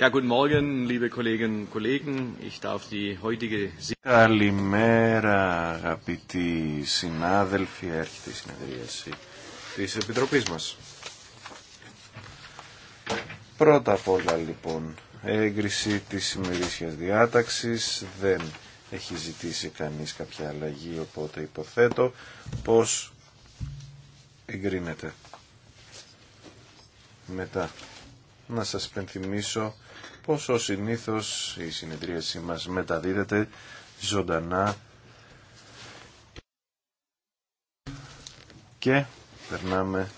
Καλημέρα αγαπητοί συνάδελφοι, έρχεται η συνεδρίαση της Επιτροπής μας. Πρώτα απ' όλα λοιπόν, έγκριση της ημερήσιας διάταξης, δεν έχει ζητήσει κανείς κάποια αλλαγή, οπότε υποθέτω πως εγκρίνεται μετά να σας πενθυμίσω πως ο συνήθως η συνεδρίαση μας μεταδίδεται ζωντανά και περνάμε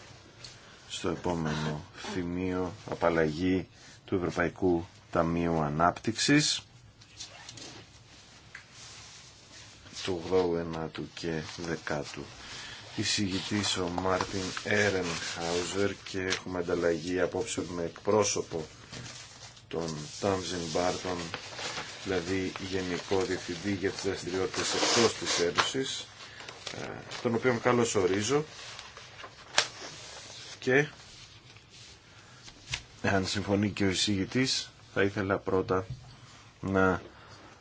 στο επόμενο θημείο απαλλαγή του Ευρωπαϊκού Ταμείου Ανάπτυξης του 9 ου και 10ου εισηγητής ο Μάρτιν Έρενχάουζερ και έχουμε ανταλλαγή απόψε με εκπρόσωπο των Τάμζιν Μπάρτον, δηλαδή Γενικό Διευθυντή για τις δραστηριότητε εκτός της Ένωσης, ε, τον οποίο καλώς ορίζω και αν συμφωνεί και ο εισηγητής θα ήθελα πρώτα να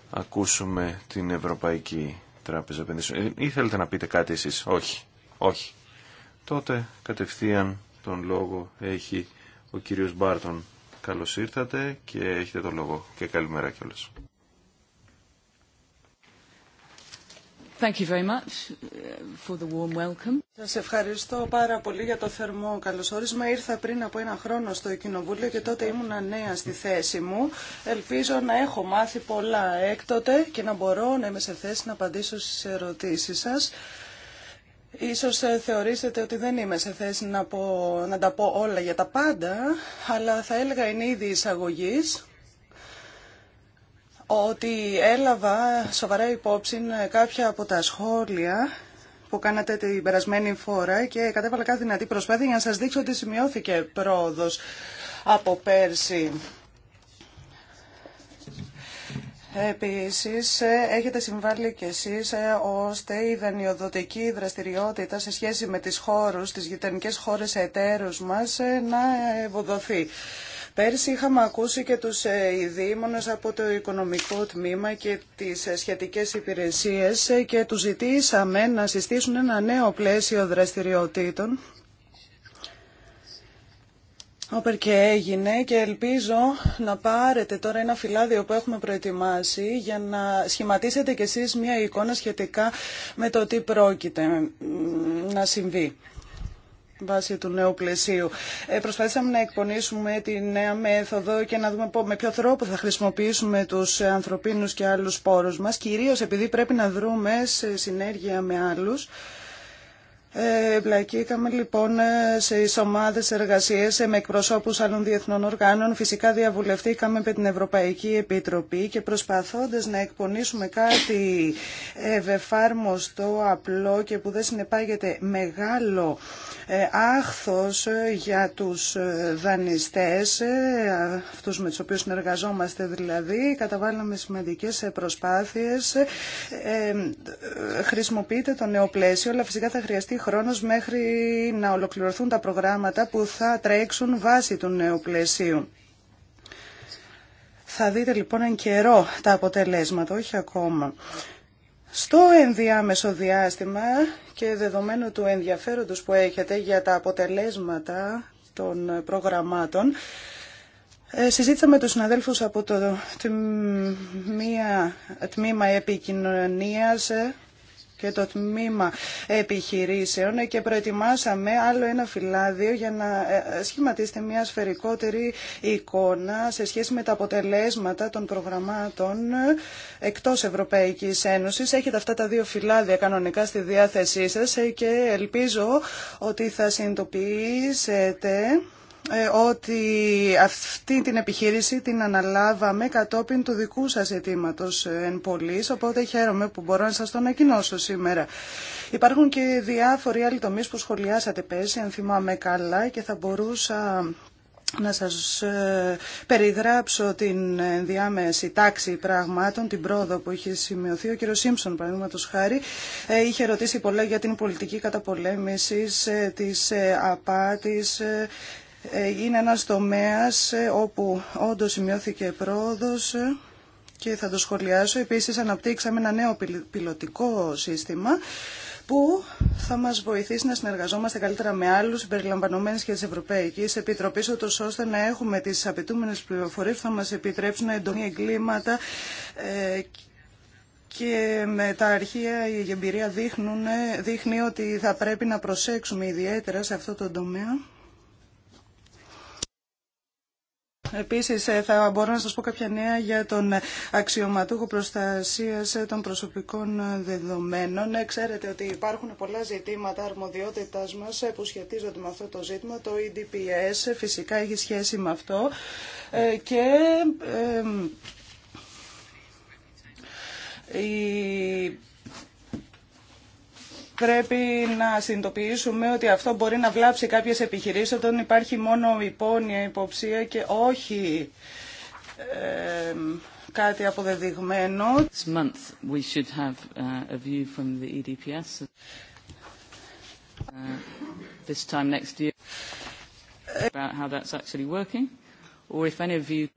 ακούσουμε την Ευρωπαϊκή Τράπεζα Επενδύσεων. Ε, Ήθελετε να πείτε κάτι εσείς, όχι. Όχι. Τότε κατευθείαν τον λόγο έχει ο κύριος Μπάρτον. Καλώς ήρθατε και έχετε τον λόγο και καλημέρα κιόλας. Thank you very much uh, for the warm welcome. Σας ευχαριστώ πάρα πολύ για το θερμό καλωσόρισμα. Ήρθα πριν από ένα χρόνο στο Κοινοβούλιο και τότε ήμουν νέα στη θέση μου. Ελπίζω να έχω μάθει πολλά έκτοτε και να μπορώ να είμαι σε θέση να απαντήσω στις ερωτήσεις σας. Ίσως ε, θεωρήσετε ότι δεν είμαι σε θέση να, τα πω όλα για τα πάντα, αλλά θα έλεγα εν είδη εισαγωγή ότι έλαβα σοβαρά υπόψη ε, κάποια από τα σχόλια που κάνατε την περασμένη φορά και κατέβαλα κάθε δυνατή προσπάθεια για να σας δείξω ότι σημειώθηκε πρόοδος από πέρσι. Επίσης, έχετε συμβάλει κι εσείς ε, ώστε η δανειοδοτική δραστηριότητα σε σχέση με τις χώρους, τις γειτονικές χώρες εταίρους μας ε, να ευοδοθεί. Πέρσι είχαμε ακούσει και τους ε, ειδήμονες από το οικονομικό τμήμα και τις σχετικές υπηρεσίες και τους ζητήσαμε να συστήσουν ένα νέο πλαίσιο δραστηριοτήτων όπερ και έγινε και ελπίζω να πάρετε τώρα ένα φυλάδιο που έχουμε προετοιμάσει για να σχηματίσετε κι εσείς μια εικόνα σχετικά με το τι πρόκειται να συμβεί βάσει του νέου πλαισίου. Ε, προσπαθήσαμε να εκπονήσουμε τη νέα μέθοδο και να δούμε με ποιο τρόπο θα χρησιμοποιήσουμε τους ανθρωπίνους και άλλους πόρους μας, κυρίως επειδή πρέπει να δρούμε σε συνέργεια με άλλους. Ε, εμπλακήκαμε λοιπόν ε, σε ομάδες εργασίες ε, με εκπροσώπους άλλων διεθνών οργάνων. Φυσικά διαβουλευτήκαμε με την Ευρωπαϊκή Επιτροπή και προσπαθώντας να εκπονήσουμε κάτι ευεφάρμοστο, απλό και που δεν συνεπάγεται μεγάλο άχθος για τους δανειστές, αυτούς με τους οποίους συνεργαζόμαστε δηλαδή, καταβάλαμε σημαντικές προσπάθειες. Χρησιμοποιείται το νέο πλαίσιο, αλλά φυσικά θα χρειαστεί χρόνος μέχρι να ολοκληρωθούν τα προγράμματα που θα τρέξουν βάσει του νέου πλαισίου. Θα δείτε λοιπόν εν καιρό τα αποτελέσματα, όχι ακόμα. Στο ενδιάμεσο διάστημα και δεδομένου του ενδιαφέροντος που έχετε για τα αποτελέσματα των προγραμμάτων, ε, συζήτησα με τους συναδέλφους από το τμήμα επικοινωνίας ε, και το τμήμα επιχειρήσεων και προετοιμάσαμε άλλο ένα φυλάδιο για να ε, ε, σχηματίσετε μια σφαιρικότερη εικόνα σε σχέση με τα αποτελέσματα των προγραμμάτων ε, εκτός Ευρωπαϊκής Ένωσης. Έχετε αυτά τα δύο φυλάδια κανονικά στη διάθεσή σας και ελπίζω ότι θα συνειδητοποιήσετε ε, ότι αυτή την επιχείρηση την αναλάβαμε κατόπιν του δικού σας αιτήματο ε, εν πωλής, οπότε χαίρομαι που μπορώ να σας το ανακοινώσω σήμερα. Υπάρχουν και διάφοροι άλλοι τομείς που σχολιάσατε πέρσι, αν θυμάμαι καλά, και θα μπορούσα να σας ε, περιγράψω την διάμεση τάξη πραγμάτων, την πρόοδο που είχε σημειωθεί. Ο κ. Σίμψον, παραδείγματο χάρη, είχε ρωτήσει πολλά για την πολιτική καταπολέμηση της απάτης είναι ένας τομέας ε, όπου όντως σημειώθηκε πρόοδος ε, και θα το σχολιάσω. Επίσης αναπτύξαμε ένα νέο πιλωτικό σύστημα που θα μας βοηθήσει να συνεργαζόμαστε καλύτερα με άλλους συμπεριλαμβανομένες και της Ευρωπαϊκής Επιτροπής ώστε να έχουμε τις απαιτούμενες πληροφορίες που θα μας επιτρέψουν να εντονεί εγκλήματα ε, και με τα αρχεία η εμπειρία δείχνουν, δείχνει ότι θα πρέπει να προσέξουμε ιδιαίτερα σε αυτό το τομέα. Επίσης ε, θα μπορώ να σας πω κάποια νέα για τον αξιωματούχο προστασίας των προσωπικών δεδομένων. Ε, ξέρετε ότι υπάρχουν πολλά ζητήματα αρμοδιότητα μα ε, που σχετίζονται με αυτό το ζήτημα. Το EDPS φυσικά έχει σχέση με αυτό και πρέπει να συνειδητοποιήσουμε ότι αυτό μπορεί να βλάψει κάποιες επιχειρήσεις όταν υπάρχει μόνο υπόνοια, υποψία και όχι ε, κάτι αποδεδειγμένο. This month we should have uh, a view from the EDPS. Uh, this time next year about how that's actually working or if any of you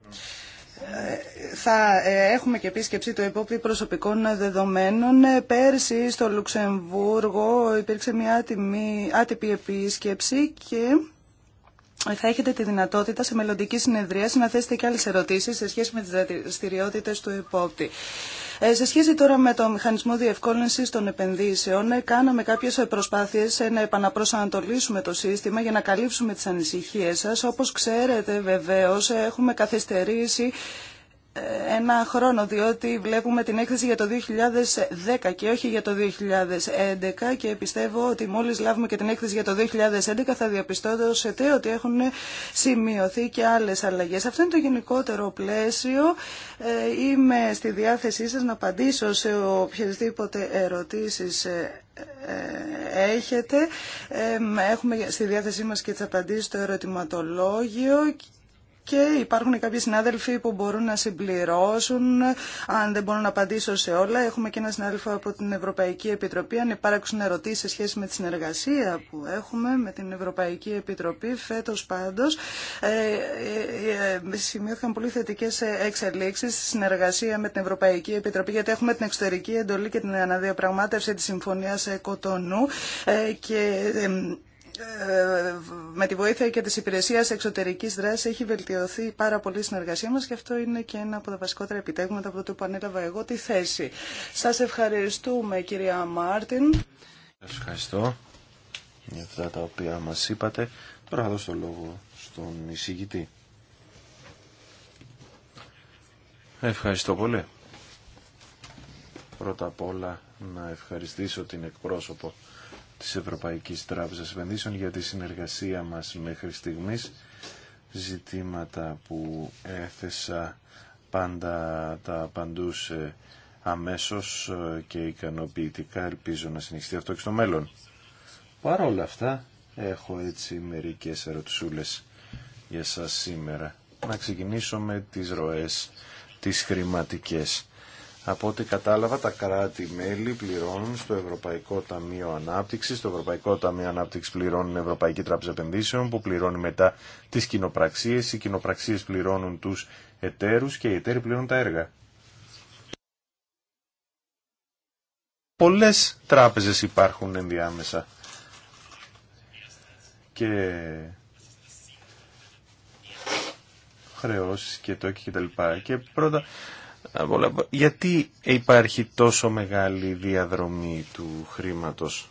θα ε, έχουμε και επίσκεψη του υπόπτη προσωπικών δεδομένων. Ε, πέρσι στο Λουξεμβούργο υπήρξε μια άτιμη, άτυπη επίσκεψη και θα έχετε τη δυνατότητα σε μελλοντική συνεδρία να θέσετε και άλλες ερωτήσεις σε σχέση με τις δραστηριότητε του υπόπτη. Ε, σε σχέση τώρα με το μηχανισμό διευκόλυνση των επενδύσεων, ε, κάναμε κάποιε προσπάθειε ε, να επαναπροσανατολίσουμε το σύστημα για να καλύψουμε τι ανησυχίε σα. Όπω ξέρετε, βεβαίω, έχουμε καθυστερήσει ένα χρόνο, διότι βλέπουμε την έκθεση για το 2010 και όχι για το 2011 και πιστεύω ότι μόλις λάβουμε και την έκθεση για το 2011 θα διαπιστώσετε ότι έχουν σημειωθεί και άλλες αλλαγές. Αυτό είναι το γενικότερο πλαίσιο. Ε, είμαι στη διάθεσή σας να απαντήσω σε οποιασδήποτε ερωτήσεις ε, ε, έχετε. Έχουμε στη διάθεσή μας και τις απαντήσεις στο ερωτηματολόγιο και υπάρχουν κάποιοι συνάδελφοι που μπορούν να συμπληρώσουν αν δεν μπορούν να απαντήσω σε όλα. Έχουμε και ένα συνάδελφο από την Ευρωπαϊκή Επιτροπή. Αν υπάρξουν ερωτήσει σε σχέση με τη συνεργασία που έχουμε με την Ευρωπαϊκή Επιτροπή φέτο πάντως ε, ε, ε, σημειώθηκαν πολύ θετικέ εξελίξει στη συνεργασία με την Ευρωπαϊκή Επιτροπή γιατί έχουμε την εξωτερική εντολή και την αναδιαπραγμάτευση τη Συμφωνία Κοτονού ε, και ε, ε, με τη βοήθεια και της υπηρεσίας εξωτερικής δράσης έχει βελτιωθεί πάρα πολύ η συνεργασία μας και αυτό είναι και ένα από τα βασικότερα επιτέγματα από το που ανέλαβα εγώ τη θέση. Σας ευχαριστούμε κυρία Μάρτιν. Σας ευχαριστώ για αυτά τα οποία μας είπατε. Τώρα θα δώσω το λόγο στον εισηγητή. Ευχαριστώ πολύ. Πρώτα απ' όλα να ευχαριστήσω την εκπρόσωπο της Ευρωπαϊκής Τράπεζας Επενδύσεων για τη συνεργασία μας μέχρι στιγμής. Ζητήματα που έθεσα πάντα τα απαντούσε αμέσως και ικανοποιητικά ελπίζω να συνεχιστεί αυτό και στο μέλλον. Παρ' όλα αυτά έχω έτσι μερικές ερωτησούλες για σας σήμερα. Να ξεκινήσω με τις ροές, τις χρηματικές. Από ό,τι κατάλαβα τα κράτη-μέλη πληρώνουν στο Ευρωπαϊκό Ταμείο Ανάπτυξη, Το Ευρωπαϊκό Ταμείο Ανάπτυξης πληρώνουν Ευρωπαϊκή Τράπεζα Επενδύσεων που πληρώνουν μετά τις κοινοπραξίε. Οι κοινοπραξίε πληρώνουν τους εταίρου και οι εταίροι πληρώνουν τα έργα. Πολλές τράπεζες υπάρχουν ενδιάμεσα. Και χρεώσεις και το και Και πρώτα γιατί υπάρχει τόσο μεγάλη διαδρομή του χρήματος.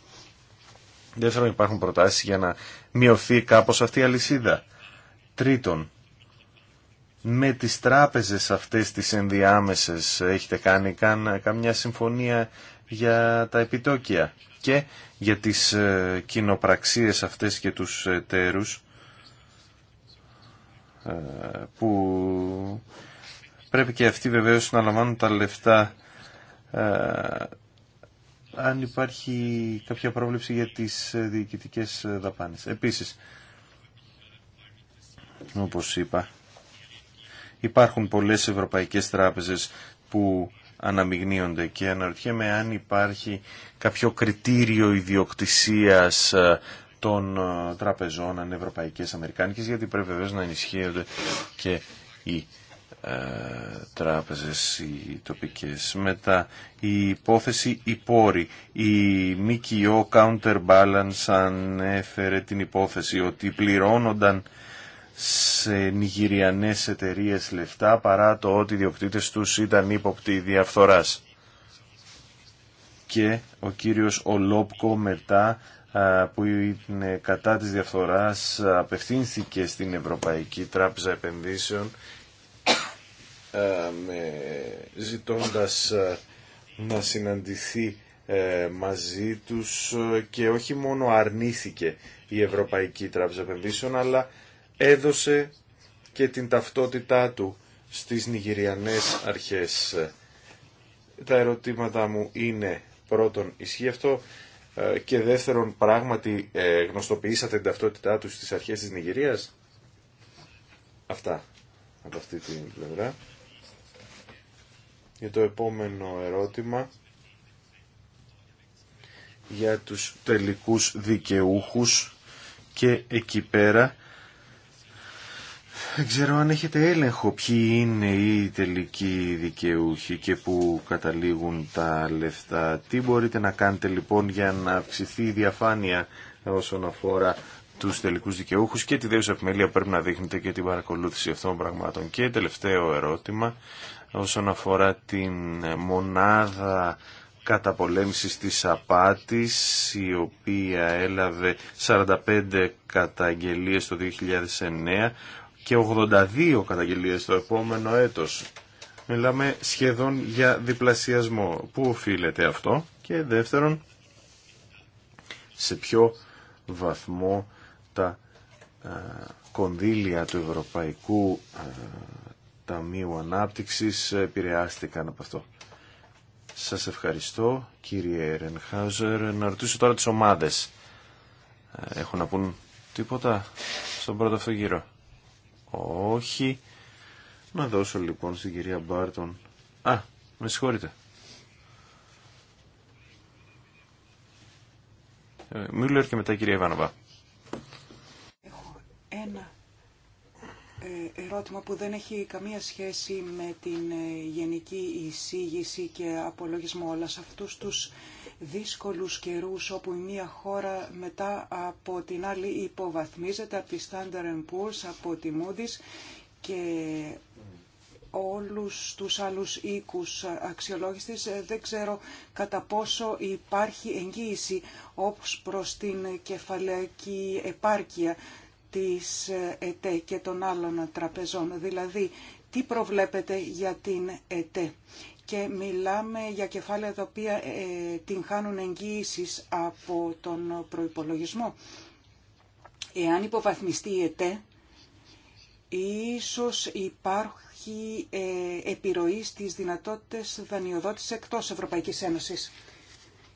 Δεύτερον, υπάρχουν προτάσεις για να μειωθεί κάπως αυτή η αλυσίδα. Τρίτον, με τις τράπεζες αυτές τις ενδιάμεσες έχετε κάνει καν, καμιά συμφωνία για τα επιτόκια και για τις ε, κοινοπραξίες αυτές και τους τέρους ε, που πρέπει και αυτοί βεβαίως να λαμβάνουν τα λεφτά ε, αν υπάρχει κάποια πρόβλεψη για τις ε, διοικητικές ε, δαπάνες. Επίσης, όπως είπα, υπάρχουν πολλές ευρωπαϊκές τράπεζες που αναμειγνύονται και αναρωτιέμαι αν υπάρχει κάποιο κριτήριο ιδιοκτησίας των τραπεζών ανευρωπαϊκές αμερικάνικες γιατί πρέπει βεβαίως να ενισχύονται και οι ε, τράπεζες οι τοπικές. Μετά η υπόθεση πόρη. Η ΜΚΟ Counterbalance ανέφερε την υπόθεση ότι πληρώνονταν σε νιγηριανές εταιρείε λεφτά παρά το ότι οι διοκτήτες τους ήταν ύποπτοι διαφθοράς. Και ο κύριος Ολόπκο μετά που είναι κατά της διαφθοράς απευθύνθηκε στην Ευρωπαϊκή Τράπεζα Επενδύσεων ε, με, ζητώντας ε, να συναντηθεί ε, μαζί τους και όχι μόνο αρνήθηκε η Ευρωπαϊκή Τράπεζα Επενδύσεων αλλά έδωσε και την ταυτότητά του στις Νιγηριανές αρχές. Τα ερωτήματα μου είναι πρώτον ισχύει αυτό και δεύτερον πράγματι γνωστοποιήσατε την ταυτότητά του στις αρχές της Νιγηρίας. Αυτά από αυτή την πλευρά για το επόμενο ερώτημα για τους τελικούς δικαιούχους και εκεί πέρα δεν ξέρω αν έχετε έλεγχο ποιοι είναι οι τελικοί δικαιούχοι και που καταλήγουν τα λεφτά. Τι μπορείτε να κάνετε λοιπόν για να αυξηθεί η διαφάνεια όσον αφορά τους τελικούς δικαιούχους και τη δεύτερη επιμέλεια πρέπει να δείχνετε και την παρακολούθηση αυτών των πραγμάτων. Και τελευταίο ερώτημα όσον αφορά την μονάδα καταπολέμησης της απάτης η οποία έλαβε 45 καταγγελίες το 2009 και 82 καταγγελίες το επόμενο έτος. Μιλάμε σχεδόν για διπλασιασμό. Πού οφείλεται αυτό και δεύτερον σε ποιο βαθμό τα ε, κονδύλια του Ευρωπαϊκού ε, Ταμείου Ανάπτυξης επηρεάστηκαν από αυτό. Σας ευχαριστώ κύριε Ρενχάουζερ. Να ρωτήσω τώρα τις ομάδες. Ε, έχουν να πούν τίποτα στον πρώτο αυτό γύρο. Όχι. Να δώσω λοιπόν στην κυρία Μπάρτον. Α, με συγχωρείτε. Ε, Μιούλερ και μετά κυρία Ιβάνοβα. Έχω ένα ερώτημα που δεν έχει καμία σχέση με την ε, γενική εισήγηση και απολογισμό, όλα σε αυτούς τους δύσκολους καιρούς όπου η μία χώρα μετά από την άλλη υποβαθμίζεται από τη Standard Poor's, από τη Moody's και όλους τους άλλους οίκους αξιολόγησης. Ε, δεν ξέρω κατά πόσο υπάρχει εγγύηση όπως προς την κεφαλαϊκή επάρκεια της ΕΤΕ και των άλλων τραπεζών. Δηλαδή, τι προβλέπετε για την ΕΤΕ. Και μιλάμε για κεφάλαια τα οποία ε, την χάνουν εγγύησης από τον προϋπολογισμό. Εάν υποβαθμιστεί η ΕΤΕ, ίσως υπάρχει ε, επιρροή στις δυνατότητες δανειοδότησης εκτός Ευρωπαϊκής Ένωσης.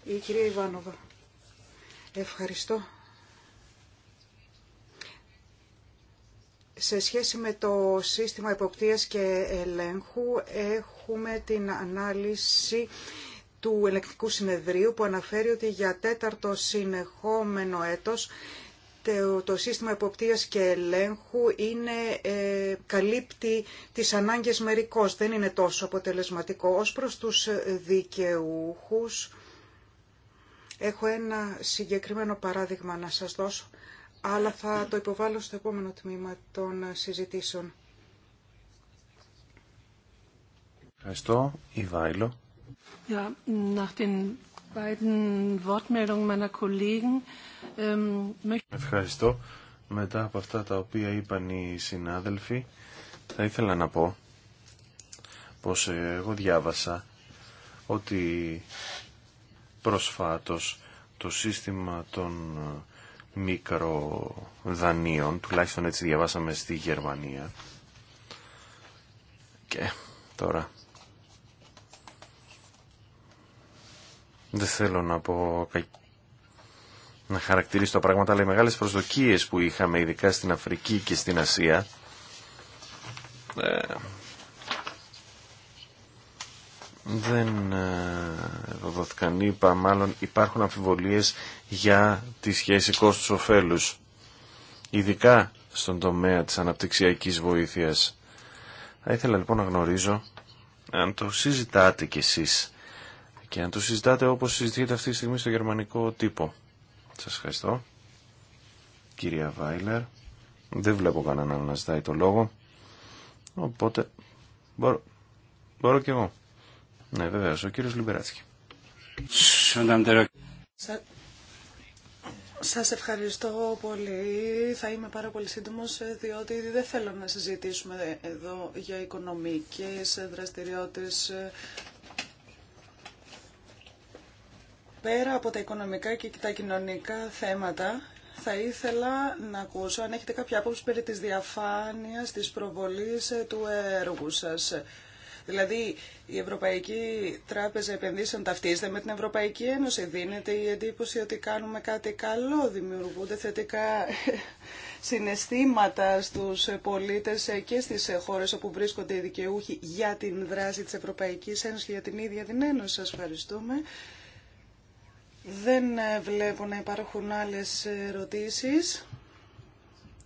Η κυρία Ιβάνοβα. Ευχαριστώ. Σε σχέση με το σύστημα εποπτείας και ελέγχου έχουμε την ανάλυση του ελεκτικού συνεδρίου που αναφέρει ότι για τέταρτο συνεχόμενο έτος το σύστημα εποπτείας και ελέγχου είναι, ε, καλύπτει τις ανάγκες μερικώς, δεν είναι τόσο αποτελεσματικό. Ως προς τους δικαιούχους, έχω ένα συγκεκριμένο παράδειγμα να σας δώσω αλλά θα το υποβάλω στο επόμενο τμήμα των συζητήσεων. Ευχαριστώ. η Ja, ähm, Ευχαριστώ. Μετά από αυτά τα οποία είπαν οι συνάδελφοι, θα ήθελα να πω πως εγώ διάβασα ότι προσφάτως το σύστημα των μικροδανείων, τουλάχιστον έτσι διαβάσαμε στη Γερμανία. Και τώρα... Δεν θέλω να πω να χαρακτηρίσω τα πράγματα, αλλά οι μεγάλες προσδοκίες που είχαμε, ειδικά στην Αφρική και στην Ασία, ε, δεν ε, δόθηκαν. Είπα, μάλλον υπάρχουν αμφιβολίες για τη σχέση κόστους-οφέλους, ειδικά στον τομέα της αναπτυξιακής βοήθειας. Θα ήθελα λοιπόν να γνωρίζω αν το συζητάτε κι εσείς και αν το συζητάτε όπως συζητείτε αυτή τη στιγμή στο γερμανικό τύπο. Σας ευχαριστώ. Κυρία Βάιλερ, δεν βλέπω κανέναν να ζητάει το λόγο, οπότε μπορώ κι εγώ. Ναι, βεβαίω. Ο κύριο Λιμπεράτσκι. Σας ευχαριστώ πολύ. Θα είμαι πάρα πολύ σύντομο ε, διότι δεν θέλω να συζητήσουμε εδώ για οικονομικές δραστηριότητε. Πέρα από τα οικονομικά και τα κοινωνικά θέματα, θα ήθελα να ακούσω αν έχετε κάποια άποψη περί της διαφάνειας της προβολής ε, του έργου σας. Δηλαδή η Ευρωπαϊκή Τράπεζα Επενδύσεων ταυτίζεται με την Ευρωπαϊκή Ένωση. Δίνεται η εντύπωση ότι κάνουμε κάτι καλό, δημιουργούνται θετικά συναισθήματα στους πολίτες και στις χώρες όπου βρίσκονται οι δικαιούχοι για την δράση της Ευρωπαϊκής Ένωσης και για την ίδια την Ένωση. Σας ευχαριστούμε. Δεν βλέπω να υπάρχουν άλλες ερωτήσεις.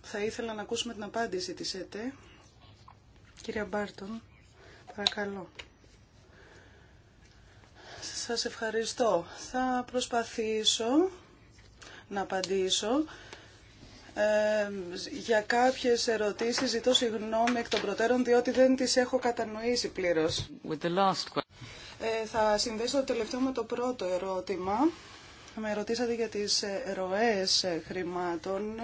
Θα ήθελα να ακούσουμε την απάντηση της ΕΤΕ. Κυρία Μπάρτον. Παρακαλώ. Σας ευχαριστώ. Θα προσπαθήσω να απαντήσω. Ε, για κάποιες ερωτήσεις ζητώ συγγνώμη εκ των προτέρων διότι δεν τις έχω κατανοήσει πλήρως. Ε, θα συνδέσω το τελευταίο με το πρώτο ερώτημα. Με ρωτήσατε για τις ε, ροές ε, χρημάτων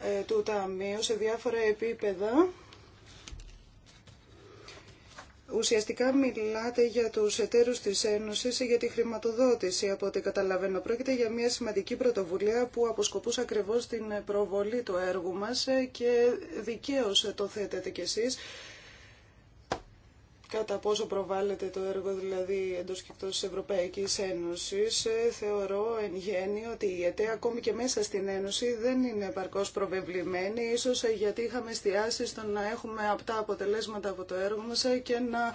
ε, του Ταμείου σε διάφορα επίπεδα. Ουσιαστικά μιλάτε για τους εταίρους της Ένωσης για τη χρηματοδότηση. Από ό,τι καταλαβαίνω πρόκειται για μια σημαντική πρωτοβουλία που αποσκοπούσε ακριβώς την προβολή του έργου μας και δικαίως το θέτετε κι εσείς κατά πόσο προβάλλεται το έργο δηλαδή εντός και εκτός της Ευρωπαϊκής ε, θεωρώ εν γέννη ότι η ΕΤΕ ακόμη και μέσα στην Ένωση δεν είναι επαρκώς προβεβλημένη, ίσως ε, γιατί είχαμε εστιάσει στο να έχουμε απτά αποτελέσματα από το έργο μας ε, και να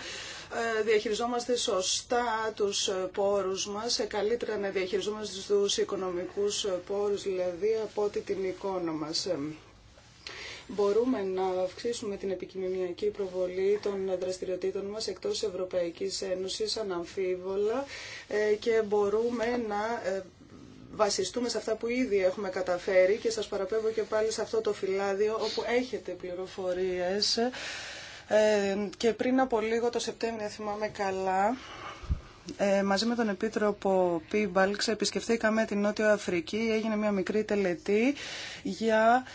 διαχειριζόμαστε σωστά τους πόρους μας, καλύτερα να διαχειριζόμαστε τους οικονομικούς πόρους δηλαδή από ό,τι την εικόνα μας μπορούμε να αυξήσουμε την επικοινωνιακή προβολή των δραστηριοτήτων μας εκτός Ευρωπαϊκής Ένωσης αναμφίβολα ε, και μπορούμε να ε, βασιστούμε σε αυτά που ήδη έχουμε καταφέρει και σας παραπέμπω και πάλι σε αυτό το φυλάδιο όπου έχετε πληροφορίες ε, και πριν από λίγο το Σεπτέμβριο θυμάμαι καλά ε, μαζί με τον Επίτροπο Πίμπαλξ επισκεφθήκαμε την Νότιο Αφρική, έγινε μια μικρή τελετή για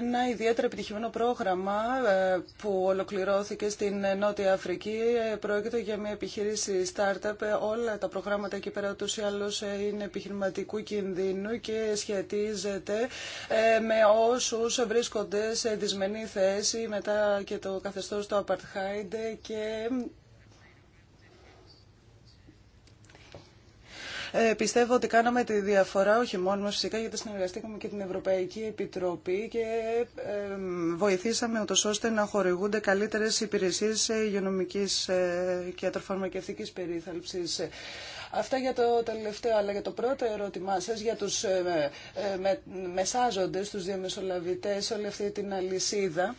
ένα ιδιαίτερα επιτυχημένο πρόγραμμα ε, που ολοκληρώθηκε στην Νότια Αφρική. Ε, πρόκειται για μια επιχείρηση startup. Ε, όλα τα προγράμματα εκεί πέρα τους ή άλλως είναι επιχειρηματικού κινδύνου και σχετίζεται με όσους βρίσκονται σε δυσμενή θέση μετά και το καθεστώς του Απαρτχάιντε και Ε, πιστεύω ότι κάναμε τη διαφορά, όχι μόνο μας φυσικά, γιατί συνεργαστήκαμε και την Ευρωπαϊκή Επιτροπή και βοηθήσαμε ούτως ώστε να χορηγούνται καλύτερες υπηρεσίες υγειονομικής ε, και ατροφαρμακευτικής περίθαλψης. Αυτά για το τελευταίο, αλλά για το πρώτο ερώτημά σας, για τους ε, μεσάζοντες, τους διαμεσολαβητές, όλη αυτή την αλυσίδα.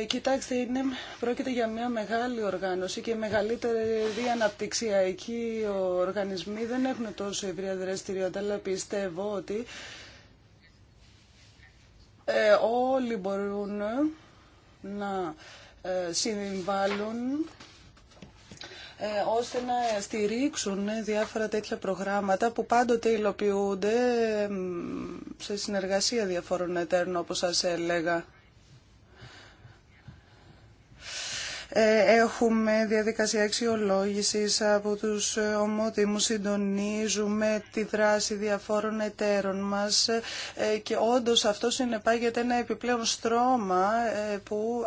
Ε, κοιτάξτε, είναι, πρόκειται για μια μεγάλη οργάνωση και οι εκεί ο οργανισμοί δεν έχουν τόσο ευρία δραστηριότητα, αλλά πιστεύω ότι ε, όλοι μπορούν να ε, συμβάλλουν ε, ώστε να στηρίξουν διάφορα τέτοια προγράμματα που πάντοτε υλοποιούνται σε συνεργασία διαφόρων εταίρων, όπως σας έλεγα. Ε, έχουμε διαδικασία αξιολόγησης από τους ομότιμους, συντονίζουμε τη δράση διαφόρων εταίρων μας ε, και όντως αυτό συνεπάγεται ένα επιπλέον στρώμα ε, που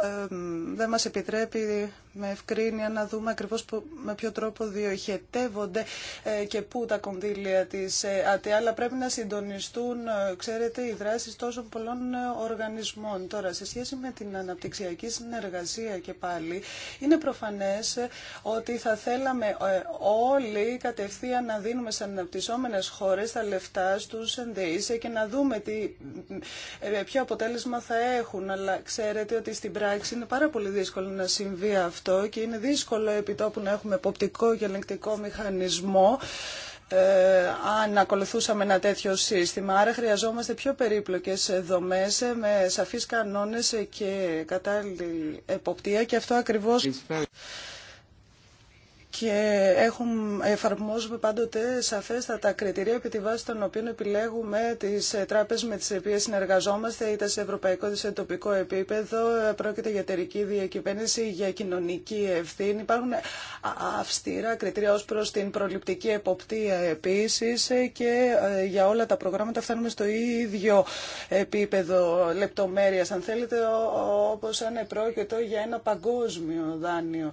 δεν μας επιτρέπει με ευκρίνεια να δούμε ακριβώς με ποιο τρόπο διοχετεύονται ε, και πού τα κονδύλια της ε, ΑΤΕ, αλλά πρέπει να συντονιστούν, ε, ξέρετε, οι δράσεις τόσων πολλών οργανισμών. Τώρα, σε σχέση με την αναπτυξιακή συνεργασία και πάλι, είναι προφανές ότι θα θέλαμε όλοι κατευθείαν να δίνουμε σε αναπτυσσόμενες χώρες τα λεφτά στους ενδεείς και να δούμε τι, ποιο αποτέλεσμα θα έχουν, αλλά ξέρετε ότι στην πράξη είναι πάρα πολύ δύσκολο να συμβεί αυτό και είναι δύσκολο τόπου να έχουμε εποπτικό και ελεγκτικό μηχανισμό ε, αν ακολουθούσαμε ένα τέτοιο σύστημα. Άρα χρειαζόμαστε πιο περίπλοκες δομές ε, με σαφείς κανόνες και κατάλληλη εποπτεία και αυτό ακριβώς και έχουμε, εφαρμόζουμε πάντοτε σαφέστατα κριτήρια επί τη βάση των οποίων επιλέγουμε τις ε, τράπεζες με τις οποίες συνεργαζόμαστε είτε σε ευρωπαϊκό είτε σε τοπικό επίπεδο. Πρόκειται για εταιρική διακυβέρνηση, για κοινωνική ευθύνη. Υπάρχουν ε, αυστηρά κριτήρια ως προς την προληπτική εποπτεία επίσης ε, και για όλα τα προγράμματα φτάνουμε στο ίδιο επίπεδο λεπτομέρειας αν θέλετε όπως αν πρόκειτο για ένα παγκόσμιο δάνειο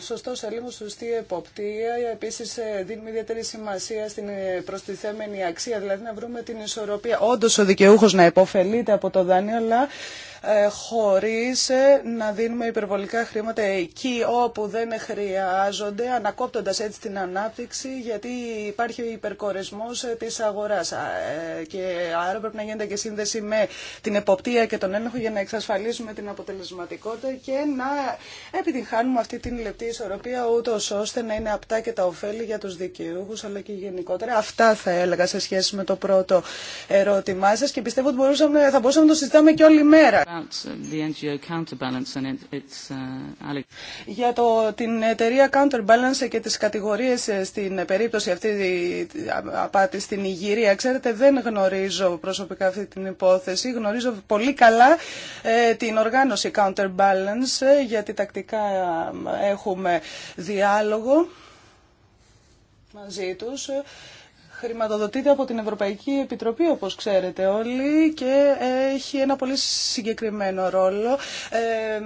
σωστό έλεγχο, σωστή εποπτεία. Επίση, ε, δίνουμε ιδιαίτερη σημασία στην ε, προστιθέμενη αξία, δηλαδή να βρούμε την ισορροπία. Όντω, ο δικαιούχο να υποφελείται από το δάνειο, αλλά ε, χωρίς ε, να δίνουμε υπερβολικά χρήματα εκεί όπου δεν χρειάζονται, ανακόπτοντας έτσι την ανάπτυξη, γιατί υπάρχει υπερκορεσμός ε, της αγοράς. Και άρα πρέπει να γίνεται και σύνδεση με την εποπτεία και τον έλεγχο για να εξασφαλίσουμε την αποτελεσματικότητα και να επιτυγχάνουμε αυτή την λεπτή ισορροπία, ούτω ώστε να είναι απτά και τα ωφέλη για τους δικαιούχους, αλλά και γενικότερα. Αυτά θα έλεγα σε σχέση με το πρώτο ερώτημά σας και πιστεύω ότι μπορούσαμε, θα μπορούσαμε να το συζητάμε και όλη μέρα. Uh, uh, Για την εταιρεία Counterbalance και τις κατηγορίες ε, στην περίπτωση αυτή απάτη στην Ιγυρία, ξέρετε δεν γνωρίζω προσωπικά αυτή την υπόθεση, γνωρίζω πολύ καλά ε, την οργάνωση Counterbalance ε, γιατί τακτικά έχουμε διάλογο μαζί τους χρηματοδοτείται από την Ευρωπαϊκή Επιτροπή, όπως ξέρετε όλοι, και έχει ένα πολύ συγκεκριμένο ρόλο. Ε,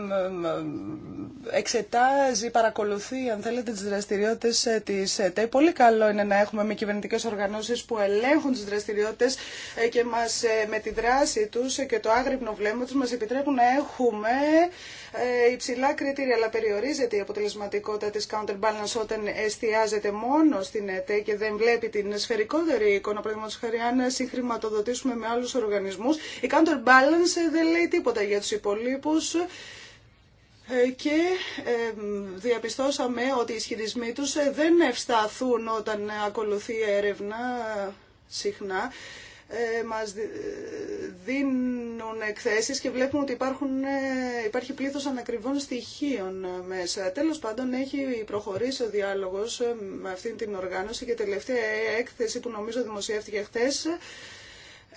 εξετάζει, παρακολουθεί, αν θέλετε, τις δραστηριότητες ε, της ΕΤΕ. Πολύ καλό είναι να έχουμε με κυβερνητικές οργανώσεις που ελέγχουν τις δραστηριότητες ε, και μας, με τη δράση τους και το άγρυπνο βλέμμα τους μας επιτρέπουν να έχουμε υψηλά κριτήρια, αλλά περιορίζεται η αποτελεσματικότητα της counterbalance όταν εστιάζεται μόνο στην ΕΤΕ και δεν βλέπει την σφαιρική σφαιρικότερη εικόνα, παραδείγματο χάρη, αν συγχρηματοδοτήσουμε με άλλου οργανισμού. Η counterbalance δεν λέει τίποτα για του υπολείπου ε, και ε, διαπιστώσαμε ότι οι ισχυρισμοί τους ε, δεν ευσταθούν όταν ακολουθεί έρευνα συχνά. Ε, μας δίνουν εκθέσεις και βλέπουμε ότι υπάρχουν, ε, υπάρχει πλήθος ανακριβών στοιχείων ε, μέσα. Τέλος πάντων έχει προχωρήσει ο διάλογος με αυτήν την οργάνωση και τελευταία έκθεση που νομίζω δημοσιεύτηκε χθες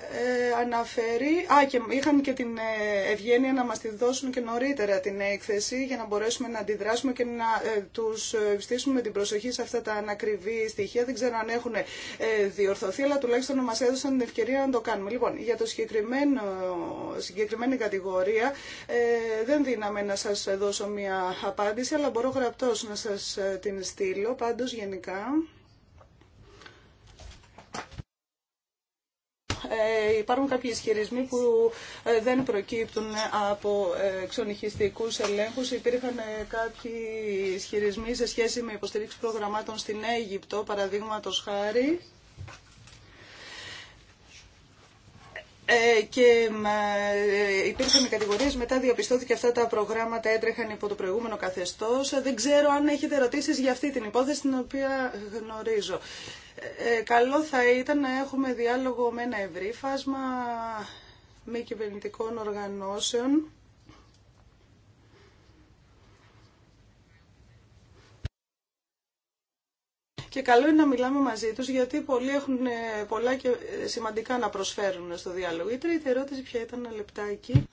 ε, αναφέρει, α και είχαν και την ε, ευγένεια να μας τη δώσουν και νωρίτερα την έκθεση για να μπορέσουμε να αντιδράσουμε και να ε, τους ε, στήσουμε την προσοχή σε αυτά τα ανακριβή στοιχεία. Δεν ξέρω αν έχουν διορθωθεί, αλλά τουλάχιστον μας έδωσαν την ευκαιρία να το κάνουμε. Λοιπόν, για το συγκεκριμένο, συγκεκριμένη κατηγορία ε, δεν δύναμε να σας δώσω μια απάντηση, αλλά μπορώ γραπτός να σας την στείλω, πάντως γενικά. Ε, υπάρχουν κάποιοι ισχυρισμοί που ε, δεν προκύπτουν από ε, ξενυχιστικού ελέγχους. Υπήρχαν κάποιοι ισχυρισμοί σε σχέση με υποστηρίξη προγραμμάτων στην Αίγυπτο, παραδείγματο χάρη Ε, και ε, υπήρχαν κατηγορίες, μετά διαπιστώθηκε αυτά τα προγράμματα έτρεχαν υπό το προηγούμενο καθεστώς. Δεν ξέρω αν έχετε ερωτήσεις για αυτή την υπόθεση την οποία γνωρίζω. Ε, καλό θα ήταν να έχουμε διάλογο με ένα ευρύ φάσμα μη κυβερνητικών οργανώσεων και καλό είναι να μιλάμε μαζί τους γιατί πολλοί έχουν ε, πολλά και σημαντικά να προσφέρουν στο διάλογο. Η τρίτη ερώτηση ποια ήταν ένα λεπτάκι.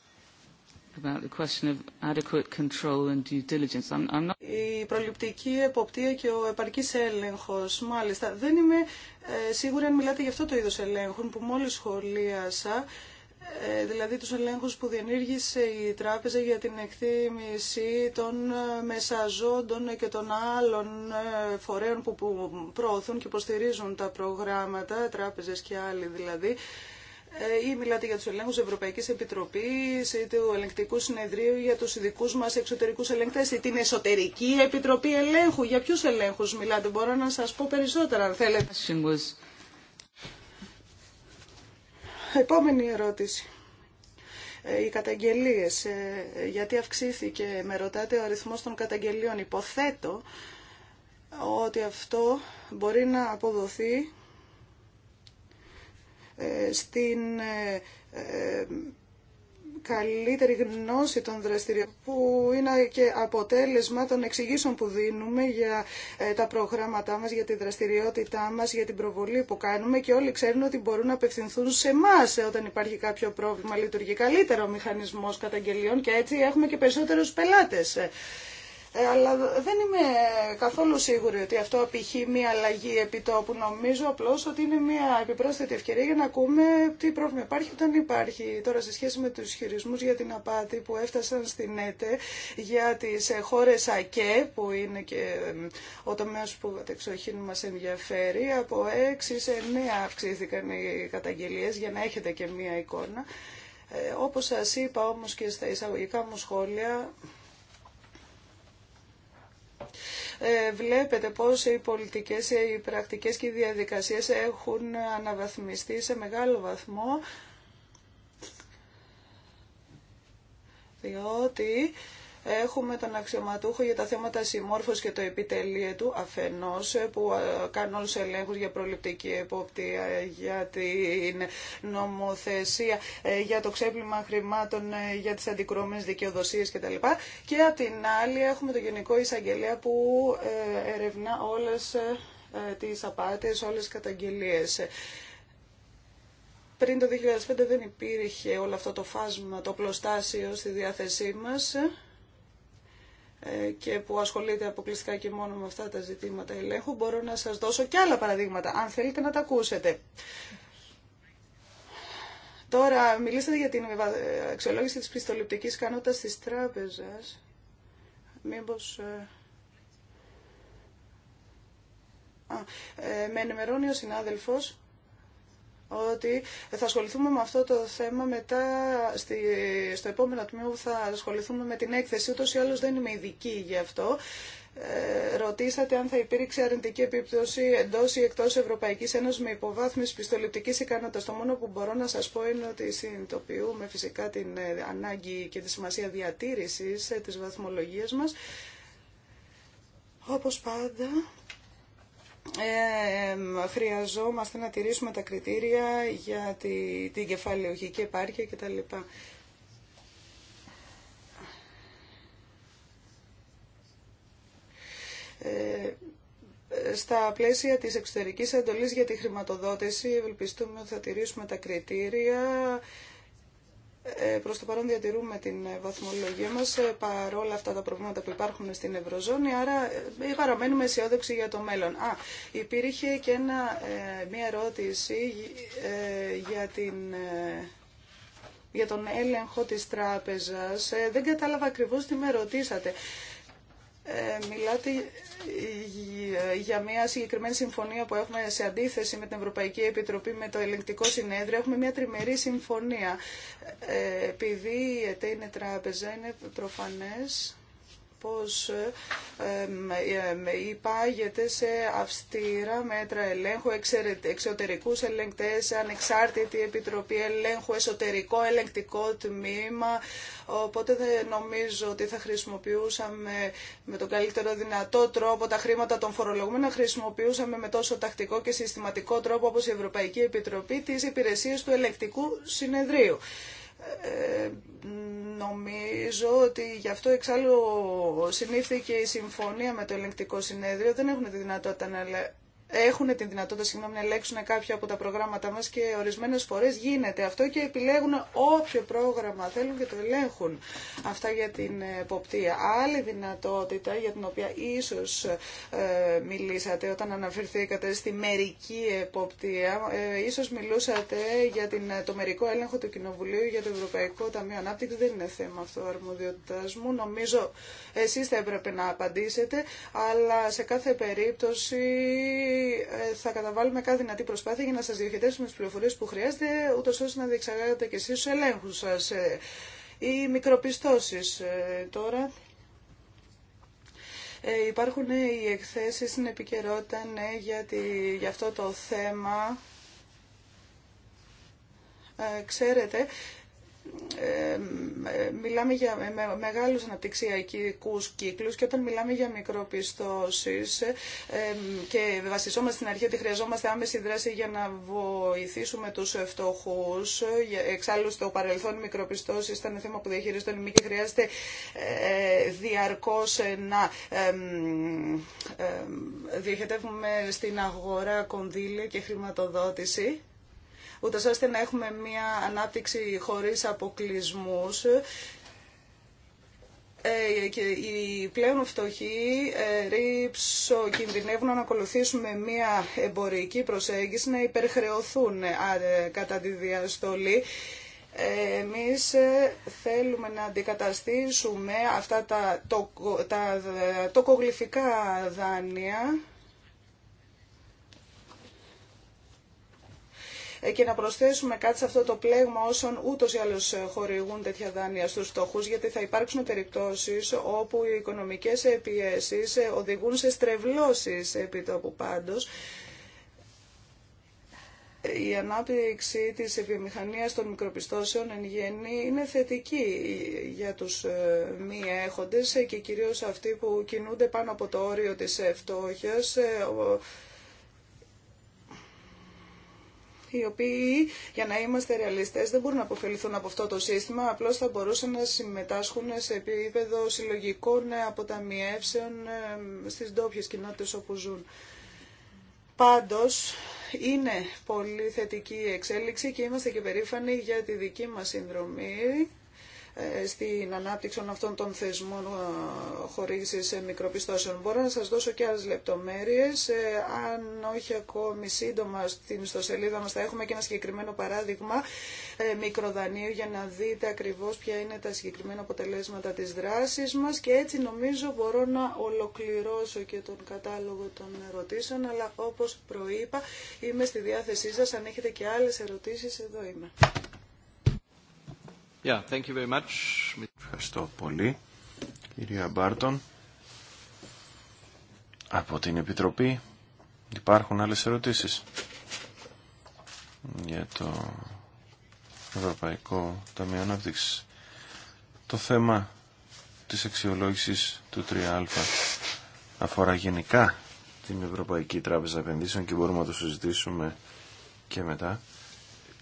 Η προληπτική εποπτεία και ο επαρκής έλεγχος, μάλιστα. Δεν είμαι ε, σίγουρη αν μιλάτε για αυτό το είδος ελέγχων που μόλις σχολίασα. Ε, δηλαδή τους ελέγχους που διενήργησε η τράπεζα για την εκτίμηση των ε, μεσαζόντων και των άλλων ε, φορέων που προωθούν και υποστηρίζουν τα προγράμματα, τράπεζες και άλλοι δηλαδή, ή μιλάτε για τους ελέγχους Ευρωπαϊκής Επιτροπής ή του Ελεγκτικού Συνεδρίου για τους ειδικού μας εξωτερικούς ελεγκτές ή την Εσωτερική Επιτροπή Ελέγχου. Για ποιους ελέγχους μιλάτε, μπορώ να σας πω περισσότερα αν θέλετε. Επόμενη ερώτηση. Ε, οι καταγγελίες, ε, γιατί αυξήθηκε, με ρωτάτε, ο αριθμός των καταγγελίων. Υποθέτω ότι αυτό μπορεί να αποδοθεί ε, στην καλύτερη γνώση των δραστηριοτήτων που είναι και αποτέλεσμα των εξηγήσεων που δίνουμε για ε, τα προγράμματά μας, για τη δραστηριότητά μας, για την προβολή που κάνουμε και όλοι ξέρουν ότι μπορούν να απευθυνθούν σε εμά ε, όταν υπάρχει κάποιο πρόβλημα. Λειτουργεί καλύτερο ο μηχανισμός καταγγελιών και έτσι έχουμε και περισσότερους πελάτες. Ε. Ε, αλλά δεν είμαι καθόλου σίγουρη ότι αυτό απηχεί μια αλλαγή επιτόπου. Νομίζω απλώ ότι είναι μια επιπρόσθετη ευκαιρία για να ακούμε τι πρόβλημα υπάρχει όταν υπάρχει. Τώρα σε σχέση με του χειρισμούς για την απάτη που έφτασαν στην ΕΤΕ για τι ε, χώρε ΑΚΕ που είναι και ε, ο τομέα που κατεξοχήν μα ενδιαφέρει από 6 σε 9 αυξήθηκαν οι καταγγελίε για να έχετε και μια εικόνα. Ε, όπως σας είπα όμως και στα εισαγωγικά μου σχόλια, ε, βλέπετε πώς οι πολιτικές, οι πρακτικές και οι διαδικασίες έχουν αναβαθμιστεί σε μεγάλο βαθμό διότι Έχουμε τον αξιωματούχο για τα θέματα συμμόρφωση και το επιτελείο του αφενός που κάνει όλους ελέγχους για προληπτική εποπτεία, για την νομοθεσία, ε, για το ξέπλυμα χρημάτων, ε, για τις αντικρώμενες δικαιοδοσίες κτλ. Και από την άλλη έχουμε τον Γενικό Εισαγγελέα που ε, ερευνά όλες τις απάτε, όλες τι καταγγελίες. Πριν το 2005 δεν υπήρχε όλο αυτό το φάσμα, το πλωστάσιο στη διάθεσή μας. Ε, και που ασχολείται αποκλειστικά και μόνο με αυτά τα ζητήματα ελέγχου. Μπορώ να σας δώσω και άλλα παραδείγματα, αν θέλετε να τα ακούσετε. Τώρα, μιλήσατε για την αξιολόγηση της πιστοληπτικής ικανότητας της τράπεζας. Μήπως... Ε, ε, με ενημερώνει ο συνάδελφος ότι θα ασχοληθούμε με αυτό το θέμα μετά στη, στο επόμενο τμήμα που θα ασχοληθούμε με την έκθεση. Ούτως ή άλλως δεν είμαι ειδική γι' αυτό. Ε, ρωτήσατε αν θα υπήρξε αρνητική επίπτωση εντό ή εκτό Ευρωπαϊκή Ένωση με υποβάθμιση πιστοληπτική ικανότητα. Το μόνο που μπορώ να σα πω είναι ότι συνειδητοποιούμε φυσικά την ε, ανάγκη και τη σημασία διατήρηση ε, τη βαθμολογία μα. Όπως πάντα, ε, χρειαζόμαστε να τηρήσουμε τα κριτήρια για τη, την κεφαλαιογική επάρκεια κτλ. Ε, ε, στα πλαίσια της εξωτερικής εντολής για τη χρηματοδότηση ευελπιστούμε ότι θα τηρήσουμε τα κριτήρια ε, Προ το παρόν διατηρούμε την ε, βαθμολογία μας ε, παρόλα αυτά τα προβλήματα που υπάρχουν στην Ευρωζώνη, άρα παραμένουμε αισιόδοξοι για το μέλλον. Α, υπήρχε και μία ερώτηση για την για τον έλεγχο της τράπεζας. δεν κατάλαβα ακριβώς τι με ρωτήσατε. Ε, μιλάτε για μια συγκεκριμένη συμφωνία που έχουμε σε αντίθεση με την Ευρωπαϊκή Επιτροπή, με το Ελεγκτικό Συνέδριο. Έχουμε μια τριμερή συμφωνία. Ε, επειδή η ΕΤΕ είναι τράπεζα, είναι προφανές πως υπάγεται σε αυστήρα μέτρα ελέγχου, εξωτερικούς ελεγκτές, ανεξάρτητη επιτροπή ελέγχου, εσωτερικό ελεγκτικό τμήμα, οπότε δεν νομίζω ότι θα χρησιμοποιούσαμε με τον καλύτερο δυνατό τρόπο τα χρήματα των φορολογούμενων, χρησιμοποιούσαμε με τόσο τακτικό και συστηματικό τρόπο όπως η Ευρωπαϊκή Επιτροπή τις υπηρεσίες του ελεγκτικού συνεδρίου. Ε, νομίζω ότι γι' αυτό εξάλλου συνήθικε η συμφωνία με το ελεγκτικό συνέδριο. Δεν έχουν τη δυνατότητα να έχουν την δυνατότητα συγγνώμη, να ελέγξουν κάποια από τα προγράμματα μας και ορισμένες φορές γίνεται αυτό και επιλέγουν όποιο πρόγραμμα θέλουν και το ελέγχουν. Αυτά για την εποπτεία. Άλλη δυνατότητα για την οποία ίσως ε, μιλήσατε όταν αναφερθήκατε στη μερική εποπτεία, ε, ίσως μιλούσατε για την, το μερικό έλεγχο του Κοινοβουλίου για το Ευρωπαϊκό Ταμείο Ανάπτυξη. Δεν είναι θέμα αυτό αρμοδιότητας μου. Νομίζω εσείς θα έπρεπε να απαντήσετε, αλλά σε κάθε περίπτωση ε, θα καταβάλουμε κάθε δυνατή προσπάθεια για να σας διοχετεύσουμε τις πληροφορίες που χρειάζεται, ούτως ώστε να διεξαγάγετε και εσείς τους ελέγχους σας. Ε, οι μικροπιστώσεις ε, τώρα... υπάρχουν οι εκθέσεις στην επικαιρότητα ναι, για, για αυτό το θέμα. ξέρετε, ε, μιλάμε για μεγάλους αναπτυξιακούς κύκλους και όταν μιλάμε για μικροπιστώσεις ε, και βασιζόμαστε στην αρχή ότι χρειαζόμαστε άμεση δράση για να βοηθήσουμε τους φτωχούς. Εξάλλου στο παρελθόν μικροπιστώσεις ήταν θέμα που διαχειριζόταν ο και χρειάζεται ε, διαρκώς να διοχετεύουμε στην αγορά κονδύλια και χρηματοδότηση ούτως ώστε να έχουμε μια ανάπτυξη χωρίς αποκλεισμούς ε, και οι πλέον φτωχοί ε, ρίψο κινδυνεύουν να ακολουθήσουμε μια εμπορική προσέγγιση να υπερχρεωθούν ε, κατά τη διαστολή. Εμείς θέλουμε να αντικαταστήσουμε αυτά τα, το, τα τοκογλυφικά δάνεια και να προσθέσουμε κάτι σε αυτό το πλέγμα όσων ούτως ή άλλως χορηγούν τέτοια δάνεια στους φτωχούς, γιατί θα υπάρξουν περιπτώσεις όπου οι οικονομικές πιέσεις οδηγούν σε στρεβλώσεις επί τόπου πάντως. Η ανάπτυξη της βιομηχανίας των μικροπιστώσεων εν γέννη είναι θετική για τους ε, μη έχοντες και κυρίως αυτοί που κινούνται πάνω από το όριο της φτώχειας ε, οι οποίοι, για να είμαστε ρεαλιστές, δεν μπορούν να αποφεληθούν από αυτό το σύστημα, απλώ θα μπορούσαν να συμμετάσχουν σε επίπεδο συλλογικών αποταμιεύσεων ε, στις ντόπιε κοινότητε όπου ζουν. Πάντως, είναι πολύ θετική η εξέλιξη και είμαστε και περήφανοι για τη δική μας συνδρομή στην ανάπτυξη αυτών των θεσμών ε, χορήγησης ε, μικροπιστώσεων. Μπορώ να σας δώσω και άλλες λεπτομέρειες. Ε, αν όχι ακόμη σύντομα στην ιστοσελίδα μας θα έχουμε και ένα συγκεκριμένο παράδειγμα μικροδανείου για να δείτε ακριβώς ποια είναι τα συγκεκριμένα αποτελέσματα της δράσης μας και έτσι νομίζω μπορώ να ολοκληρώσω και τον κατάλογο των ερωτήσεων αλλά όπως προείπα είμαι στη διάθεσή σας αν έχετε και άλλες ερωτήσεις εδώ είμαι. Ευχαριστώ πολύ, κυρία Μπάρτον. Από την Επιτροπή υπάρχουν άλλες ερωτήσεις για το Ευρωπαϊκό Ταμείο Ανάπτυξη, Το θέμα της αξιολόγησης του 3α αφορά γενικά την Ευρωπαϊκή Τράπεζα Επενδύσεων και μπορούμε να το συζητήσουμε και μετά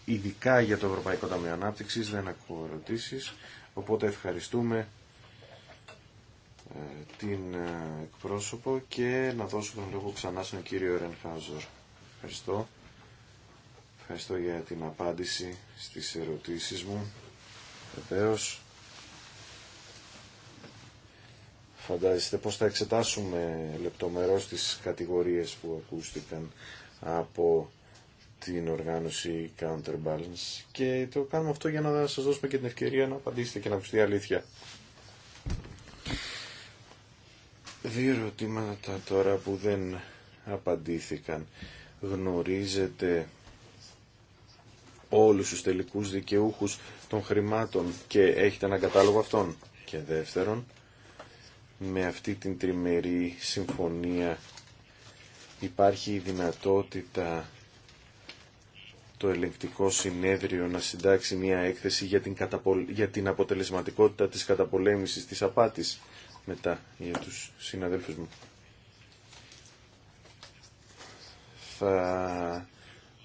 ειδικά για το Ευρωπαϊκό Ταμείο Ανάπτυξης, δεν ακούω ερωτήσει. οπότε ευχαριστούμε ε, την ε, εκπρόσωπο και να δώσω τον λόγο ξανά στον κύριο Ρενχάζορ. Ευχαριστώ. Ευχαριστώ για την απάντηση στις ερωτήσεις μου. Βεβαίω. Φαντάζεστε πώς θα εξετάσουμε λεπτομερώς τις κατηγορίες που ακούστηκαν από την οργάνωση Counterbalance και το κάνουμε αυτό για να σας δώσουμε και την ευκαιρία να απαντήσετε και να ακουστεί αλήθεια. Δύο ερωτήματα τώρα που δεν απαντήθηκαν. Γνωρίζετε όλους τους τελικούς δικαιούχους των χρημάτων και έχετε ένα κατάλογο αυτών. Και δεύτερον, με αυτή την τριμερή συμφωνία υπάρχει η δυνατότητα το ελεγκτικό συνέδριο να συντάξει μια έκθεση για την, αποτελεσματικότητα της καταπολέμησης της απάτης μετά για τους συναδέλφους μου. Θα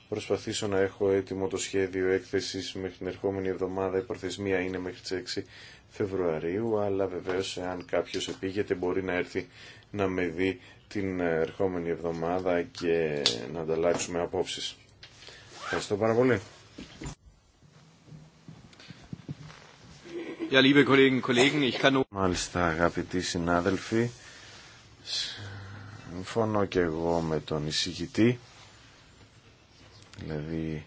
προσπαθήσω να έχω έτοιμο το σχέδιο έκθεσης μέχρι την ερχόμενη εβδομάδα. Η προθεσμία είναι μέχρι τις 6 Φεβρουαρίου, αλλά βεβαίως αν κάποιος επήγεται μπορεί να έρθει να με δει την ερχόμενη εβδομάδα και να ανταλλάξουμε απόψεις. Ευχαριστώ πάρα πολύ. liebe ich Μάλιστα αγαπητοί συνάδελφοι, συμφωνώ και εγώ με τον εισηγητή, δηλαδή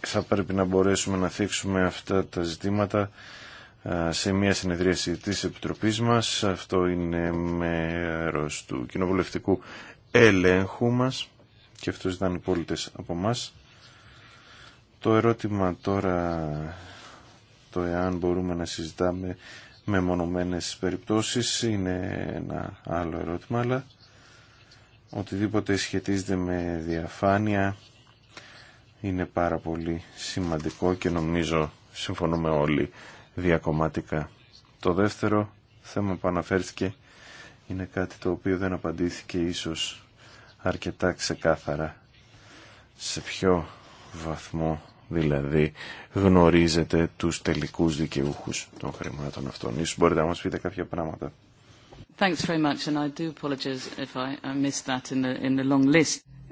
θα πρέπει να μπορέσουμε να θίξουμε αυτά τα ζητήματα σε μια συνεδρίαση της Επιτροπής μας. Αυτό είναι μέρος του κοινοβουλευτικού ελέγχου μας και αυτό ήταν οι πολίτες από μας. Το ερώτημα τώρα το εάν μπορούμε να συζητάμε με μονομένες περιπτώσεις είναι ένα άλλο ερώτημα, αλλά οτιδήποτε σχετίζεται με διαφάνεια είναι πάρα πολύ σημαντικό και νομίζω συμφωνούμε όλοι διακομματικά. Το δεύτερο θέμα που αναφέρθηκε είναι κάτι το οποίο δεν απαντήθηκε ίσως αρκετά ξεκάθαρα σε ποιο βαθμό δηλαδή γνωρίζετε τους τελικούς δικαιούχους των χρημάτων αυτών. Ίσως μπορείτε να μας πείτε κάποια πράγματα.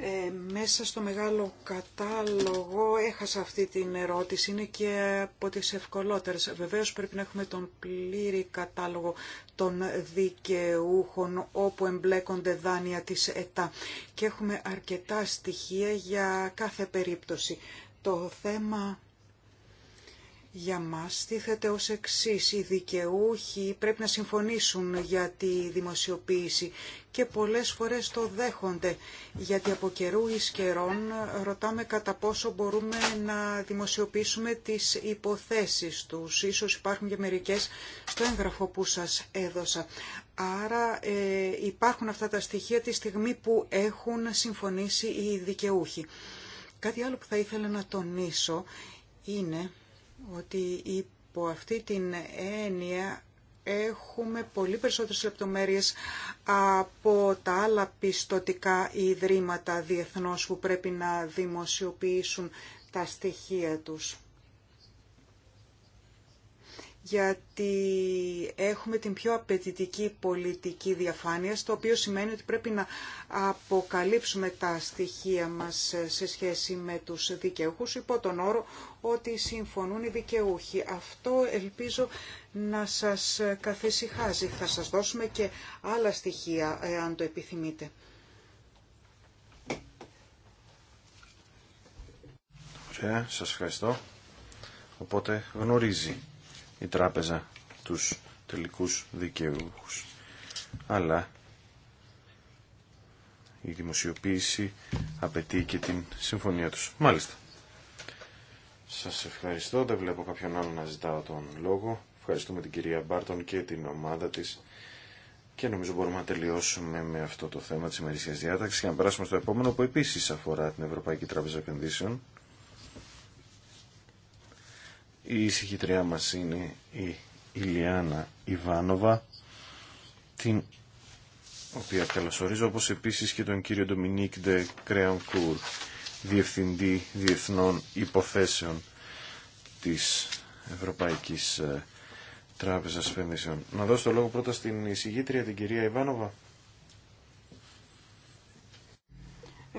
Ε, μέσα στο μεγάλο κατάλογο έχασα αυτή την ερώτηση, είναι και από τις ευκολότερες. Βεβαίως πρέπει να έχουμε τον πλήρη κατάλογο των δικαιούχων όπου εμπλέκονται δάνεια της ΕΤΑ και έχουμε αρκετά στοιχεία για κάθε περίπτωση. Το θέμα για μας τίθεται ως εξής. Οι δικαιούχοι πρέπει να συμφωνήσουν για τη δημοσιοποίηση και πολλές φορές το δέχονται, γιατί από καιρού εις καιρών ρωτάμε κατά πόσο μπορούμε να δημοσιοποιήσουμε τις υποθέσεις τους. Ίσως υπάρχουν και μερικές στο έγγραφο που σας έδωσα. Άρα ε, υπάρχουν αυτά τα στοιχεία τη στιγμή που έχουν συμφωνήσει οι δικαιούχοι. Κάτι άλλο που θα ήθελα να τονίσω είναι ότι υπό αυτή την έννοια έχουμε πολύ περισσότερες λεπτομέρειες από τα άλλα πιστοτικά ιδρύματα διεθνώς που πρέπει να δημοσιοποιήσουν τα στοιχεία τους γιατί έχουμε την πιο απαιτητική πολιτική διαφάνεια, στο οποίο σημαίνει ότι πρέπει να αποκαλύψουμε τα στοιχεία μας σε σχέση με τους δικαιούχους, υπό τον όρο ότι συμφωνούν οι δικαιούχοι. Αυτό ελπίζω να σας καθησυχάζει. Θα σας δώσουμε και άλλα στοιχεία, ε, αν το επιθυμείτε. Ωραία, σας ευχαριστώ. Οπότε γνωρίζει η τράπεζα τους τελικούς δικαιούχους. Αλλά η δημοσιοποίηση απαιτεί και την συμφωνία τους. Μάλιστα. Σας ευχαριστώ. Δεν βλέπω κάποιον άλλο να ζητάω τον λόγο. Ευχαριστούμε την κυρία Μπάρτον και την ομάδα της. Και νομίζω μπορούμε να τελειώσουμε με αυτό το θέμα της ημερήσιας διάταξης και να περάσουμε στο επόμενο που επίσης αφορά την Ευρωπαϊκή Τράπεζα Επενδύσεων. Η ησυχητριά μας είναι η Ηλιάνα Ιβάνοβα, την οποία καλωσορίζω, όπως επίσης και τον κύριο Ντομινίκ Ντε Κρέανκουρ, Διευθυντή Διεθνών Υποθέσεων της Ευρωπαϊκής ε, Τράπεζας Φένδυσεων. Να δώσω το λόγο πρώτα στην εισηγήτρια, την κυρία Ιβάνοβα.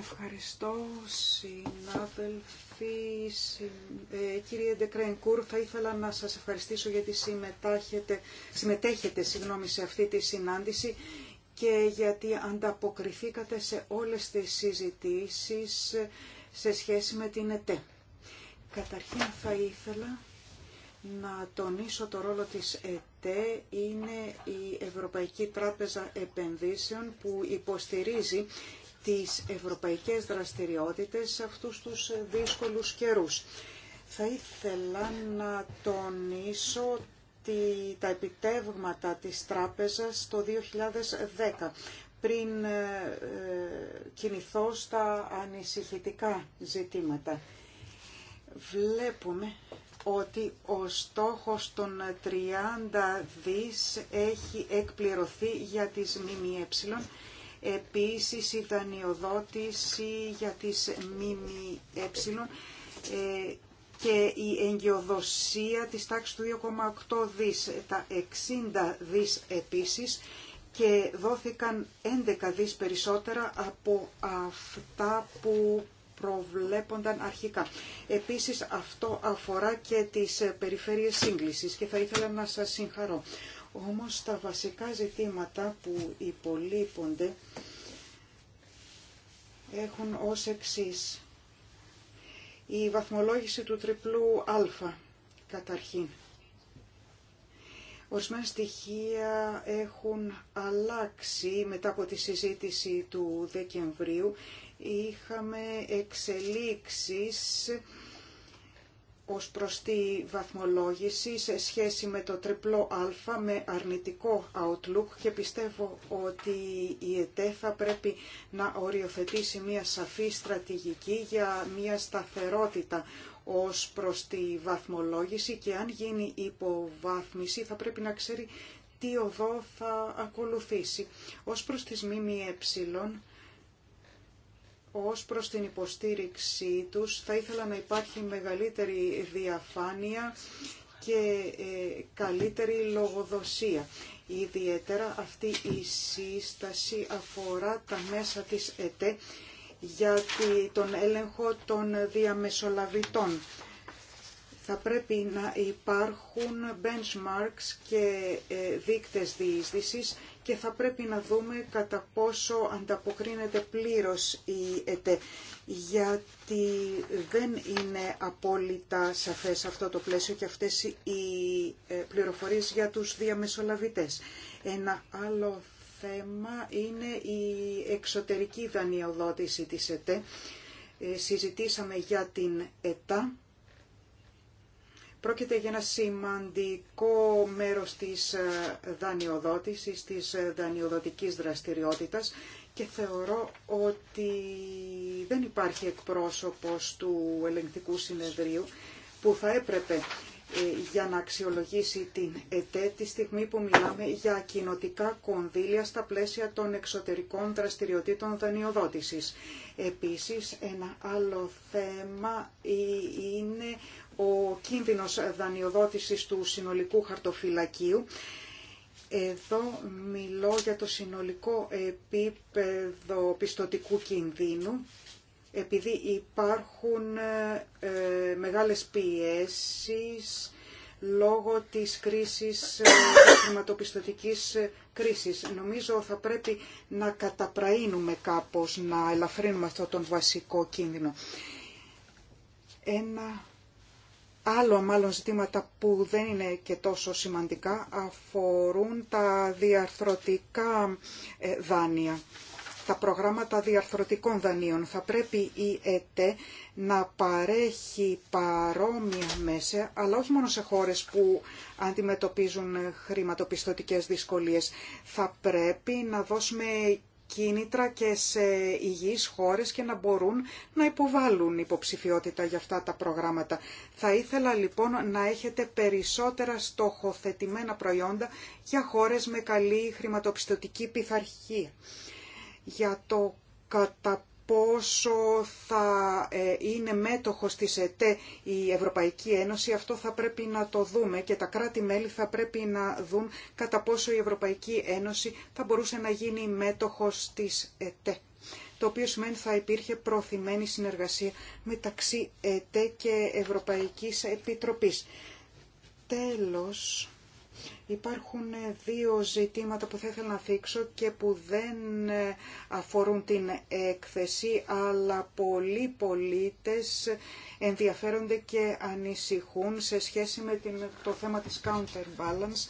Ευχαριστώ, συνάδελφοι. Ε, κύριε Ντεκρενκούρ, θα ήθελα να σας ευχαριστήσω γιατί συμμετέχετε, συμμετέχετε συγγνώμη, σε αυτή τη συνάντηση και γιατί ανταποκριθήκατε σε όλες τις συζητήσεις σε σχέση με την ΕΤΕ. Καταρχήν θα ήθελα να τονίσω το ρόλο της ΕΤΕ είναι η Ευρωπαϊκή Τράπεζα Επενδύσεων που υποστηρίζει τις ευρωπαϊκές δραστηριότητες σε αυτούς τους δύσκολους καιρούς. Θα ήθελα να τονίσω τη, τα επιτεύγματα της τράπεζας το 2010 πριν ε, ε, κινηθώ στα ανησυχητικά ζητήματα. Βλέπουμε ότι ο στόχος των 30 δις έχει εκπληρωθεί για τις ΜΜΕ Επίσης ήταν η οδότηση για τις ΜΜΕ ε, και η εγκυοδοσία της τάξης του 2,8 δις, τα 60 δις επίσης και δόθηκαν 11 δις περισσότερα από αυτά που προβλέπονταν αρχικά. Επίσης αυτό αφορά και τις περιφέρειες σύγκλησης και θα ήθελα να σας συγχαρώ. Όμως τα βασικά ζητήματα που υπολείπονται έχουν ως εξής. Η βαθμολόγηση του τριπλού α, καταρχήν. Ορισμένα στοιχεία έχουν αλλάξει μετά από τη συζήτηση του Δεκεμβρίου. Είχαμε εξελίξεις ως προς τη βαθμολόγηση σε σχέση με το τριπλό α με αρνητικό outlook και πιστεύω ότι η ΕΤΕ θα πρέπει να οριοθετήσει μια σαφή στρατηγική για μια σταθερότητα ως προς τη βαθμολόγηση και αν γίνει υποβάθμιση θα πρέπει να ξέρει τι οδό θα ακολουθήσει. Ως προς τις ΜΜΕ ως προς την υποστήριξή τους. Θα ήθελα να υπάρχει μεγαλύτερη διαφάνεια και ε, καλύτερη λογοδοσία. Ιδιαίτερα αυτή η σύσταση αφορά τα μέσα της ΕΤΕ για τον έλεγχο των διαμεσολαβητών. Θα πρέπει να υπάρχουν benchmarks και ε, δείκτες διείσδυσης και θα πρέπει να δούμε κατά πόσο ανταποκρίνεται πλήρως η ΕΤΕ γιατί δεν είναι απόλυτα σαφές αυτό το πλαίσιο και αυτές οι ε, πληροφορίες για τους διαμεσολαβητές. Ένα άλλο θέμα είναι η εξωτερική δανειοδότηση της ΕΤΕ. Ε, συζητήσαμε για την ΕΤΑ Πρόκειται για ένα σημαντικό μέρος της ε, δανειοδότησης, της ε, δανειοδοτικής δραστηριότητας και θεωρώ ότι δεν υπάρχει εκπρόσωπος του ελεγκτικού συνεδρίου που θα έπρεπε ε, για να αξιολογήσει την ΕΤΕ τη στιγμή που μιλάμε για κοινοτικά κονδύλια στα πλαίσια των εξωτερικών δραστηριοτήτων δανειοδότησης. Επίσης, ένα άλλο θέμα είναι ο κίνδυνος δανειοδότησης του συνολικού χαρτοφυλακίου. Εδώ μιλώ για το συνολικό επίπεδο πιστοτικού κινδύνου, επειδή υπάρχουν ε, μεγάλες πιέσεις λόγω της κρίσης, ε, της χρηματοπιστωτικής κρίσης. Νομίζω θα πρέπει να καταπραίνουμε κάπως, να ελαφρύνουμε αυτό τον βασικό κίνδυνο. Ένα άλλο μάλλον ζητήματα που δεν είναι και τόσο σημαντικά αφορούν τα διαρθρωτικά ε, δάνεια. Τα προγράμματα διαρθρωτικών δανείων θα πρέπει η ΕΤΕ να παρέχει παρόμοια μέσα, αλλά όχι μόνο σε χώρες που αντιμετωπίζουν χρηματοπιστωτικές δυσκολίες. Θα πρέπει να δώσουμε κίνητρα και σε υγιείς χώρες και να μπορούν να υποβάλουν υποψηφιότητα για αυτά τα προγράμματα. Θα ήθελα λοιπόν να έχετε περισσότερα στοχοθετημένα προϊόντα για χώρες με καλή χρηματοπιστωτική πειθαρχία. Για το κατά πόσο θα ε, είναι μέτοχος της ΕΤΕ η Ευρωπαϊκή Ένωση, αυτό θα πρέπει να το δούμε και τα κράτη-μέλη θα πρέπει να δουν κατά πόσο η Ευρωπαϊκή Ένωση θα μπορούσε να γίνει μέτοχος της ΕΤΕ το οποίο σημαίνει θα υπήρχε προωθημένη συνεργασία μεταξύ ΕΤΕ και Ευρωπαϊκής Επιτροπής. Τέλος, Υπάρχουν ε, δύο ζητήματα που θα ήθελα να θίξω και που δεν ε, αφορούν την έκθεση, αλλά πολλοί πολίτες ενδιαφέρονται και ανησυχούν σε σχέση με το θέμα της counterbalance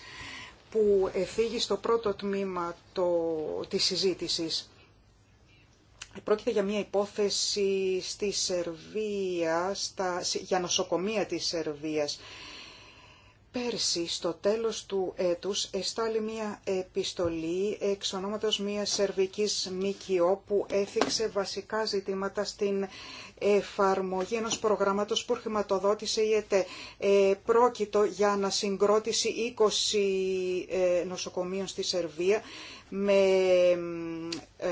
που εφήγει στο πρώτο τμήμα το, της συζήτησης. Πρόκειται για μια υπόθεση στη Σερβία, στα, για νοσοκομεία της Σερβίας Πέρσι, στο τέλος του έτους, εστάλει μία επιστολή εξ ονόματος μίας σερβικής ΜΚΟ που έθιξε βασικά ζητήματα στην εφαρμογή ενός προγράμματος που χρηματοδότησε η ΕΤΕ. Ε, πρόκειτο για ανασυγκρότηση 20 ε, νοσοκομείων στη Σερβία με ε,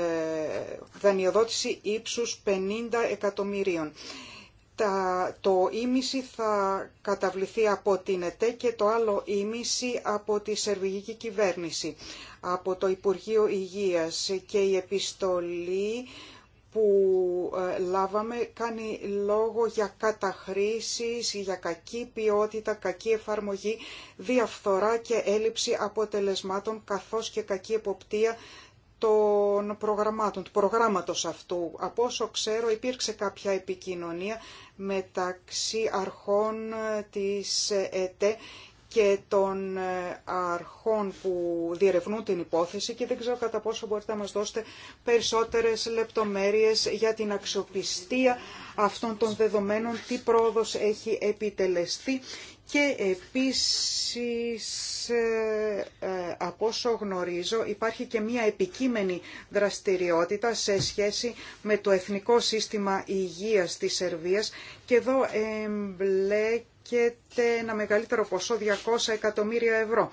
δανειοδότηση ύψους 50 εκατομμυρίων το ίμιση θα καταβληθεί από την ΕΤΕ και το άλλο ίμιση από τη Σερβιγική Κυβέρνηση, από το Υπουργείο Υγείας και η επιστολή που ε, λάβαμε κάνει λόγο για καταχρήσεις, για κακή ποιότητα, κακή εφαρμογή, διαφθορά και έλλειψη αποτελεσμάτων καθώς και κακή εποπτεία των προγραμμάτων, του προγράμματος αυτού. Από όσο ξέρω υπήρξε κάποια επικοινωνία μεταξύ αρχών της ΕΤΕ και των αρχών που διερευνούν την υπόθεση και δεν ξέρω κατά πόσο μπορείτε να μας δώσετε περισσότερες λεπτομέρειες για την αξιοπιστία αυτών των δεδομένων, τι πρόοδος έχει επιτελεστεί και επίσης, ε, ε, από όσο γνωρίζω, υπάρχει και μία επικείμενη δραστηριότητα σε σχέση με το Εθνικό Σύστημα Υγείας της Σερβίας και εδώ εμπλέκεται ένα μεγαλύτερο ποσό, 200 εκατομμύρια ευρώ.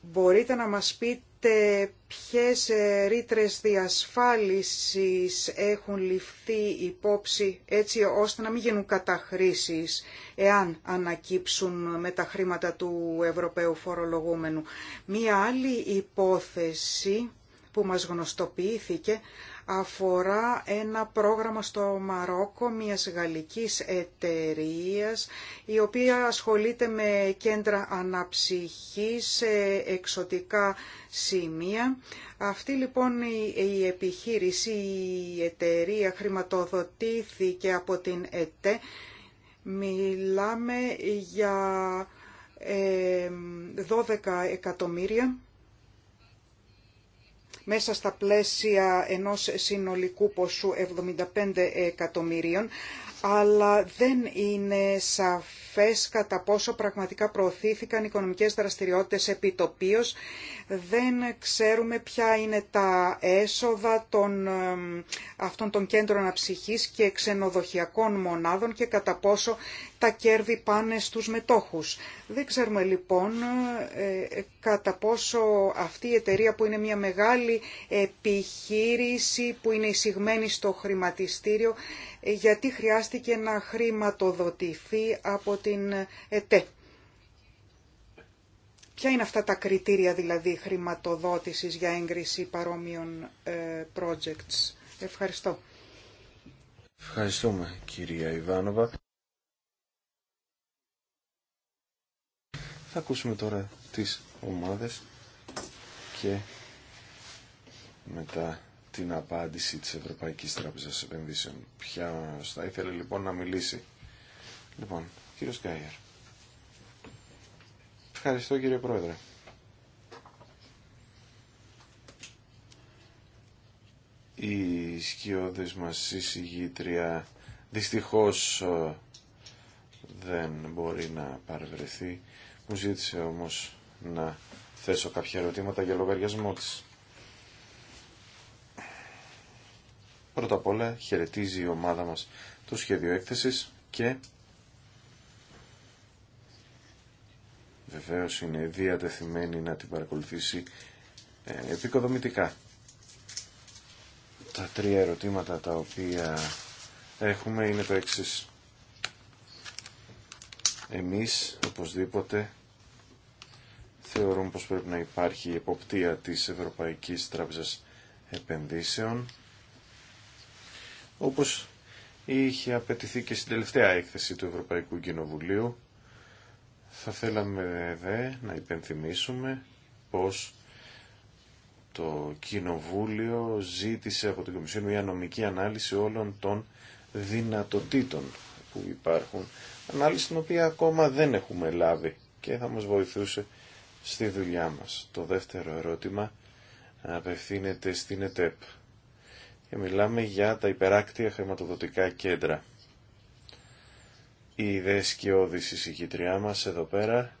Μπορείτε να μας πείτε Ποιε ποιες ε, ρήτρες διασφάλισης έχουν ληφθεί υπόψη έτσι ώστε να μην γίνουν καταχρήσεις εάν ανακύψουν με τα χρήματα του Ευρωπαίου φορολογούμενου. Μία άλλη υπόθεση που μας γνωστοποιήθηκε αφορά ένα πρόγραμμα στο Μαρόκο μιας γαλλικής εταιρείας η οποία ασχολείται με κέντρα αναψυχής σε εξωτικά σημεία. Αυτή λοιπόν η επιχείρηση, η εταιρεία χρηματοδοτήθηκε από την ΕΤΕ. Μιλάμε για 12 ε, εκατομμύρια μέσα στα πλαίσια ενός συνολικού ποσού 75 εκατομμυρίων, αλλά δεν είναι σαφή σαφές κατά πόσο πραγματικά προωθήθηκαν οικονομικές δραστηριότητες επιτοπίως. Δεν ξέρουμε ποια είναι τα έσοδα των, αυτών των κέντρων αψυχής και ξενοδοχειακών μονάδων και κατά πόσο τα κέρδη πάνε στους μετόχους. Δεν ξέρουμε λοιπόν ε, ε, κατά πόσο αυτή η εταιρεία που είναι μια μεγάλη επιχείρηση που είναι εισηγμένη στο χρηματιστήριο ε, γιατί χρειάστηκε να χρηματοδοτηθεί από την ΕΤΕ. Ποια είναι αυτά τα κριτήρια δηλαδή χρηματοδότησης για έγκριση παρόμοιων ε, projects. Ευχαριστώ. Ευχαριστούμε κυρία Ιβάνοβα. Θα ακούσουμε τώρα τις ομάδες και μετά την απάντηση της Ευρωπαϊκής Τράπεζας Επενδύσεων. Ποια θα ήθελε λοιπόν να μιλήσει. Λοιπόν, Κύριος Σκάιερ. Ευχαριστώ κύριε Πρόεδρε. Η σκιώδες μας εισηγήτρια δυστυχώς ε, δεν μπορεί να παρευρεθεί. Μου ζήτησε όμως να θέσω κάποια ερωτήματα για λογαριασμό της. Πρώτα απ' όλα χαιρετίζει η ομάδα μας το σχέδιο έκθεσης και βεβαίως είναι διατεθειμένη να την παρακολουθήσει ε, επικοδομητικά. Τα τρία ερωτήματα τα οποία έχουμε είναι το εξή. Εμείς οπωσδήποτε θεωρούμε πως πρέπει να υπάρχει η εποπτεία της Ευρωπαϊκής Τράπεζας Επενδύσεων όπως είχε απαιτηθεί και στην τελευταία έκθεση του Ευρωπαϊκού Κοινοβουλίου θα θέλαμε δε να υπενθυμίσουμε πως το Κοινοβούλιο ζήτησε από την Κομισιόν μια νομική ανάλυση όλων των δυνατοτήτων που υπάρχουν. Ανάλυση την οποία ακόμα δεν έχουμε λάβει και θα μας βοηθούσε στη δουλειά μας. Το δεύτερο ερώτημα απευθύνεται στην ΕΤΕΠ και μιλάμε για τα υπεράκτια χρηματοδοτικά κέντρα η δεσκιώδης εισηγητριά μας εδώ πέρα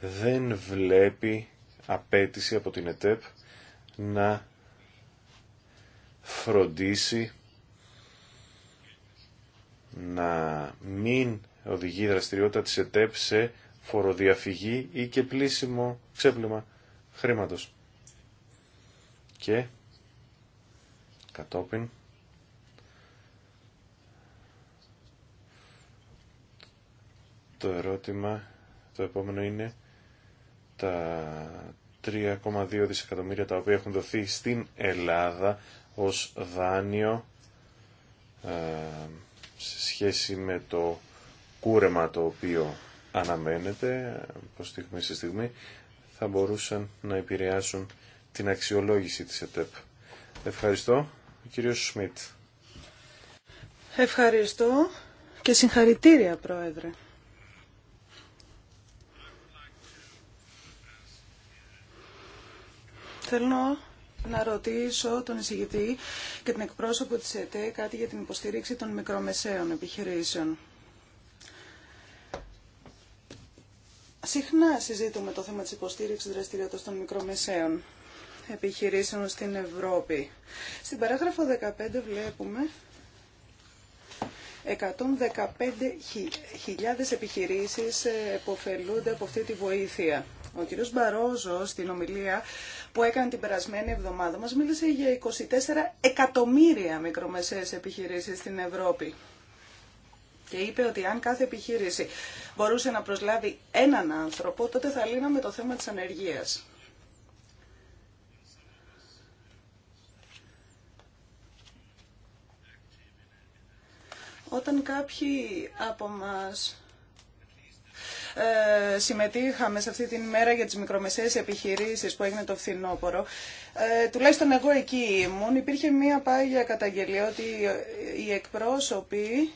δεν βλέπει απέτηση από την ΕΤΕΠ να φροντίσει να μην οδηγεί η δραστηριότητα της ΕΤΕΠ σε φοροδιαφυγή ή και πλήσιμο ξέπλυμα χρήματος. Και κατόπιν Το ερώτημα το επόμενο είναι τα 3,2 δισεκατομμύρια τα οποία έχουν δοθεί στην Ελλάδα ως δάνειο ε, σε σχέση με το κούρεμα το οποίο αναμένεται από στιγμή σε στιγμή θα μπορούσαν να επηρεάσουν την αξιολόγηση της ΕΤΕΠ. Ευχαριστώ, κύριο Σμιτ. Ευχαριστώ και συγχαρητήρια, Πρόεδρε. Θέλω να ρωτήσω τον εισηγητή και την εκπρόσωπο της ΕΤΕ κάτι για την υποστηρίξη των μικρομεσαίων επιχειρήσεων. Συχνά συζητούμε το θέμα της υποστήριξης δραστηριότητας των μικρομεσαίων επιχειρήσεων στην Ευρώπη. Στην παράγραφο 15 βλέπουμε 115.000 επιχειρήσεις ε, εποφελούνται από αυτή τη βοήθεια. Ο κ. Μπαρόζο στην ομιλία που έκανε την περασμένη εβδομάδα μας μίλησε για 24 εκατομμύρια μικρομεσαίες επιχειρήσεις στην Ευρώπη. Και είπε ότι αν κάθε επιχείρηση μπορούσε να προσλάβει έναν άνθρωπο, τότε θα λύναμε το θέμα της ανεργίας. Όταν κάποιοι από μας ε, συμμετείχαμε σε αυτή την ημέρα για τις μικρομεσαίες επιχειρήσεις που έγινε το φθινόπωρο. Ε, τουλάχιστον εγώ εκεί ήμουν. Υπήρχε μία πάγια καταγγελία ότι οι εκπρόσωποι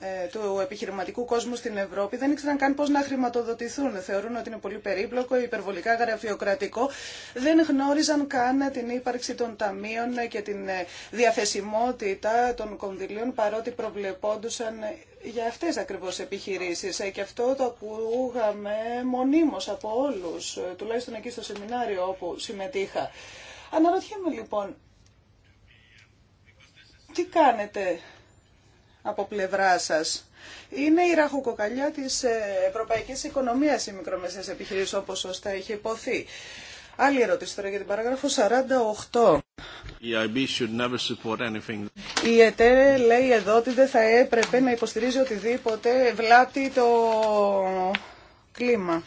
ε, του επιχειρηματικού κόσμου στην Ευρώπη δεν ήξεραν καν πώς να χρηματοδοτηθούν. Θεωρούν ότι είναι πολύ περίπλοκο, υπερβολικά γραφειοκρατικό. Δεν γνώριζαν καν την ύπαρξη των ταμείων και την ε, διαθεσιμότητα των κονδυλίων παρότι προβλεπόντουσαν για αυτές ακριβώς επιχειρήσεις. Ε, και αυτό το ακούγαμε μονίμως από όλους, τουλάχιστον εκεί στο σεμινάριο όπου συμμετείχα. Αναρωτιέμαι λοιπόν, τι κάνετε από πλευρά σας. Είναι η ραχοκοκαλιά της ε, ευρωπαϊκής οικονομίας οι μικρομεσαίες επιχειρήσει όπως σωστά έχει υποθεί. Άλλη ερώτηση τώρα για την παράγραφο 48. Η e Η ΕΤΕ λέει εδώ ότι δεν θα έπρεπε να υποστηρίζει οτιδήποτε βλάπτει το κλίμα.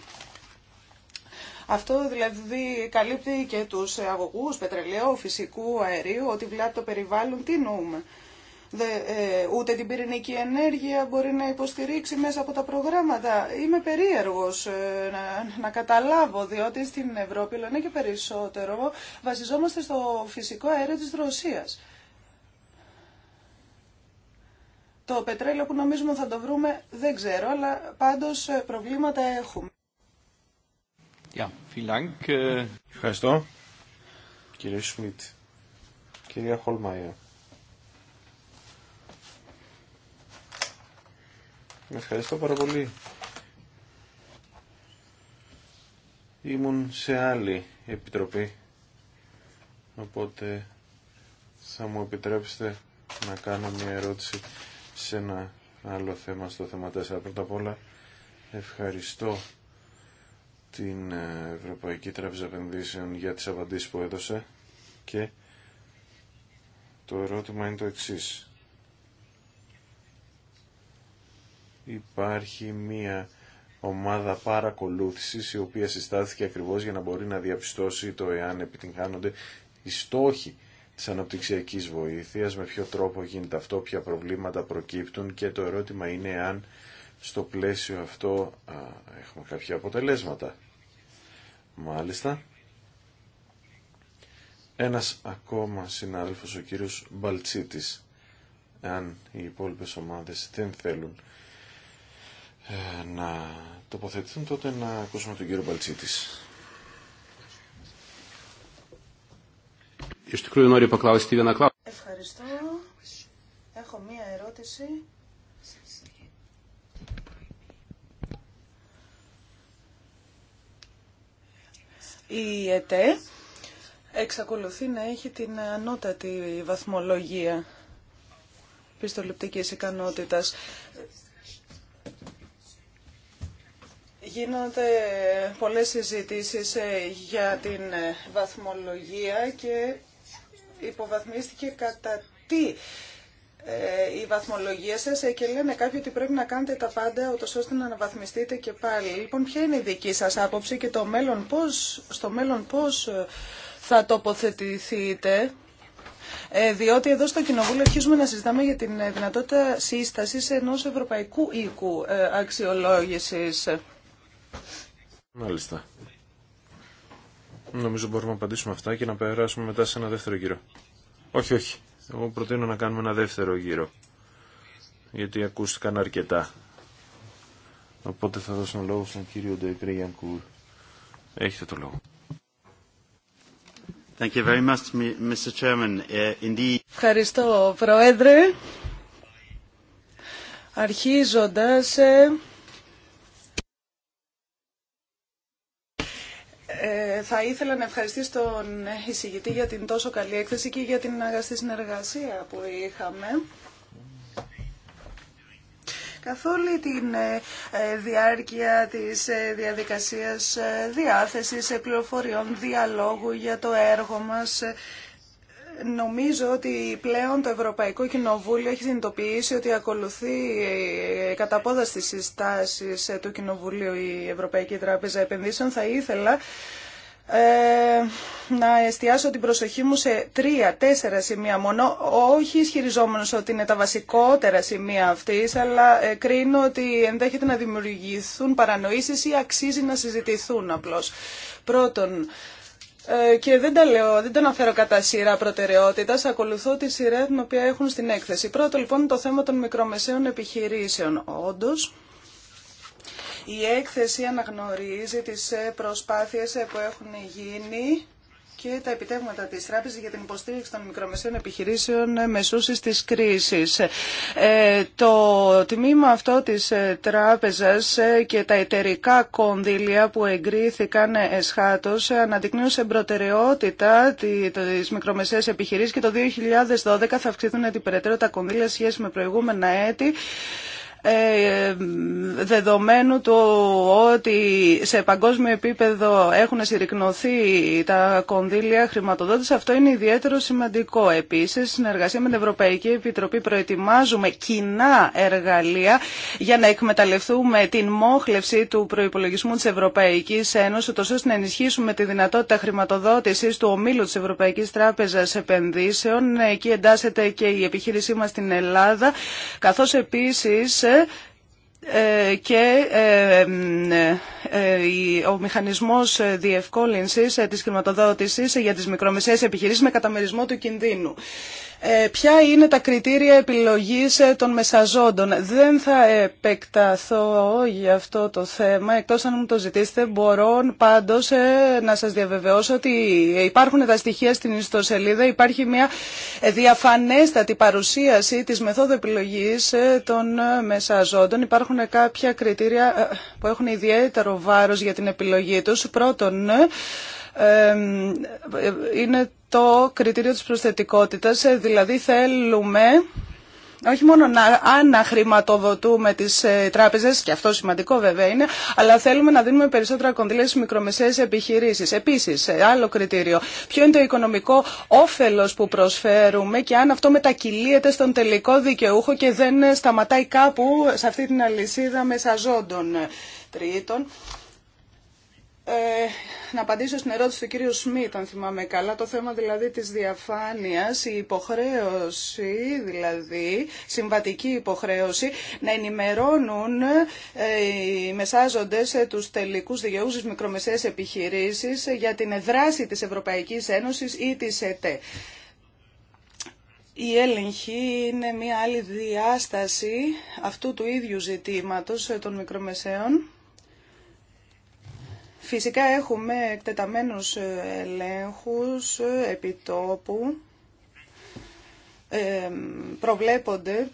Αυτό δηλαδή καλύπτει και τους αγωγούς πετρελαίου, φυσικού αερίου, ότι βλάπτει το περιβάλλον. Τι νοούμε. Ε, ούτε την πυρηνική ενέργεια μπορεί να υποστηρίξει μέσα από τα προγράμματα. Είμαι περίεργος ε, να, καταλάβω, διότι στην Ευρώπη, λένε και περισσότερο, βασιζόμαστε στο φυσικό αέριο της Ρωσίας. Το πετρέλαιο που νομίζουμε θα το βρούμε δεν ξέρω, αλλά πάντως ε, προβλήματα έχουμε. Ευχαριστώ. Κύριε Σμιτ. Κυρία Χολμάια. Ευχαριστώ πάρα πολύ. Ήμουν σε άλλη επιτροπή, οπότε θα μου επιτρέψετε να κάνω μια ερώτηση σε ένα άλλο θέμα στο θέμα 4. Πρώτα απ' όλα ευχαριστώ την Ευρωπαϊκή Τράπεζα Επενδύσεων για τις απαντήσεις που έδωσε και το ερώτημα είναι το εξής. υπάρχει μία ομάδα παρακολούθησης η οποία συστάθηκε ακριβώς για να μπορεί να διαπιστώσει το εάν επιτυγχάνονται οι στόχοι της αναπτυξιακής βοήθειας, με ποιο τρόπο γίνεται αυτό, ποια προβλήματα προκύπτουν και το ερώτημα είναι αν στο πλαίσιο αυτό έχουμε κάποια αποτελέσματα. Μάλιστα. Ένας ακόμα συνάδελφος, ο κύριος Μπαλτσίτης, αν οι υπόλοιπε ομάδες δεν θέλουν ε, να τοποθετηθούν, τότε να ακούσουμε τον κύριο Παλτσίτης. Ευχαριστώ. Έχω μία ερώτηση. Η ΕΤΕ εξακολουθεί να έχει την ανώτατη βαθμολογία πιστοληπτικής ικανότητας. Γίνονται πολλές συζητήσεις ε, για την ε, βαθμολογία και υποβαθμίστηκε κατά τι ε, η βαθμολογία σας και λένε κάποιοι ότι πρέπει να κάνετε τα πάντα ούτως ώστε να αναβαθμιστείτε και πάλι. Λοιπόν, ποια είναι η δική σας άποψη και το μέλλον πώς, στο μέλλον πώς θα τοποθετηθείτε διότι εδώ στο Κοινοβούλιο αρχίζουμε να συζητάμε για την δυνατότητα σύστασης ενός ευρωπαϊκού οίκου αξιολόγησης. Μάλιστα. Νομίζω μπορούμε να απαντήσουμε αυτά και να περάσουμε μετά σε ένα δεύτερο γύρο. Όχι, όχι. Εγώ προτείνω να κάνουμε ένα δεύτερο γύρο. Γιατί ακούστηκαν αρκετά. Οπότε θα δώσω τον λόγο στον κύριο Ντεϊκρή Γιανκούρ. Έχετε το λόγο. Thank you very much, Mr. Chairman. Uh, Ευχαριστώ, Πρόεδρε. Αρχίζοντας... Ε, Ε, θα ήθελα να ευχαριστήσω τον εισηγητή για την τόσο καλή έκθεση και για την αγαστή συνεργασία που είχαμε. Καθ' όλη την ε, ε, διάρκεια της διαδικασίας διάθεσης πληροφοριών, διαλόγου για το έργο μας Νομίζω ότι πλέον το Ευρωπαϊκό Κοινοβούλιο έχει συνειδητοποιήσει ότι ακολουθεί ε, κατά πόδα στις συστάσεις ε, του Κοινοβουλίου η Ευρωπαϊκή Τράπεζα Επενδύσεων. Θα ήθελα ε, να εστιάσω την προσοχή μου σε τρία-τέσσερα σημεία μόνο, όχι ισχυριζόμενο ότι είναι τα βασικότερα σημεία αυτή, αλλά ε, κρίνω ότι ενδέχεται να δημιουργηθούν παρανοήσει ή αξίζει να συζητηθούν απλώ. Πρώτον, ε, και δεν τα λέω, δεν το αναφέρω κατά σειρά προτεραιότητα. Ακολουθώ τη σειρά την οποία έχουν στην έκθεση. Πρώτο λοιπόν το θέμα των μικρομεσαίων επιχειρήσεων. Όντω, η έκθεση αναγνωρίζει τις ε, προσπάθειες ε, που έχουν γίνει και τα επιτεύγματα της Τράπεζας για την υποστήριξη των μικρομεσαίων επιχειρήσεων μεσούσης της κρίσης. Ε, το τμήμα αυτό της ε, Τράπεζας ε, και τα εταιρικά κονδύλια που εγκρίθηκαν εσχάτως αναδεικνύουν σε προτεραιότητα τις μικρομεσαίες επιχειρήσεις και το 2012 θα αυξηθούν την περαιτέρω τα κονδύλια σχέση με προηγούμενα έτη ε, δεδομένου του ότι σε παγκόσμιο επίπεδο έχουν συρρυκνωθεί τα κονδύλια χρηματοδότηση, αυτό είναι ιδιαίτερο σημαντικό. Επίσης, συνεργασία με την Ευρωπαϊκή Επιτροπή προετοιμάζουμε κοινά εργαλεία για να εκμεταλλευτούμε την μόχλευση του προϋπολογισμού της Ευρωπαϊκής Ένωσης, ώστε να ενισχύσουμε τη δυνατότητα χρηματοδότησης του ομίλου της Ευρωπαϊκής Τράπεζας Επενδύσεων. Εκεί εντάσσεται και η επιχείρησή μας στην Ελλάδα, καθώς επίσης ε, και ε, ε, ο μηχανισμός διευκόλυνσης της χρηματοδότησης για τις μικρομεσαίες επιχειρήσεις με καταμερισμό του κινδύνου. Ε, ποια είναι τα κριτήρια επιλογής ε, των μεσαζόντων. Δεν θα επεκταθώ για αυτό το θέμα, εκτός αν μου το ζητήσετε. Μπορώ πάντως ε, να σας διαβεβαιώσω ότι υπάρχουν τα στοιχεία στην ιστοσελίδα. Υπάρχει μια διαφανέστατη παρουσίαση της μεθόδου επιλογής των μεσαζόντων. Υπάρχουν κάποια κριτήρια που έχουν ιδιαίτερο βάρος για την επιλογή τους. Πρώτον, είναι το κριτήριο της προσθετικότητας, ε, δηλαδή θέλουμε όχι μόνο να αναχρηματοδοτούμε τις ε, τράπεζες, και αυτό σημαντικό βέβαια είναι, αλλά θέλουμε να δίνουμε περισσότερα κονδύλια στις μικρομεσαίες επιχειρήσεις. Επίσης, ε, άλλο κριτήριο, ποιο είναι το οικονομικό όφελος που προσφέρουμε και αν αυτό μετακυλίεται στον τελικό δικαιούχο και δεν σταματάει κάπου σε αυτή την αλυσίδα μεσαζόντων τρίτων. Ε, να απαντήσω στην ερώτηση του κύριου Σμιτ, αν θυμάμαι καλά, το θέμα δηλαδή της διαφάνειας, η υποχρέωση, δηλαδή συμβατική υποχρέωση, να ενημερώνουν ε, οι μεσάζοντες ε, τους τελικούς δικαιούς της μικρομεσαίες επιχειρήσεις για την δράση της Ευρωπαϊκής Ένωσης ή της ΕΤΕ. Η έλεγχη είναι μια άλλη διάσταση αυτού του ίδιου ζητήματος των μικρομεσαίων Φυσικά έχουμε εκτεταμένους ελέγχους επιτόπου, ε, προβλέπονται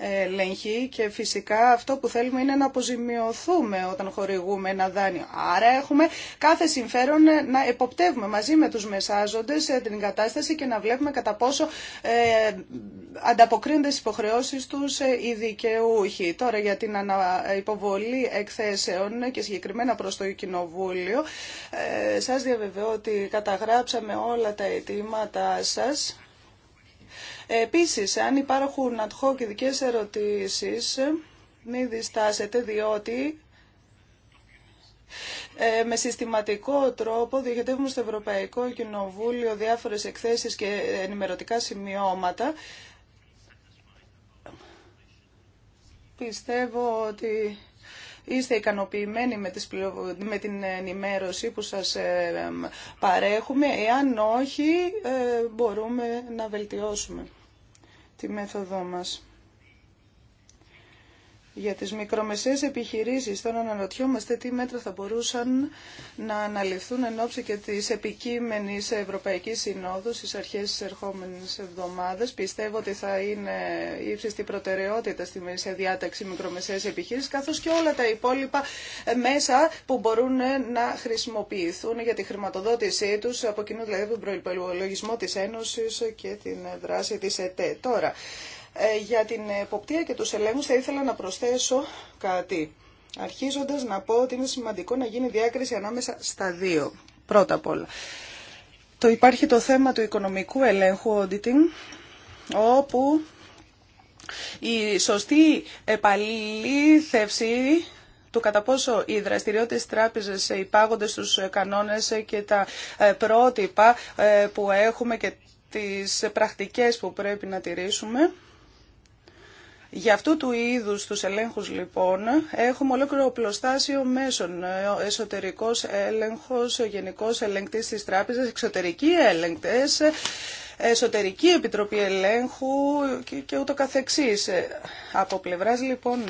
ελέγχει και φυσικά αυτό που θέλουμε είναι να αποζημιωθούμε όταν χορηγούμε ένα δάνειο. Άρα έχουμε κάθε συμφέρον να εποπτεύουμε μαζί με τους μεσάζοντες την κατάσταση και να βλέπουμε κατά πόσο ε, ανταποκρίνονται στις υποχρεώσεις τους ε, οι δικαιούχοι. Τώρα για την υποβολή εκθέσεων και συγκεκριμένα προς το Κοινοβούλιο ε, σας διαβεβαιώ ότι καταγράψαμε όλα τα αιτήματά σας Επίσης, αν υπάρχουν ad hoc ερωτήσεις, μην διστάσετε διότι ε, με συστηματικό τρόπο διοικητεύουμε στο Ευρωπαϊκό Κοινοβούλιο διάφορες εκθέσεις και ενημερωτικά σημειώματα. Πιστεύω ότι είστε ικανοποιημένοι με, τις με την ενημέρωση που σας ε, παρέχουμε. Εάν όχι, ε, μπορούμε να βελτιώσουμε τη μέθοδό μας για τις μικρομεσαίες επιχειρήσεις. Τώρα αναρωτιόμαστε τι μέτρα θα μπορούσαν να αναλυθούν εν ώψη και της επικείμενης Ευρωπαϊκής Συνόδου στις αρχές της ερχόμενης εβδομάδας. Πιστεύω ότι θα είναι ύψιστη προτεραιότητα στη μέση διάταξη μικρομεσαίες επιχειρήσεις, καθώς και όλα τα υπόλοιπα μέσα που μπορούν να χρησιμοποιηθούν για τη χρηματοδότησή τους, από κοινού δηλαδή τον προϋπολογισμό της Ένωσης και την δράση της ΕΤΕ. Τώρα, ε, για την εποπτεία και τους ελέγχους θα ήθελα να προσθέσω κάτι. Αρχίζοντας να πω ότι είναι σημαντικό να γίνει διάκριση ανάμεσα στα δύο. Πρώτα απ' όλα. Το υπάρχει το θέμα του οικονομικού ελέγχου auditing, όπου η σωστή επαλήθευση του κατά πόσο οι δραστηριότητες της τράπεζας υπάγονται στους κανόνες και τα ε, πρότυπα ε, που έχουμε και τις πρακτικές που πρέπει να τηρήσουμε για αυτού του είδους του ελέγχους λοιπόν έχουμε ολόκληρο οπλοστάσιο μέσων. Ε, εσωτερικός έλεγχος, ο γενικός ελεγκτής της τράπεζας, εξωτερικοί έλεγκτες, εσωτερική επιτροπή ελέγχου και, και ούτω καθεξής. Ε, από πλευράς λοιπόν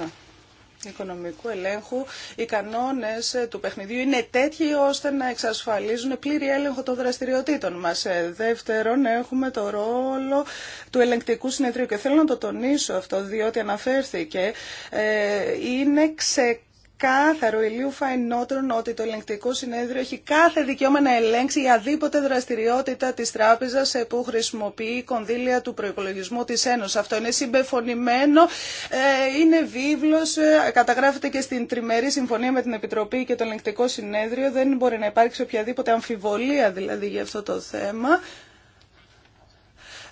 οικονομικού ελέγχου, οι κανόνες ε, του παιχνιδιού είναι τέτοιοι ώστε να εξασφαλίζουν πλήρη έλεγχο των δραστηριοτήτων μας. Ε, δεύτερον, έχουμε το ρόλο του ελεγκτικού συνεδρίου και θέλω να το τονίσω αυτό, διότι αναφέρθηκε, ε, είναι ξεκάθαρο κάθαρο ηλίου φαϊνότρων ότι το ελεγκτικό συνέδριο έχει κάθε δικαίωμα να ελέγξει η αδίποτε δραστηριότητα της τράπεζας που χρησιμοποιεί κονδύλια του προϋπολογισμού της Ένωσης. Αυτό είναι συμπεφωνημένο, ε, είναι βίβλος, ε, καταγράφεται και στην τριμερή συμφωνία με την Επιτροπή και το ελεγκτικό συνέδριο. Δεν μπορεί να υπάρξει οποιαδήποτε αμφιβολία δηλαδή για αυτό το θέμα.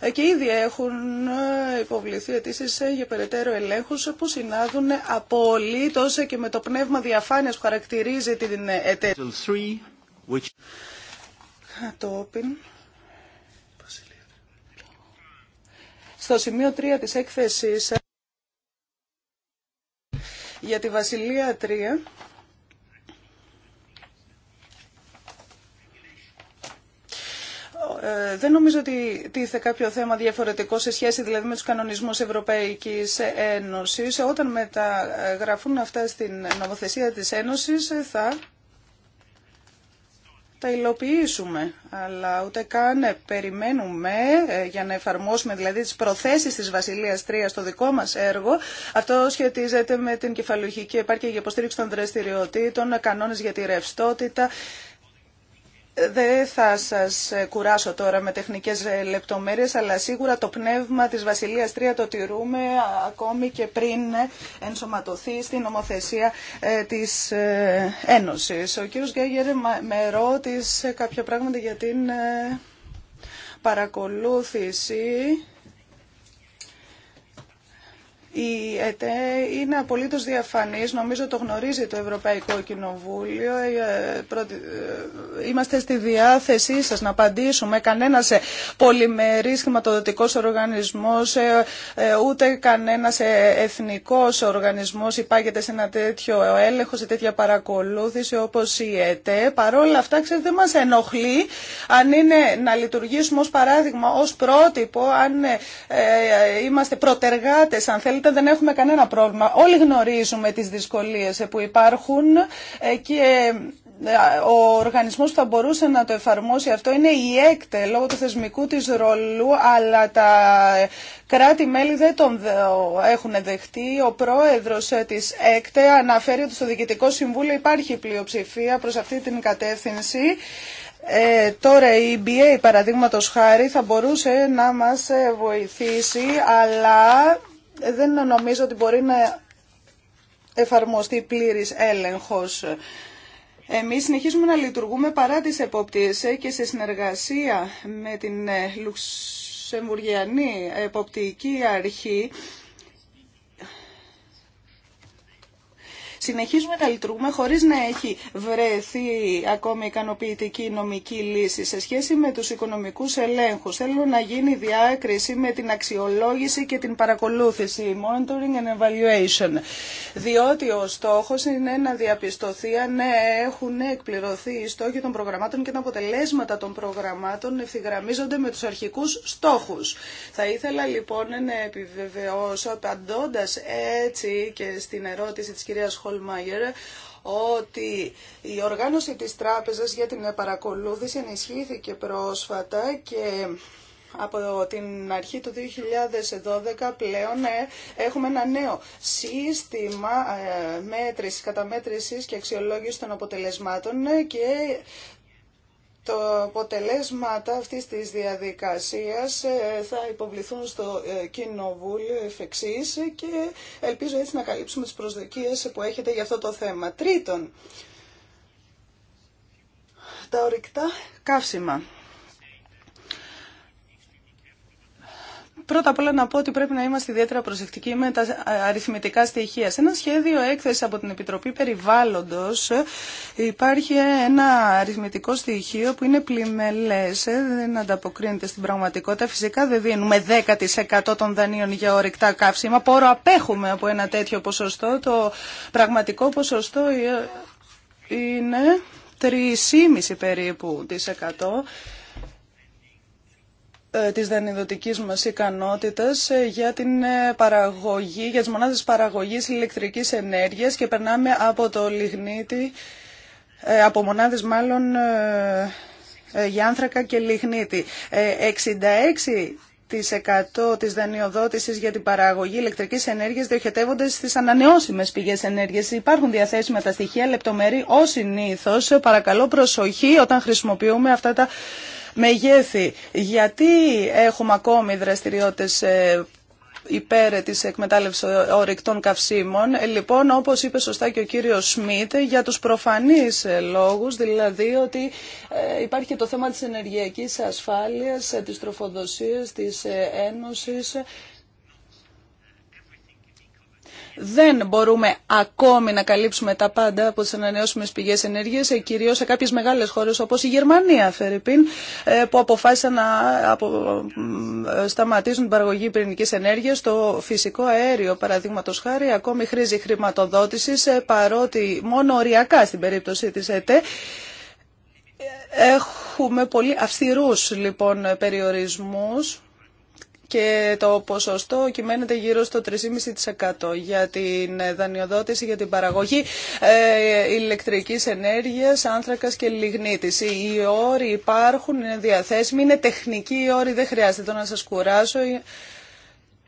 Ε, και ήδη έχουν ε, υποβληθεί αιτήσει ε, για περαιτέρω ελέγχου που συνάδουν απολύτω και με το πνεύμα διαφάνεια που χαρακτηρίζει την εταιρεία. Στο σημείο 3 της έκθεσης για τη Βασιλεία 3 Ε, δεν νομίζω ότι τίθε κάποιο θέμα διαφορετικό σε σχέση δηλαδή με τους κανονισμούς Ευρωπαϊκής Ένωσης. Όταν μεταγραφούν αυτά στην νομοθεσία της Ένωσης θα τα υλοποιήσουμε, αλλά ούτε καν περιμένουμε ε, για να εφαρμόσουμε δηλαδή τις προθέσεις της Βασιλείας 3 στο δικό μας έργο. Αυτό σχετίζεται με την κεφαλουχική επάρκεια για υποστήριξη των δραστηριοτήτων, κανόνες για τη ρευστότητα, δεν θα σας κουράσω τώρα με τεχνικές λεπτομέρειες, αλλά σίγουρα το πνεύμα της Βασιλείας Τρία το τηρούμε ακόμη και πριν ε, ενσωματωθεί στην νομοθεσία ε, της ε, Ένωσης. Ο κύριος Γκέγερ με ρώτησε κάποια πράγματα για την παρακολούθηση η ΕΤΕ είναι απολύτως διαφανής, νομίζω το γνωρίζει το Ευρωπαϊκό Κοινοβούλιο. Ε, ε, είμαστε στη διάθεσή σας να απαντήσουμε. Κανένας ε, πολυμερής χρηματοδοτικός οργανισμός, ούτε κανένας εθνικός οργανισμός υπάγεται σε ένα τέτοιο έλεγχο, σε τέτοια παρακολούθηση όπως η ΕΤΕ. Παρόλα αυτά, ξέρετε, δεν μας ενοχλεί αν είναι να λειτουργήσουμε ως παράδειγμα, ως πρότυπο, αν είμαστε προτεργάτες, αν δεν έχουμε κανένα πρόβλημα. Όλοι γνωρίζουμε τις δυσκολίες που υπάρχουν ε, και ε, ο οργανισμός που θα μπορούσε να το εφαρμόσει αυτό είναι η ΕΚΤΕ λόγω του θεσμικού της ρόλου αλλά τα κράτη-μέλη δεν τον έχουν δεχτεί. Ο πρόεδρος ε, της ΕΚΤΕ αναφέρει ότι στο Διοικητικό Συμβούλιο υπάρχει πλειοψηφία προς αυτή την κατεύθυνση. Ε, τώρα η EBA παραδείγματος χάρη θα μπορούσε να μας βοηθήσει αλλά δεν νομίζω ότι μπορεί να εφαρμοστεί πλήρης έλεγχος. Εμείς συνεχίζουμε να λειτουργούμε παρά τις εποπτείες ε, και σε συνεργασία με την ε, Λουξεμβουργιανή Εποπτική Αρχή συνεχίζουμε να λειτουργούμε χωρίς να έχει βρεθεί ακόμη ικανοποιητική νομική λύση σε σχέση με τους οικονομικούς ελέγχους. Θέλω να γίνει διάκριση με την αξιολόγηση και την παρακολούθηση, monitoring and evaluation, διότι ο στόχος είναι να διαπιστωθεί αν έχουν εκπληρωθεί οι στόχοι των προγραμμάτων και τα αποτελέσματα των προγραμμάτων ευθυγραμμίζονται με τους αρχικούς στόχους. Θα ήθελα λοιπόν να επιβεβαιώσω απαντώντας έτσι και στην ερώτηση της κυρίας Χολ ότι η οργάνωση της τράπεζας για την παρακολούθηση ενισχύθηκε πρόσφατα και από την αρχή του 2012 πλέον ε, έχουμε ένα νέο σύστημα ε, μέτρησης, καταμέτρησης και αξιολόγηση των αποτελεσμάτων ε, και το αποτελέσματα αυτής της διαδικασίας ε, θα υποβληθούν στο ε, Κοινοβούλιο εφ' και ελπίζω έτσι να καλύψουμε τις προσδοκίες που έχετε για αυτό το θέμα. Τρίτον, τα ορυκτά καύσιμα. Πρώτα απ' όλα να πω ότι πρέπει να είμαστε ιδιαίτερα προσεκτικοί με τα αριθμητικά στοιχεία. Σε ένα σχέδιο έκθεση από την Επιτροπή Περιβάλλοντο υπάρχει ένα αριθμητικό στοιχείο που είναι πλημελέ, ε, δεν ανταποκρίνεται στην πραγματικότητα. Φυσικά δεν δίνουμε 10% των δανείων για ορυκτά καύσιμα. Πόρο απέχουμε από ένα τέτοιο ποσοστό. Το πραγματικό ποσοστό ε, είναι 3,5% περίπου. Ε, της δανειοδοτικής μας ικανότητας ε, για την ε, παραγωγή, για τις μονάδες παραγωγής ηλεκτρικής ενέργειας και περνάμε από το λιγνίτη, από μονάδες μάλλον για άνθρακα και λιγνίτη. 66 100% της δανειοδότησης για την παραγωγή ηλεκτρικής ενέργειας διοχετεύονται στις ανανεώσιμες πηγές ενέργειας. Υπάρχουν διαθέσιμα τα στοιχεία λεπτομερή ως συνήθως. Παρακαλώ προσοχή όταν χρησιμοποιούμε αυτά τα μεγέθη. Γιατί έχουμε ακόμη δραστηριότητες ε, υπέρ της εκμετάλλευσης ορεικτών καυσίμων. Ε, λοιπόν, όπως είπε σωστά και ο κύριος Σμιτ, για τους προφανείς ε, λόγους, δηλαδή ότι υπάρχει και το θέμα της ενεργειακής ασφάλειας, της τροφοδοσίας, της ένωσης δεν μπορούμε ακόμη να καλύψουμε τα πάντα από τις ανανεώσιμε πηγές ενέργειας, ε, κυρίω σε κάποιες μεγάλες χώρες όπως η Γερμανία, Φερρυπίν, ε, που αποφάσισαν να ε, σταματήσουν την παραγωγή πυρηνική ενέργειας. Το φυσικό αέριο, παραδείγματο χάρη, ακόμη χρήζει χρηματοδότησης, παρότι μόνο οριακά στην περίπτωση τη ΕΤΕ, Έχουμε πολύ αυστηρούς λοιπόν περιορισμούς και το ποσοστό κυμαίνεται γύρω στο 3,5% για την δανειοδότηση για την παραγωγή ε, ηλεκτρικής ενέργειας, άνθρακας και λιγνίτης. Οι όροι υπάρχουν, είναι διαθέσιμοι, είναι τεχνικοί οι όροι, δεν χρειάζεται το να σας κουράσω. Ε,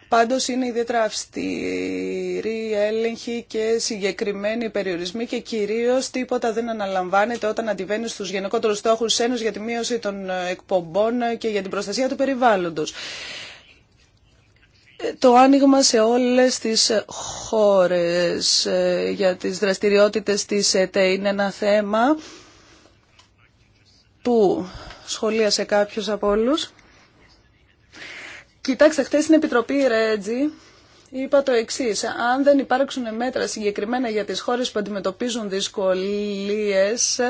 πάντως είναι ιδιαίτερα αυστηρή έλεγχη και συγκεκριμένοι περιορισμοί και κυρίως τίποτα δεν αναλαμβάνεται όταν αντιβαίνει στους γενικότερους στόχους ένωση για τη μείωση των εκπομπών και για την προστασία του περιβάλλοντος το άνοιγμα σε όλες τις χώρες ε, για τις δραστηριότητες της ΕΤΕ είναι ένα θέμα που σχολίασε κάποιος από όλους. Κοιτάξτε, χθες στην Επιτροπή Ρέτζη είπα το εξή. Αν δεν υπάρξουν μέτρα συγκεκριμένα για τις χώρες που αντιμετωπίζουν δυσκολίες,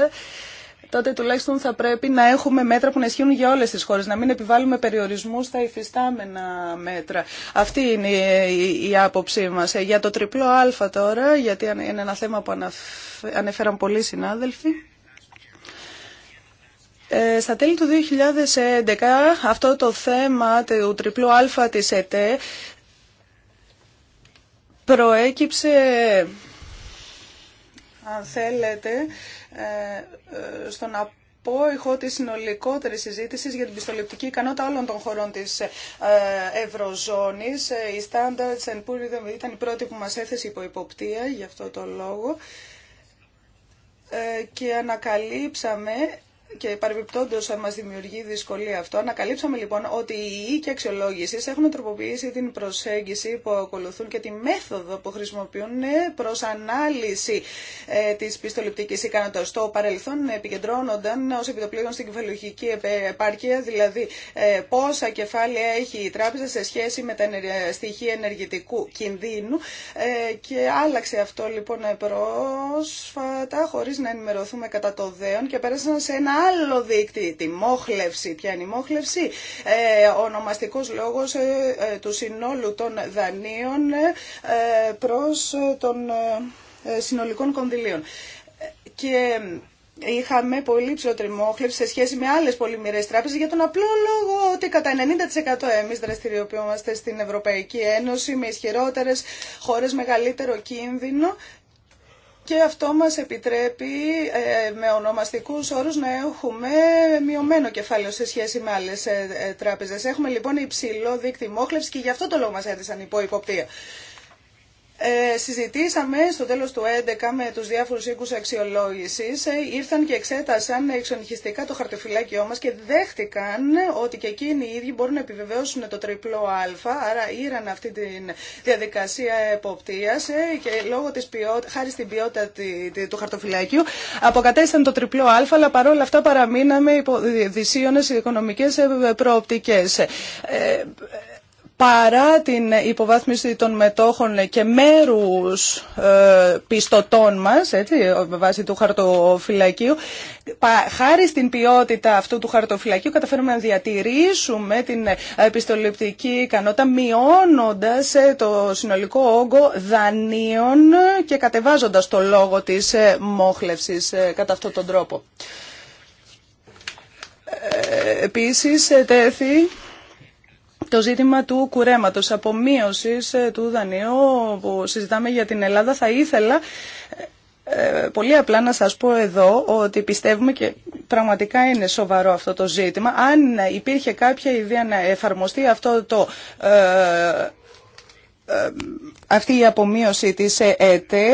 τότε τουλάχιστον θα πρέπει να έχουμε μέτρα που να ισχύουν για όλες τις χώρες, να μην επιβάλλουμε περιορισμούς στα υφιστάμενα μέτρα. Αυτή είναι η άποψή μας. Ε, για το τριπλό α τώρα, γιατί είναι ένα θέμα που ανέφεραν πολλοί συνάδελφοι. Ε, στα τέλη του 2011 αυτό το θέμα του τριπλού α της ΕΤΕ προέκυψε, αν θέλετε, ε, ε, στον απόϊχο της συνολικότερης συζήτησης για την πιστοληπτική ικανότητα όλων των χωρών της ε, Ευρωζώνης. Η Standards and Poor's ήταν η πρώτη που μας έθεσε υπό υποπτία, γι' αυτό το λόγο και ανακαλύψαμε και παρεμπιπτόντως μα δημιουργεί δυσκολία αυτό. Ανακαλύψαμε λοιπόν ότι οι οίκοι αξιολόγηση έχουν τροποποιήσει την προσέγγιση που ακολουθούν και τη μέθοδο που χρησιμοποιούν ε, προ ανάλυση ε, της πιστοληπτικής ικανότητας. Στο παρελθόν ε, επικεντρώνονταν ω επιτοπλήγων στην κεφαλουχική επάρκεια, δηλαδή ε, πόσα κεφάλαια έχει η τράπεζα σε σχέση με τα στοιχεία ενεργητικού κινδύνου και άλλαξε αυτό λοιπόν πρόσφατα χωρί να ενημερωθούμε κατά το δέον και πέρασαν σε ένα άλλο δείκτη, τη μόχλευση. Ποια είναι η μόχλευση, ε, ονομαστικός λόγος ε, ε, του συνόλου των δανείων ε, προς ε, των συνολικών κονδυλίων. Και είχαμε πολύ ψηλότερη μόχλευση σε σχέση με άλλες πολυμερές τράπεζες για τον απλό λόγο ότι κατά 90% εμείς δραστηριοποιούμαστε στην Ευρωπαϊκή Ένωση με ισχυρότερες χώρες μεγαλύτερο κίνδυνο και αυτό μας επιτρέπει ε, με ονομαστικούς όρους να έχουμε μειωμένο κεφάλαιο σε σχέση με άλλες ε, ε, τράπεζες. Έχουμε λοιπόν υψηλό δίκτυο μόχλευση και γι' αυτό το λόγο μας έδεισαν υπό υποπτία. Ε, συζητήσαμε στο τέλος του 2011 με τους διάφορους οίκους αξιολόγησης, ε, ήρθαν και εξέτασαν εξονυχιστικά το χαρτοφυλάκιό μας και δέχτηκαν ότι και εκείνοι οι ίδιοι μπορούν να επιβεβαιώσουν το τριπλό α, άρα ήραν αυτή τη διαδικασία εποπτείας ε, και λόγω της χάρη στην ποιότητα του χαρτοφυλάκιου αποκατέστησαν το τριπλό α, αλλά παρόλα αυτά παραμείναμε υπό δυσίωνες οικονομικές ε, προοπτικές. Ε, παρά την υποβάθμιση των μετόχων και μέρους ε, πιστωτών μας, έτσι, βάσει του χαρτοφυλακίου, χάρη στην ποιότητα αυτού του χαρτοφυλακίου καταφέρουμε να διατηρήσουμε την επιστοληπτική ικανότητα, μειώνοντας ε, το συνολικό όγκο δανείων και κατεβάζοντας το λόγο της ε, μόχλευσης κατά αυτόν τον τρόπο. Επίσης, τέθη το ζήτημα του κουρέματος, απομείωσης ε, του δανείου που συζητάμε για την Ελλάδα, θα ήθελα ε, ε, πολύ απλά να σας πω εδώ ότι πιστεύουμε και πραγματικά είναι σοβαρό αυτό το ζήτημα. Αν υπήρχε κάποια ιδέα να εφαρμοστεί αυτό το ε, αυτή η απομείωση της ΕΤΕ,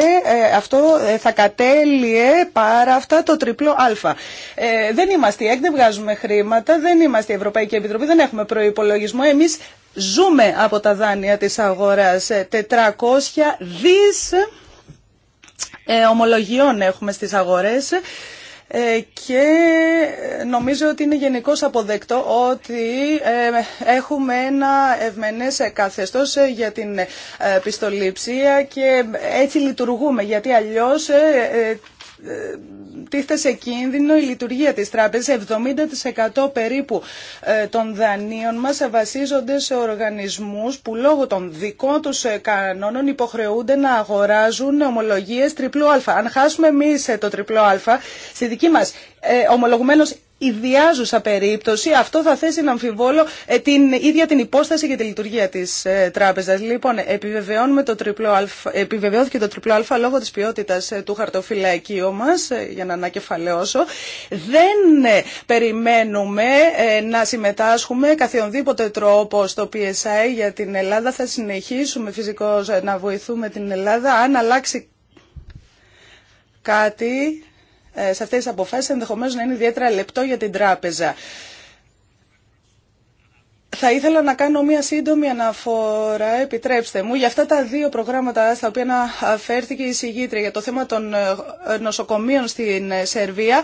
αυτό ε, θα κατέλειε πάρα αυτά το τριπλό α. Ε, δεν είμαστε ΕΚ, δεν βγάζουμε χρήματα, δεν είμαστε η Ευρωπαϊκή Επιτροπή, δεν έχουμε προϋπολογισμό. Εμείς ζούμε από τα δάνεια της αγοράς. 400 δις ομολογιών έχουμε στις αγορές ε, και νομίζω ότι είναι γενικώ αποδεκτό ότι ε, έχουμε ένα ευμενές καθεστώς ε, για την πιστοληψία και έτσι λειτουργούμε γιατί αλλιώς ε, τίθεται σε κίνδυνο η λειτουργία της τράπεζας. 70% περίπου ε, των δανείων μας βασίζονται σε οργανισμούς που λόγω των δικών τους ε, κανόνων υποχρεούνται να αγοράζουν ομολογίες τριπλού α. Αν χάσουμε εμείς το τριπλό α, στη δική μας ε, ιδιάζουσα περίπτωση. Αυτό θα θέσει να αμφιβόλο ε, την ίδια την υπόσταση και τη λειτουργία τη ε, τράπεζα. Λοιπόν, επιβεβαιώνουμε το τριπλό α, επιβεβαιώθηκε το τριπλό Α λόγω τη ποιότητα ε, του χαρτοφυλακίου μα, για να ανακεφαλαιώσω. Δεν περιμένουμε να συμμετάσχουμε καθιονδήποτε τρόπο στο PSI για την Ελλάδα. Θα συνεχίσουμε φυσικώς να βοηθούμε την Ελλάδα. Αν αλλάξει κάτι ε, σε αυτές τις αποφάσεις ενδεχομένως να είναι ιδιαίτερα λεπτό για την τράπεζα. Θα ήθελα να κάνω μία σύντομη αναφορά, επιτρέψτε μου, για αυτά τα δύο προγράμματα στα οποία αναφέρθηκε η συγγήτρια για το θέμα των ε, νοσοκομείων στην ε, Σερβία.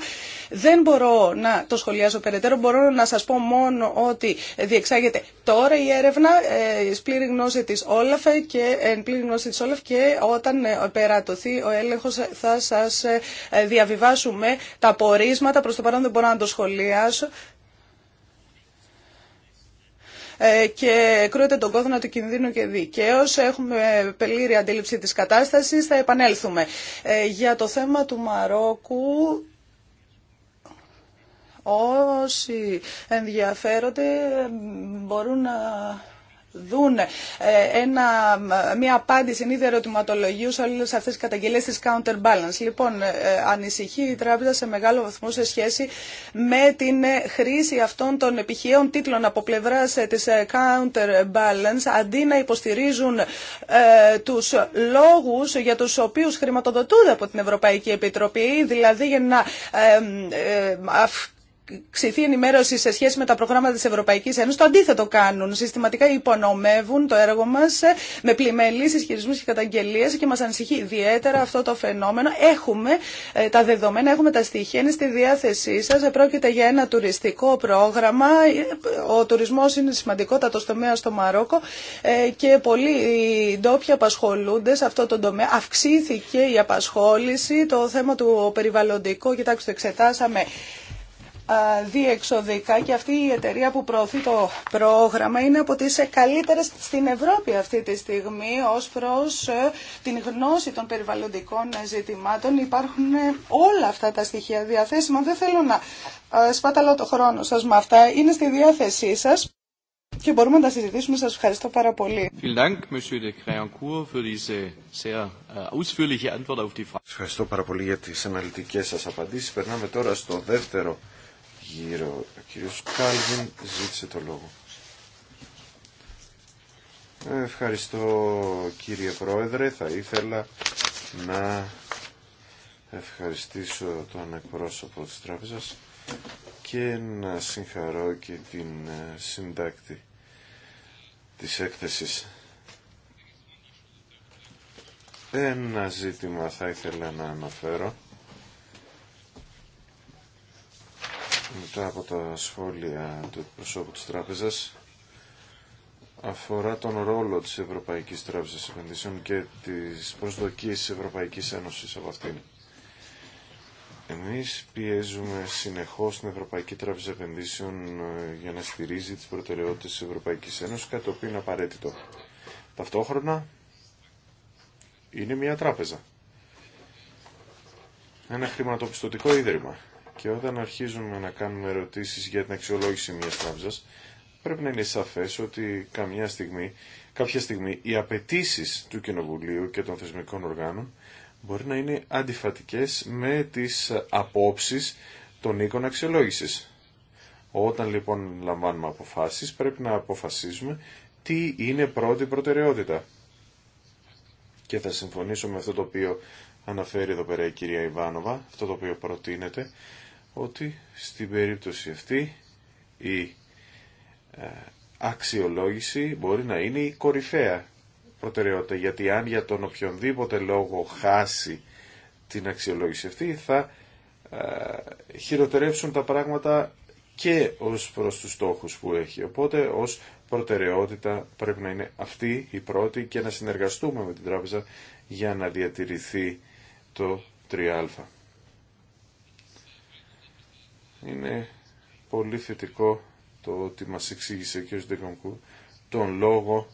Δεν μπορώ να το σχολιάσω περαιτέρω, μπορώ να σας πω μόνο ότι διεξάγεται τώρα η έρευνα εις πλήρη γνώση της Όλαφ και, ε, γνώση της Όλαφ και όταν περατωθεί ο έλεγχος θα σας διαβιβάσουμε τα πορίσματα, προς το παρόν δεν μπορώ να το σχολιάσω. Ε, και κρούεται τον κόδωνα του κινδύνου και δικαίω. Έχουμε πελήρη αντίληψη της κατάστασης, θα επανέλθουμε. Ε, για το θέμα του Μαρόκου, όσοι ενδιαφέρονται μπορούν να δουν ε, ένα, μια απάντηση είναι ερωτηματολογίου σε όλες αυτές τις καταγγελίες της counterbalance. Λοιπόν, ε, ανησυχεί η τράπεζα σε μεγάλο βαθμό σε σχέση με την χρήση αυτών των επιχείων τίτλων από πλευράς ε, της counterbalance αντί να υποστηρίζουν ε, τους λόγους για τους οποίους χρηματοδοτούνται από την Ευρωπαϊκή Επιτροπή, δηλαδή για να ε, Ξηθεί ενημέρωση σε σχέση με τα προγράμματα τη Ευρωπαϊκή Ένωση, Το αντίθετο κάνουν. Συστηματικά υπονομεύουν το έργο μα με πλημελείς ισχυρισμού και καταγγελίε και μα ανησυχεί ιδιαίτερα αυτό το φαινόμενο. Έχουμε ε, τα δεδομένα, έχουμε τα στοιχεία, είναι στη διάθεσή σας. Πρόκειται για ένα τουριστικό πρόγραμμα. Ο τουρισμό είναι σημαντικότατο τομέα στο Μαρόκο ε, και πολλοί ντόπιοι απασχολούνται σε αυτό το τομέα. Αυξήθηκε η απασχόληση, το θέμα του περιβαλλοντικού, κοιτάξτε, εξετάσαμε διεξοδικά και αυτή η εταιρεία που προωθεί το πρόγραμμα είναι από τις καλύτερες στην Ευρώπη αυτή τη στιγμή ως προς ε, την γνώση των περιβαλλοντικών ζητημάτων. Υπάρχουν ε, όλα αυτά τα στοιχεία διαθέσιμα. Δεν θέλω να ε, σπαταλώ το χρόνο σας με αυτά. Είναι στη διάθεσή σας και μπορούμε να τα συζητήσουμε. Σας ευχαριστώ πάρα πολύ. Äh, ευχαριστώ πάρα πολύ για τις αναλυτικές σας απαντήσεις. Περνάμε τώρα στο δεύτερο γύρω. Ο κύριος Κάλβιν ζήτησε το λόγο. Ευχαριστώ κύριε Πρόεδρε. Θα ήθελα να ευχαριστήσω τον εκπρόσωπο της τράπεζας και να συγχαρώ και την ε, συντάκτη της έκθεσης. Ένα ζήτημα θα ήθελα να αναφέρω μετά από τα σχόλια του προσώπου της τράπεζας αφορά τον ρόλο της Ευρωπαϊκής Τράπεζας Επενδύσεων και της προσδοκίες της Ευρωπαϊκής Ένωσης από αυτήν. Εμείς πιέζουμε συνεχώς την Ευρωπαϊκή Τράπεζα Επενδύσεων ε, για να στηρίζει τις προτεραιότητες της Ευρωπαϊκής Ένωσης, κάτι το οποίο είναι απαραίτητο. Ταυτόχρονα είναι μια τράπεζα. Ένα χρηματοπιστωτικό ίδρυμα. Και όταν αρχίζουμε να κάνουμε ερωτήσεις για την αξιολόγηση μιας τράπεζας, πρέπει να είναι σαφές ότι καμιά στιγμή, κάποια στιγμή οι απαιτήσει του Κοινοβουλίου και των θεσμικών οργάνων μπορεί να είναι αντιφατικές με τις απόψεις των οίκων αξιολόγησης. Όταν λοιπόν λαμβάνουμε αποφάσεις πρέπει να αποφασίζουμε τι είναι πρώτη προτεραιότητα. Και θα συμφωνήσω με αυτό το οποίο αναφέρει εδώ πέρα η κυρία Ιβάνοβα, αυτό το οποίο προτείνεται, ότι στην περίπτωση αυτή η ε, αξιολόγηση μπορεί να είναι η κορυφαία προτεραιότητα, γιατί αν για τον οποιονδήποτε λόγο χάσει την αξιολόγηση αυτή θα ε, χειροτερεύσουν τα πράγματα και ως προς τους στόχους που έχει. Οπότε ως προτεραιότητα πρέπει να είναι αυτή η πρώτη και να συνεργαστούμε με την τράπεζα για να διατηρηθεί το 3α είναι πολύ θετικό το ότι μας εξήγησε ο κ. Ντεκονκού τον λόγο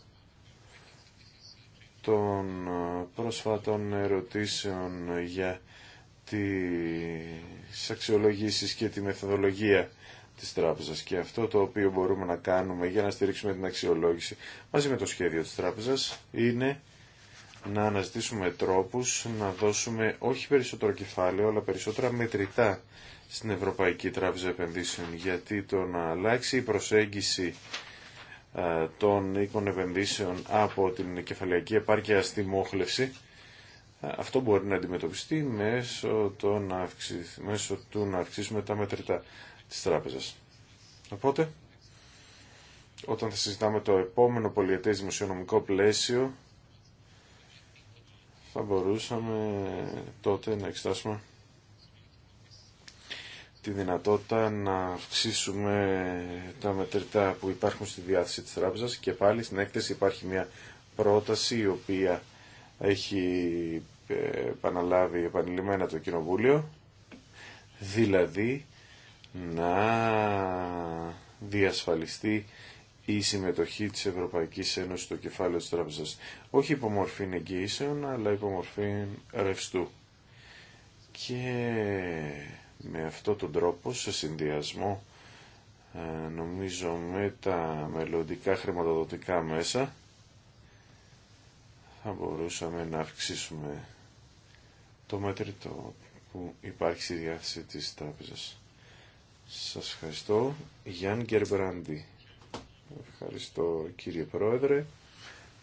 των ε, πρόσφατων ερωτήσεων για τις αξιολογήσεις και τη μεθοδολογία της τράπεζας και αυτό το οποίο μπορούμε να κάνουμε για να στηρίξουμε την αξιολόγηση μαζί με το σχέδιο της τράπεζας είναι να αναζητήσουμε τρόπους να δώσουμε όχι περισσότερο κεφάλαιο αλλά περισσότερα μετρητά στην Ευρωπαϊκή Τράπεζα Επενδύσεων γιατί το να αλλάξει η προσέγγιση ε, των οίκων επενδύσεων από την κεφαλαϊκή επάρκεια στη μόχλευση ε, αυτό μπορεί να αντιμετωπιστεί μέσω, μέσω του να αυξήσουμε τα μετρητά της τράπεζας. Οπότε, όταν θα συζητάμε το επόμενο πολιετές δημοσιονομικό πλαίσιο, θα μπορούσαμε τότε να εξετάσουμε τη δυνατότητα να αυξήσουμε τα μετρητά που υπάρχουν στη διάθεση της τράπεζας και πάλι στην έκθεση υπάρχει μια πρόταση η οποία έχει ε, επαναλάβει επανειλημμένα το Κοινοβούλιο δηλαδή να διασφαλιστεί η συμμετοχή της Ευρωπαϊκής Ένωσης στο κεφάλαιο της τράπεζας. Όχι μορφή εγγύησεων, αλλά υπομορφήν ρευστού. Και με αυτό τον τρόπο, σε συνδυασμό ε, νομίζω με τα μελλοντικά χρηματοδοτικά μέσα, θα μπορούσαμε να αυξήσουμε το μετρητό που υπάρχει στη διάθεση της τράπεζας. Σας ευχαριστώ. Γιάνν Γκερμπράντι. Ευχαριστώ κύριε Πρόεδρε.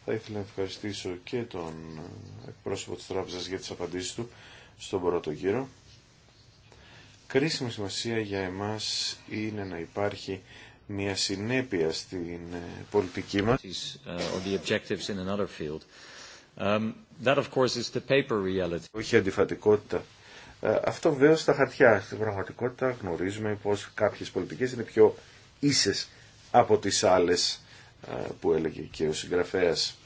Θα ήθελα να ευχαριστήσω και τον εκπρόσωπο της τράπεζας για τις απαντήσεις του στον πρώτο γύρο κρίσιμη σημασία για εμάς είναι να υπάρχει μια συνέπεια στην ε, πολιτική μας. Όχι αντιφατικότητα. Αυτό βέβαια στα χαρτιά. Στην πραγματικότητα γνωρίζουμε πως κάποιες πολιτικές είναι πιο ίσες από τις άλλες ε, που έλεγε και ο συγγραφέας.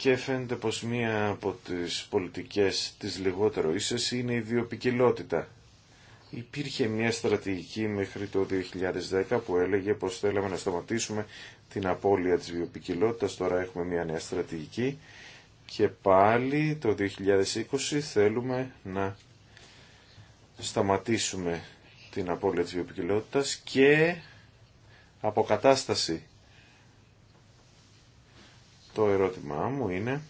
και φαίνεται πως μία από τις πολιτικές της λιγότερο ίσως είναι η βιοπικιλότητα. Υπήρχε μια στρατηγική μέχρι το 2010 που έλεγε πως θέλαμε να σταματήσουμε την απώλεια της βιοπικιλότητας, τώρα έχουμε μια νέα στρατηγική και πάλι το 2020 θέλουμε να σταματήσουμε την απώλεια της βιοπικιλότητας και αποκατάσταση το ερώτημά μου είναι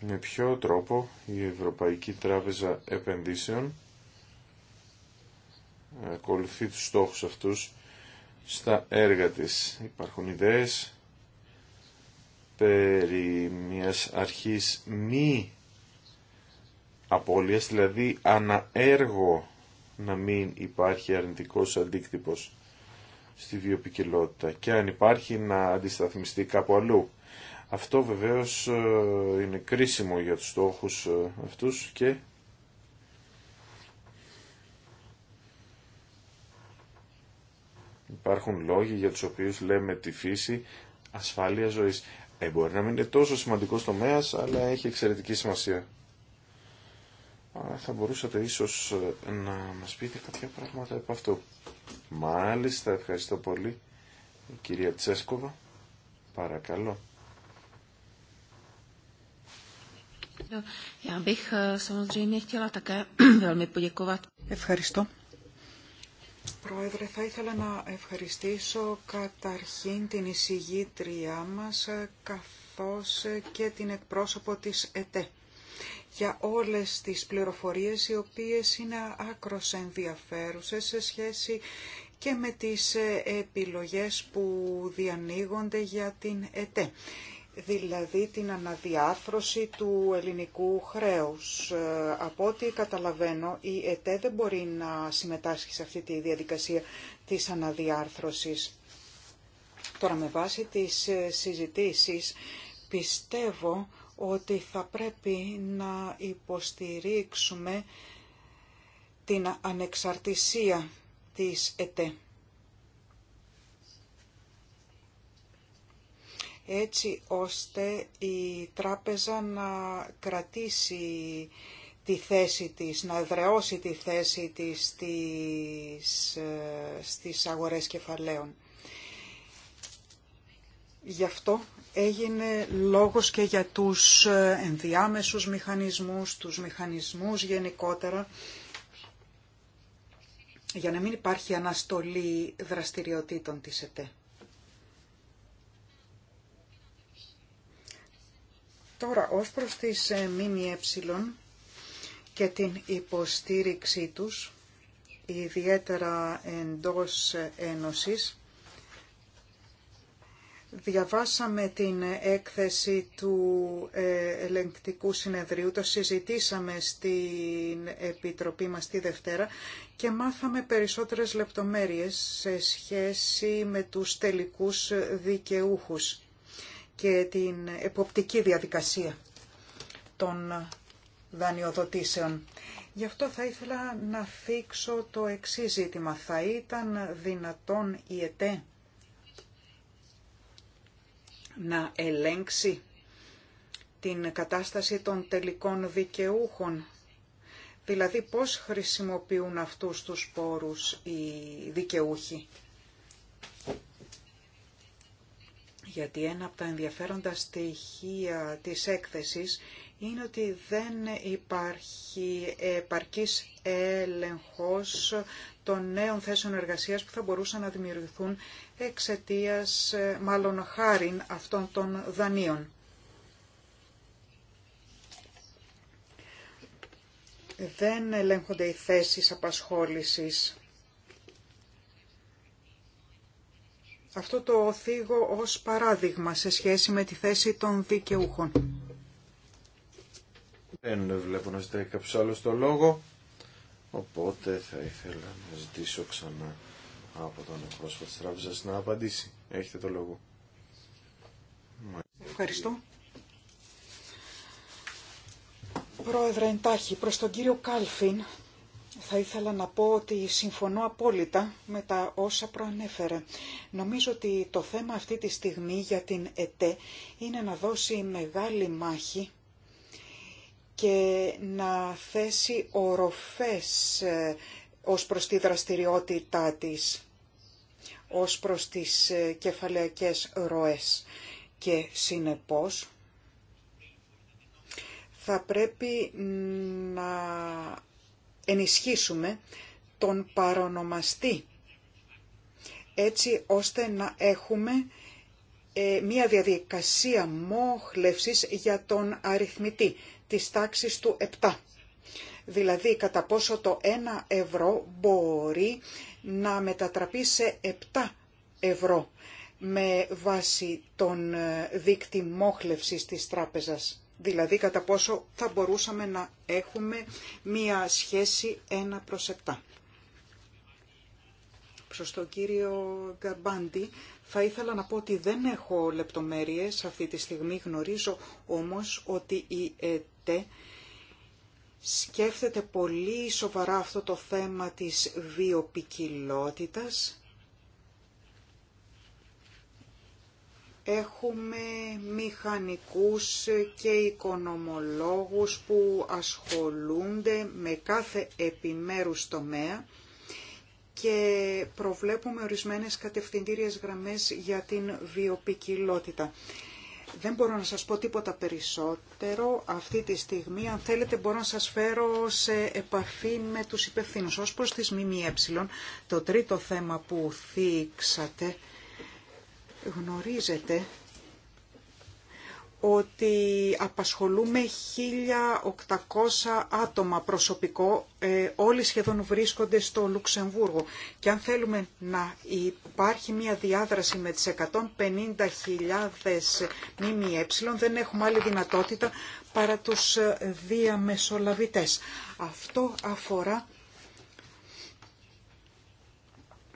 με ποιο τρόπο η Ευρωπαϊκή Τράπεζα Επενδύσεων ακολουθεί τους στόχους αυτούς στα έργα της. Υπάρχουν ιδέες περί μιας αρχής μη απώλειας, δηλαδή αναέργο να μην υπάρχει αρνητικός αντίκτυπος στη βιοπικιλότητα και αν υπάρχει να αντισταθμιστεί κάπου αλλού. Αυτό βεβαίως ε, είναι κρίσιμο για τους στόχους ε, αυτούς και υπάρχουν λόγοι για τους οποίους λέμε τη φύση ασφάλεια ζωής. Ε, μπορεί να μην είναι τόσο σημαντικός τομέας, αλλά έχει εξαιρετική σημασία θα μπορούσατε ίσως ε, να μας πείτε κάποια πράγματα από αυτό. Μάλιστα, ευχαριστώ πολύ. Η κυρία Τσέσκοβα, παρακαλώ. Ε, ευχαριστώ. Πρόεδρε, θα ήθελα να ευχαριστήσω καταρχήν την εισηγήτριά μας καθώς και την εκπρόσωπο της ΕΤΕ για όλες τις πληροφορίες οι οποίες είναι άκρος ενδιαφέρουσες σε σχέση και με τις επιλογές που διανοίγονται για την ΕΤΕ δηλαδή την αναδιάρθρωση του ελληνικού χρέους. Από ό,τι καταλαβαίνω, η ΕΤΕ δεν μπορεί να συμμετάσχει σε αυτή τη διαδικασία της αναδιάρθρωσης. Τώρα με βάση τις συζητήσεις πιστεύω ότι θα πρέπει να υποστηρίξουμε την ανεξαρτησία της ΕΤΕ. έτσι ώστε η τράπεζα να κρατήσει τη θέση της, να εδραιώσει τη θέση της στις, στις αγορές κεφαλαίων. Γι' αυτό έγινε λόγος και για τους ε, ενδιάμεσους μηχανισμούς, τους μηχανισμούς γενικότερα, για να μην υπάρχει αναστολή δραστηριοτήτων της ΕΤΕ. Τώρα, ως προς τις ε, ΜΜΕ και την υποστήριξή τους, ιδιαίτερα εντός ε, Ένωσης, Διαβάσαμε την έκθεση του ε, ελεγκτικού συνεδρίου, το συζητήσαμε στην Επιτροπή μας τη Δευτέρα και μάθαμε περισσότερες λεπτομέρειες σε σχέση με τους τελικούς δικαιούχους και την εποπτική διαδικασία των δανειοδοτήσεων. Γι' αυτό θα ήθελα να θίξω το εξής ζήτημα. Θα ήταν δυνατόν η ΕΤΕ να ελέγξει την κατάσταση των τελικών δικαιούχων. Δηλαδή πώς χρησιμοποιούν αυτούς τους πόρους οι δικαιούχοι. Γιατί ένα από τα ενδιαφέροντα στοιχεία της έκθεσης είναι ότι δεν υπάρχει επαρκής έλεγχος των νέων θέσεων εργασίας που θα μπορούσαν να δημιουργηθούν εξαιτίας ε, μάλλον χάριν αυτών των δανείων. Δεν ελέγχονται οι θέσεις απασχόλησης. Αυτό το οθήγω ως παράδειγμα σε σχέση με τη θέση των δικαιούχων. Δεν βλέπω να ζητάει κάποιος άλλος το λόγο, οπότε θα ήθελα να ζητήσω ξανά από τον εκπρόσωπο της τράπεζας να απαντήσει. Έχετε το λόγο. Ευχαριστώ. Πρόεδρε Εντάχη, προς τον κύριο Κάλφιν θα ήθελα να πω ότι συμφωνώ απόλυτα με τα όσα προανέφερε. Νομίζω ότι το θέμα αυτή τη στιγμή για την ΕΤΕ είναι να δώσει μεγάλη μάχη και να θέσει οροφές ε, ως προς τη δραστηριότητά της ως προς τις ε, κεφαλαιακές ροές και συνεπώς θα πρέπει να ενισχύσουμε τον παρονομαστή έτσι ώστε να έχουμε ε, μία διαδικασία μόχλευσης για τον αριθμητή της τάξης του 7. Δηλαδή κατά πόσο το 1 ευρώ μπορεί να μετατραπεί σε 7 ευρώ με βάση τον ε, δίκτυ μόχλευσης της τράπεζας. Δηλαδή κατά πόσο θα μπορούσαμε να έχουμε μία σχέση ένα προς 7. Προς κύριο Γκαμπάντη θα ήθελα να πω ότι δεν έχω λεπτομέρειες αυτή τη στιγμή. Γνωρίζω όμως ότι η ΕΤΕ σκέφτεται πολύ σοβαρά αυτό το θέμα της βιοπικιλότητας. Έχουμε μηχανικούς και οικονομολόγους που ασχολούνται με κάθε επιμέρους τομέα και προβλέπουμε ορισμένες κατευθυντήριες γραμμές για την βιοπικιλότητα. Δεν μπορώ να σας πω τίποτα περισσότερο αυτή τη στιγμή. Αν θέλετε μπορώ να σας φέρω σε επαφή με τους υπευθύνου. Ως προς τις ΜΜΕ, το τρίτο θέμα που θίξατε γνωρίζετε ότι απασχολούμε 1.800 άτομα προσωπικό, ε, όλοι σχεδόν βρίσκονται στο Λουξεμβούργο. Και αν θέλουμε να υπάρχει μια διάδραση με τις 150.000 ΜΜΕ, δεν έχουμε άλλη δυνατότητα παρά τους ε, διαμεσολαβητές. Αυτό αφορά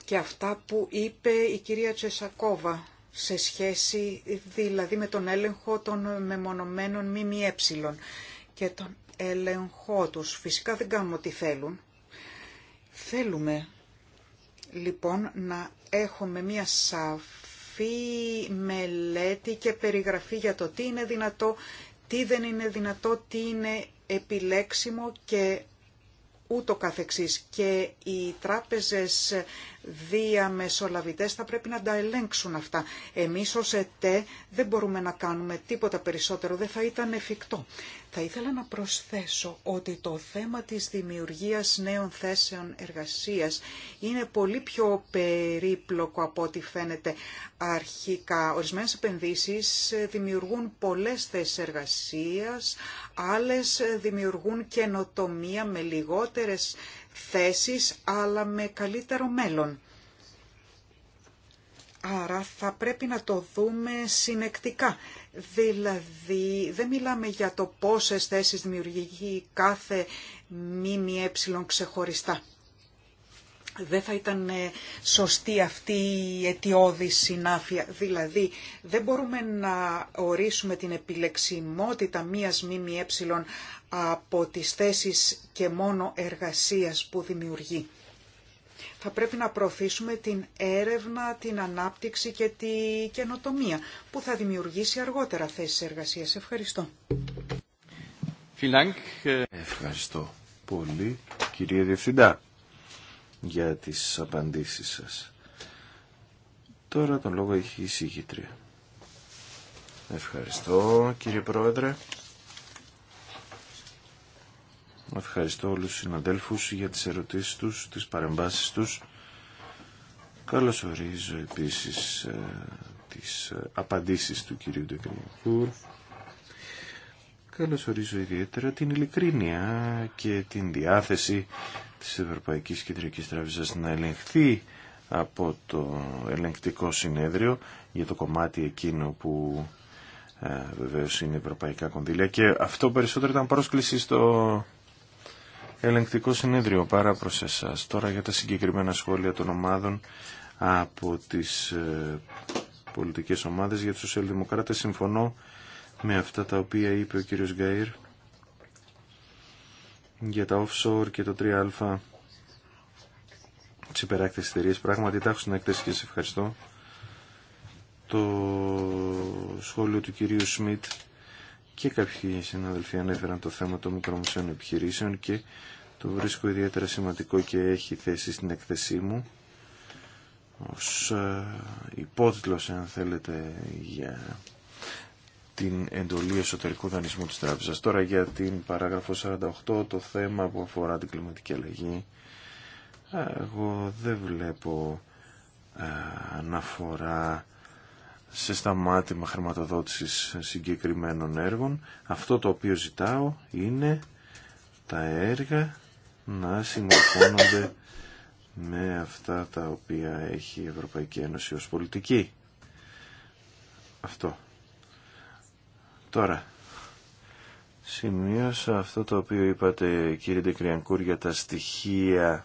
και αυτά που είπε η κυρία Τσεσακόβα σε σχέση δηλαδή με τον έλεγχο των μεμονωμένων ΜΜΕ και τον έλεγχό τους. Φυσικά δεν κάνουμε ό,τι θέλουν. Θέλουμε λοιπόν να έχουμε μια σαφή μελέτη και περιγραφή για το τι είναι δυνατό, τι δεν είναι δυνατό, τι είναι επιλέξιμο και ούτω καθεξής. Και οι τράπεζες διαμεσολαβητές θα πρέπει να τα ελέγξουν αυτά. Εμείς ως ΕΤΕ δεν μπορούμε να κάνουμε τίποτα περισσότερο, δεν θα ήταν εφικτό. Θα ήθελα να προσθέσω ότι το θέμα της δημιουργίας νέων θέσεων εργασίας είναι πολύ πιο περίπλοκο από ό,τι φαίνεται αρχικά. Ορισμένες επενδύσεις δημιουργούν πολλές θέσεις εργασίας, άλλες δημιουργούν καινοτομία με λιγότερες θέσεις αλλά με καλύτερο μέλλον. Άρα θα πρέπει να το δούμε συνεκτικά. Δηλαδή δεν μιλάμε για το πόσες θέσεις δημιουργεί κάθε ΜΜΕ ξεχωριστά. Δεν θα ήταν ε, σωστή αυτή η αιτιώδη συνάφεια. Δηλαδή, δεν μπορούμε να ορίσουμε την επιλεξιμότητα μίας ΜΜΕ από τις θέσεις και μόνο εργασίας που δημιουργεί. Θα πρέπει να προωθήσουμε την έρευνα, την ανάπτυξη και την καινοτομία που θα δημιουργήσει αργότερα θέσεις εργασίας. Ευχαριστώ. Ευχαριστώ πολύ κυρία Διευθυντά για τις απαντήσεις σας. Τώρα τον λόγο έχει η συγκήτρια. Ευχαριστώ κύριε Πρόεδρε. Ευχαριστώ όλους τους συναδέλφους για τις ερωτήσεις τους, τις παρεμβάσεις τους. Καλώς ορίζω επίσης ε, τις ε, απαντήσεις του κυρίου Ντεκρινικούρ. Καλώς ορίζω ιδιαίτερα την ειλικρίνεια και την διάθεση της Ευρωπαϊκής Κεντρικής Τράπεζας να ελεγχθεί από το ελεγκτικό συνέδριο για το κομμάτι εκείνο που ε, βεβαίως είναι ευρωπαϊκά κονδύλια και αυτό περισσότερο ήταν πρόσκληση στο ελεγκτικό συνέδριο παρά προς εσάς. Τώρα για τα συγκεκριμένα σχόλια των ομάδων από τις ε, πολιτικές ομάδες για τους σοσιαλδημοκράτες συμφωνώ με αυτά τα οποία είπε ο κύριος Γκαΐρ για τα offshore και το 3α τις υπεράκτες εταιρείες. Πράγματι τα έχω στην και σε ευχαριστώ. Το σχόλιο του κυρίου Σμιτ και κάποιοι συναδελφοί ανέφεραν το θέμα των μικρομεσαίων επιχειρήσεων και το βρίσκω ιδιαίτερα σημαντικό και έχει θέση στην εκθεσή μου ως ε, υπότιτλος αν θέλετε για την εντολή εσωτερικού δανεισμού της τράπεζας. Τώρα για την παράγραφο 48 το θέμα που αφορά την κλιματική αλλαγή ε, εγώ δεν βλέπω ε, αναφορά σε σταμάτημα χρηματοδότησης συγκεκριμένων έργων. Αυτό το οποίο ζητάω είναι τα έργα να συμμορφώνονται με αυτά τα οποία έχει η Ευρωπαϊκή Ένωση ως πολιτική. Αυτό. Τώρα, σημείωσα αυτό το οποίο είπατε κύριε Ντεκριανκούρ για τα στοιχεία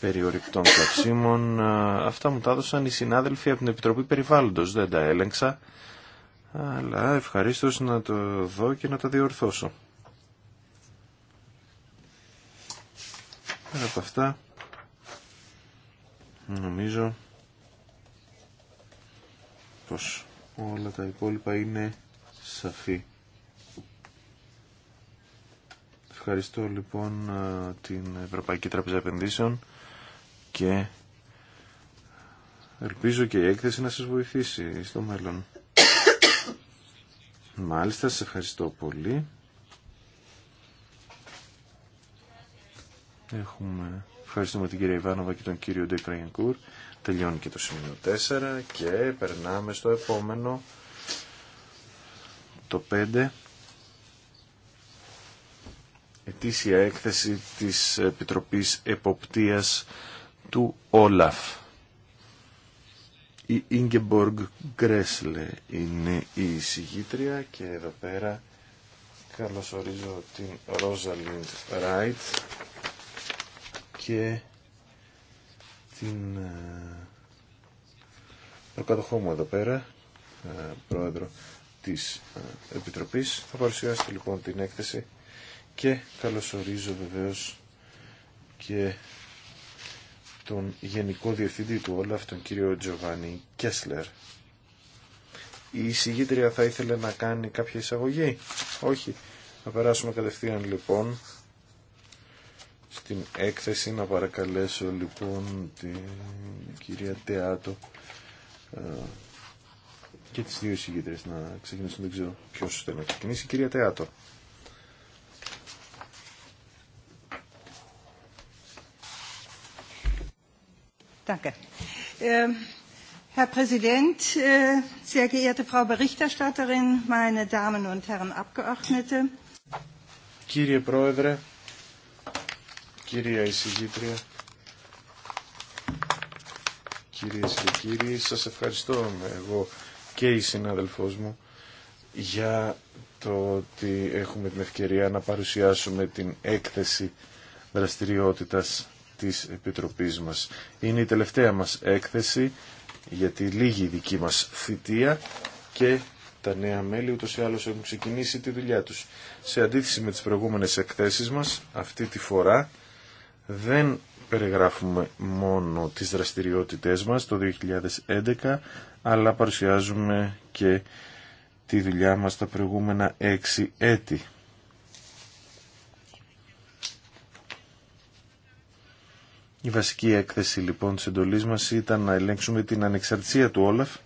περιορυκτών καυσίμων. Αυτά μου τα έδωσαν οι συνάδελφοι από την Επιτροπή Περιβάλλοντος. Δεν τα έλεγξα, αλλά ευχαρίστως να το δω και να τα διορθώσω. Πέρα από αυτά, νομίζω πως όλα τα υπόλοιπα είναι σαφή. Ευχαριστώ λοιπόν την Ευρωπαϊκή Τραπεζα Επενδύσεων και ελπίζω και η έκθεση να σας βοηθήσει στο μέλλον. Μάλιστα, σας ευχαριστώ πολύ. Έχουμε... Ευχαριστούμε την κυρία Ιβάνοβα και τον κύριο Ντεκραγενκούρ. Τελειώνει και το σημείο 4 και περνάμε στο επόμενο, το 5. Ετήσια έκθεση της Επιτροπής Εποπτείας του Όλαφ. Η Ίγκεμποργ Γκρέσλε είναι η εισηγήτρια και εδώ πέρα καλωσορίζω την Ρόζαλιντ Ράιτ και την... Ε, το μου εδώ πέρα, ε, πρόεδρο της ε, Επιτροπής. Θα παρουσιάσετε λοιπόν την έκθεση και καλωσορίζω βεβαίως και τον Γενικό Διευθυντή του Όλαφ, τον κύριο Τζοβάνι Κέσλερ. Η εισηγήτρια θα ήθελε να κάνει κάποια εισαγωγή. Όχι. Να περάσουμε κατευθείαν λοιπόν στην έκθεση. Να παρακαλέσω λοιπόν την κυρία Τεάτο ε, και τις δύο εισηγήτρες να ξεκινήσουν. Δεν ξέρω ποιος θέλει να ξεκινήσει. Κυρία Τεάτο. Danke. Ähm, Herr Präsident, äh, sehr geehrte Frau Berichterstatterin, meine Damen und Herren Abgeordnete. Κύριε Πρόεδρε, κυρία Εισηγήτρια, κυρίες και κύριοι, σας ευχαριστώ εγώ και η συνάδελφός μου για το ότι έχουμε την ευκαιρία να παρουσιάσουμε την έκθεση δραστηριότητας της Επιτροπής μας. Είναι η τελευταία μας έκθεση για τη λίγη δική μας θητεία και τα νέα μέλη ούτως ή άλλως έχουν ξεκινήσει τη δουλειά τους. Σε αντίθεση με τις προηγούμενες εκθέσεις μας, αυτή τη φορά δεν περιγράφουμε μόνο τις δραστηριότητές μας το 2011, αλλά παρουσιάζουμε και τη δουλειά μας τα προηγούμενα έξι έτη. Η βασική έκθεση λοιπόν της εντολής μας ήταν να ελέγξουμε την ανεξαρτησία του Όλαφ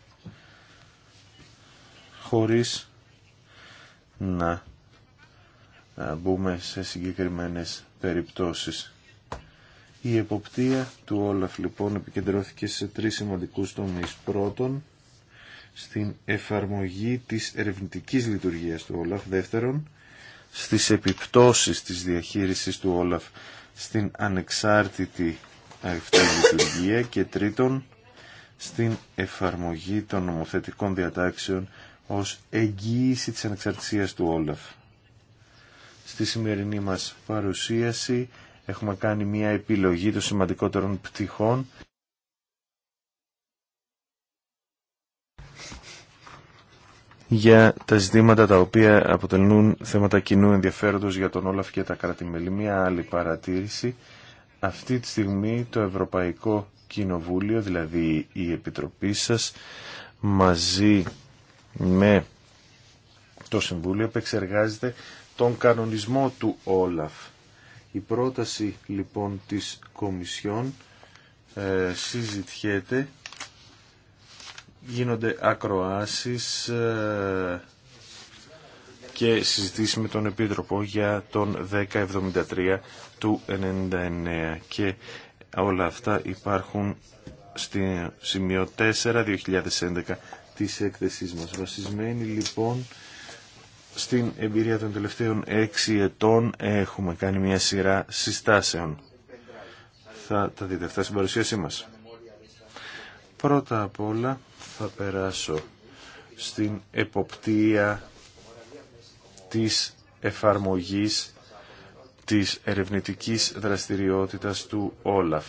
χωρίς να μπούμε σε συγκεκριμένες περιπτώσεις. Η εποπτεία του Όλαφ λοιπόν επικεντρώθηκε σε τρεις σημαντικούς τομείς. Πρώτον, στην εφαρμογή της ερευνητικής λειτουργίας του Όλαφ. Δεύτερον, στις επιπτώσεις της διαχείρισης του Όλαφ στην ανεξάρτητη αυτή λειτουργία και τρίτον στην εφαρμογή των νομοθετικών διατάξεων ως εγγύηση της ανεξαρτησίας του Όλαφ. Στη σημερινή μας παρουσίαση έχουμε κάνει μια επιλογή των σημαντικότερων πτυχών για τα ζητήματα τα οποία αποτελούν θέματα κοινού ενδιαφέροντος για τον Όλαφ και τα κρατη Μία άλλη παρατήρηση. Αυτή τη στιγμή το Ευρωπαϊκό Κοινοβούλιο, δηλαδή η Επιτροπή σας, μαζί με το Συμβούλιο επεξεργάζεται τον κανονισμό του Όλαφ. Η πρόταση λοιπόν της Κομισιόν ε, συζητιέται γίνονται ακροάσεις ε, και συζητήσει με τον Επίτροπο για τον 1073 του 99 και όλα αυτά υπάρχουν στη σημείο 4 2011 της έκθεσής μας. Βασισμένη λοιπόν στην εμπειρία των τελευταίων 6 ετών έχουμε κάνει μια σειρά συστάσεων. Θα τα δείτε αυτά στην παρουσίασή μας. Πρώτα απ' όλα θα περάσω στην εποπτεία της εφαρμογής της ερευνητικής δραστηριότητας του Όλαφ.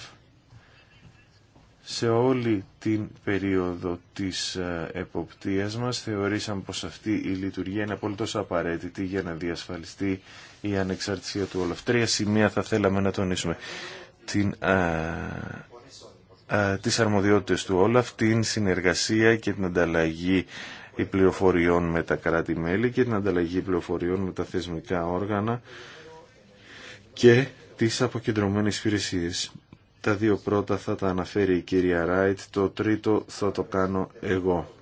Σε όλη την περίοδο της ε, εποπτείας μας θεωρήσαμε πως αυτή η λειτουργία είναι απολύτως απαραίτητη για να διασφαλιστεί η ανεξαρτησία του Όλαφ. Τρία σημεία θα θέλαμε να τονίσουμε. Την ε, ε, τις αρμοδιότητες του Όλαφ, την συνεργασία και την ανταλλαγή πληροφοριών με τα κράτη-μέλη και την ανταλλαγή πληροφοριών με τα θεσμικά όργανα και τις αποκεντρωμένες υπηρεσίε. Τα δύο πρώτα θα τα αναφέρει η κυρία Ράιτ, το τρίτο θα το κάνω εγώ.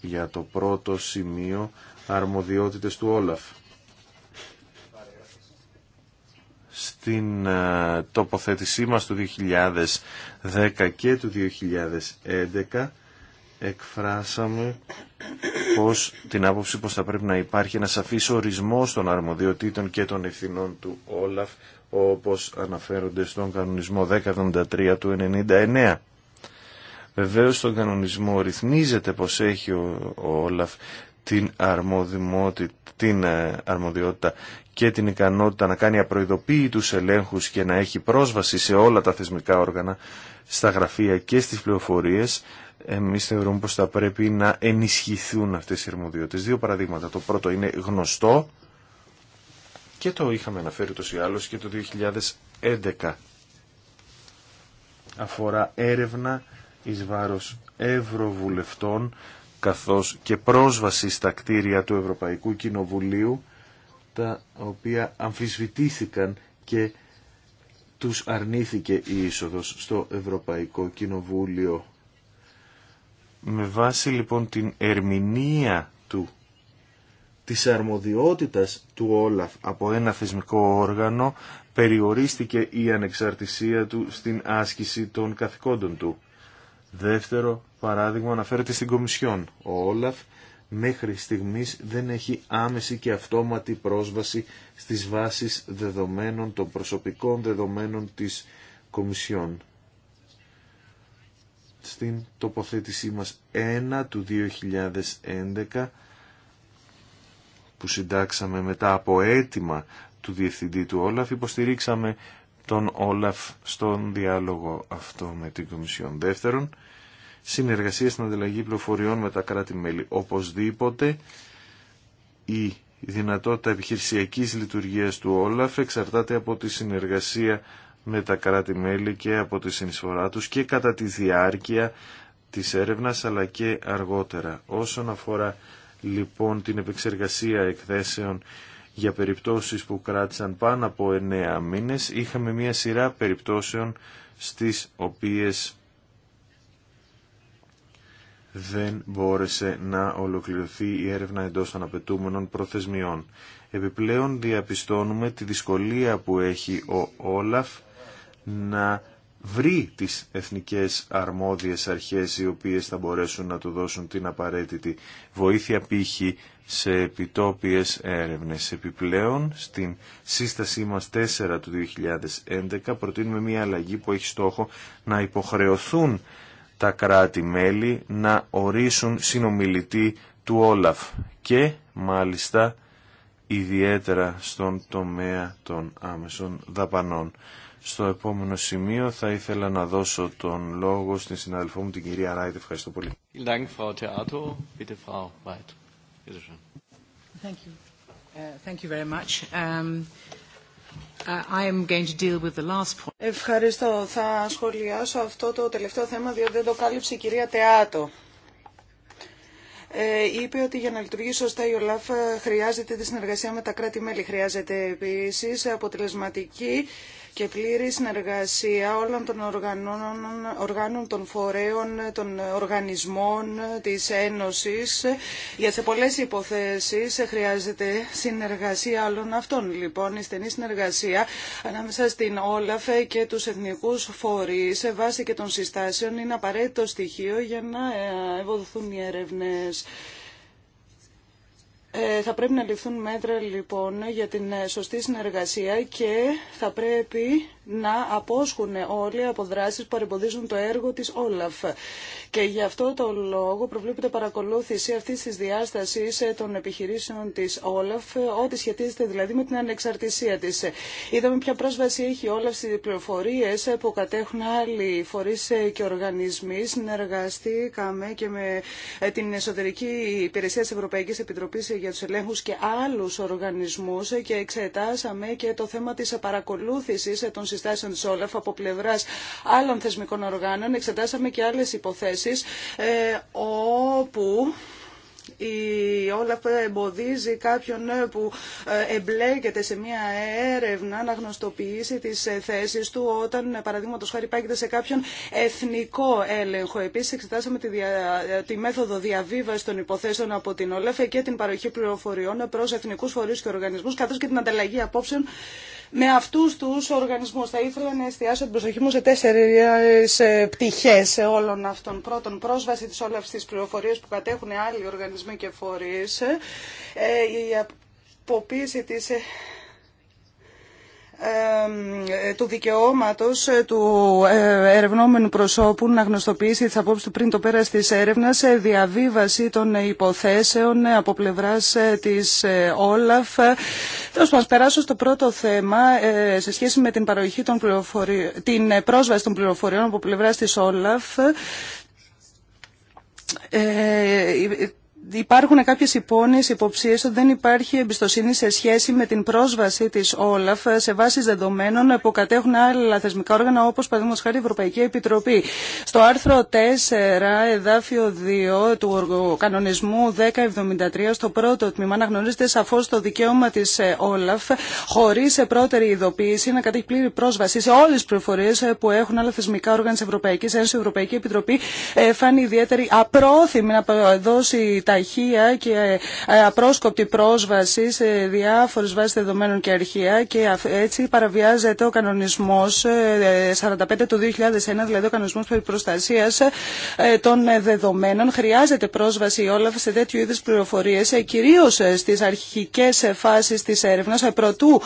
Για το πρώτο σημείο αρμοδιότητες του Όλαφ. στην ε, τοποθέτησή μας του 2010 και του 2011 εκφράσαμε πως, την άποψη πως θα πρέπει να υπάρχει ένα σαφής ορισμός των αρμοδιοτήτων και των ευθυνών του Όλαφ όπως αναφέρονται στον κανονισμό 1073 του 1999. Βεβαίως στον κανονισμό ρυθμίζεται πως έχει ο Όλαφ την, την ε, αρμοδιότητα και την ικανότητα να κάνει απροειδοποίητους ελέγχους και να έχει πρόσβαση σε όλα τα θεσμικά όργανα, στα γραφεία και στις πληροφορίες, εμείς θεωρούμε πως θα πρέπει να ενισχυθούν αυτές οι αρμοδιότητες. Δύο παραδείγματα. Το πρώτο είναι γνωστό και το είχαμε αναφέρει τόσο ή άλλως και το 2011. Αφορά έρευνα εις βάρος ευρωβουλευτών καθώς και πρόσβαση στα κτίρια του Ευρωπαϊκού Κοινοβουλίου, τα οποία αμφισβητήθηκαν και τους αρνήθηκε η είσοδος στο Ευρωπαϊκό Κοινοβούλιο. Με βάση λοιπόν την ερμηνεία του, της αρμοδιότητας του Όλαφ από ένα θεσμικό όργανο, περιορίστηκε η ανεξαρτησία του στην άσκηση των καθηκόντων του. Δεύτερο παράδειγμα αναφέρεται στην Κομισιόν. Ο Όλαφ μέχρι στιγμής δεν έχει άμεση και αυτόματη πρόσβαση στις βάσεις δεδομένων των προσωπικών δεδομένων της Κομισιόν. Στην τοποθέτησή μας 1 του 2011 που συντάξαμε μετά από αίτημα του Διευθυντή του Όλαφ υποστηρίξαμε τον Όλαφ στον διάλογο αυτό με την Κομισιόν. Δεύτερον, συνεργασία στην ανταλλαγή πληροφοριών με τα κράτη-μέλη. Οπωσδήποτε η δυνατότητα επιχειρησιακής λειτουργίας του Όλαφ εξαρτάται από τη συνεργασία με τα κράτη-μέλη και από τη συνεισφορά τους και κατά τη διάρκεια της έρευνας αλλά και αργότερα. Όσον αφορά λοιπόν την επεξεργασία εκθέσεων για περιπτώσεις που κράτησαν πάνω από 9 μήνες είχαμε μια σειρά περιπτώσεων στις οποίες δεν μπόρεσε να ολοκληρωθεί η έρευνα εντός των απαιτούμενων προθεσμιών. Επιπλέον διαπιστώνουμε τη δυσκολία που έχει ο Όλαφ να βρει τις εθνικές αρμόδιες αρχές οι οποίες θα μπορέσουν να του δώσουν την απαραίτητη βοήθεια π.χ. σε επιτόπιες έρευνες. Επιπλέον, στην σύστασή μας 4 του 2011 προτείνουμε μια αλλαγή που έχει στόχο να υποχρεωθούν τα κράτη-μέλη να ορίσουν συνομιλητή του Όλαφ και μάλιστα ιδιαίτερα στον τομέα των άμεσων δαπανών στο επόμενο σημείο θα ήθελα να δώσω τον λόγο στην συναδελφό μου την κυρία Ράιτ. Ευχαριστώ πολύ. Ευχαριστώ. Θα σχολιάσω αυτό το τελευταίο θέμα διότι δεν το κάλυψε η κυρία Τεάτο. Ε, είπε ότι για να λειτουργήσει σωστά η ΟΛΑΦ ε, χρειάζεται τη συνεργασία με τα κράτη-μέλη. Χρειάζεται επίσης αποτελεσματική και πλήρη συνεργασία όλων των οργανών, των φορέων, των οργανισμών της Ένωσης. Για σε πολλές υποθέσεις χρειάζεται συνεργασία όλων αυτών. Λοιπόν, η στενή συνεργασία ανάμεσα στην Όλαφε και τους εθνικούς φορείς σε βάση και των συστάσεων είναι απαραίτητο στοιχείο για να ε, ε, ευωδοθούν οι έρευνες. Ε, θα πρέπει να ληφθούν μέτρα λοιπόν για την ε, σωστή συνεργασία και θα πρέπει να απόσχουν όλοι από δράσεις που παρεμποδίζουν το έργο της Όλαφ. Και γι' αυτό το λόγο προβλέπεται παρακολούθηση αυτή τη διάσταση ε, των επιχειρήσεων τη Όλαφ, ε, ό,τι σχετίζεται δηλαδή με την ανεξαρτησία τη. Είδαμε ποια πρόσβαση έχει η Όλαφ πληροφορίε ε, που κατέχουν άλλοι φορεί και οργανισμοί. Συνεργαστήκαμε και με την Εσωτερική Υπηρεσία της Ευρωπαϊκής Επιτροπής για του Ελέγχου και άλλου οργανισμού, και εξετάσαμε και το θέμα τη παρακολούθηση των συστάσεων τη Όλαφ από πλευρά άλλων θεσμικών οργάνων. Εξετάσαμε και άλλε υποθέσει επίσης ε, όπου η Όλαφ εμποδίζει κάποιον που ε, εμπλέκεται σε μια έρευνα να γνωστοποιήσει τις ε, θέσεις του όταν ε, παραδείγματος χάρη πάγεται σε κάποιον εθνικό έλεγχο. Επίσης εξετάσαμε τη, δια... τη μέθοδο διαβίβαση των υποθέσεων από την Όλαφ και την παροχή πληροφοριών προς εθνικούς φορείς και οργανισμούς καθώς και την ανταλλαγή απόψεων με αυτού του οργανισμού. Θα ήθελα να εστιάσω την προσοχή μου σε τέσσερι πτυχέ όλων αυτών. Πρώτον, πρόσβαση τη όλαυση τη πληροφορίε που κατέχουν άλλοι οργανισμοί και φορείς. Ε, η αποποίηση της ε, ε, του δικαιώματος του ερευνόμενου προσώπου να γνωστοποιήσει τις απόψεις του πριν το πέρας της έρευνας, διαβίβαση των υποθέσεων από πλευράς της Όλαφ. Θέλω να περάσω στο πρώτο θέμα σε σχέση με την, παροχή των πληροφορι... την πρόσβαση των πληροφοριών από πλευράς της Όλαφ υπάρχουν κάποιες υπόνοιες υποψίες ότι δεν υπάρχει εμπιστοσύνη σε σχέση με την πρόσβαση της Όλαφ σε βάσεις δεδομένων που κατέχουν άλλα θεσμικά όργανα όπως παραδείγματος χάρη η Ευρωπαϊκή Επιτροπή. Στο άρθρο 4, εδάφιο 2 του κανονισμού 1073 στο πρώτο τμήμα αναγνωρίζεται σαφώς το δικαίωμα της ε, Όλαφ χωρίς πρώτερη ειδοποίηση να κατέχει πλήρη πρόσβαση σε όλες τις πληροφορίες ε, που έχουν άλλα θεσμικά όργανα της Ευρωπαϊκής Ευρωπαϊκή Επιτροπή ε, φάνη ιδιαίτερη απρόθυμη να δώσει τα και ε, ε, απρόσκοπτη πρόσβαση σε διάφορε βάσει δεδομένων και αρχεία και έτσι παραβιάζεται ο κανονισμό 45 ε, του 2001, δηλαδή ο κανονισμό περί προστασία των δεδομένων. Χρειάζεται πρόσβαση όλα σε τέτοιου είδου πληροφορίε, κυρίω στι αρχικέ φάσει τη έρευνα, προτού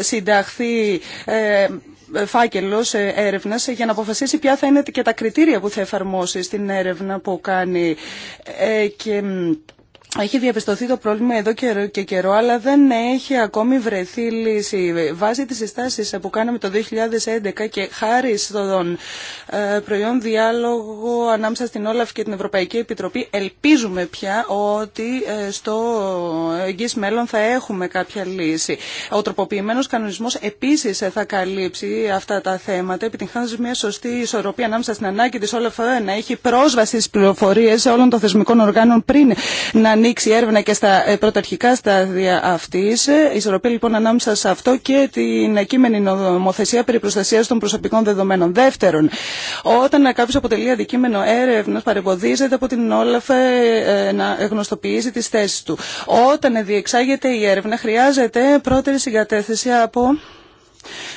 συνταχθεί Φάκελο ε, Έρευνα, για να αποφασίσει ποια θα είναι και τα κριτήρια που θα εφαρμόσει στην έρευνα που κάνει. Ε, και έχει διαπιστωθεί το πρόβλημα εδώ και καιρό, αλλά δεν έχει ακόμη βρεθεί λύση. Βάσει τις συστάσεις που κάναμε το 2011 και χάρη στον ε, προϊόν διάλογο ανάμεσα στην Όλαφ και την Ευρωπαϊκή Επιτροπή, ελπίζουμε πια ότι ε, στο εγγύς μέλλον θα έχουμε κάποια λύση. Ο τροποποιημένος κανονισμός επίσης θα καλύψει αυτά τα θέματα, επιτυγχάνοντας μια σωστή ισορροπία ανάμεσα στην ανάγκη της Όλαφ να έχει πρόσβαση στις πληροφορίες όλων των θεσμικών οργάνων πριν να ανοίξει έρευνα και στα ε, πρωταρχικά στάδια αυτή. Ε, ισορροπή λοιπόν ανάμεσα σε αυτό και την κείμενη νομοθεσία περί προστασία των προσωπικών δεδομένων. Δεύτερον, όταν κάποιο αποτελεί αντικείμενο έρευνα, παρεμποδίζεται από την Όλαφ ε, να γνωστοποιήσει τι θέσει του. Όταν διεξάγεται η έρευνα, χρειάζεται πρώτερη συγκατέθεση από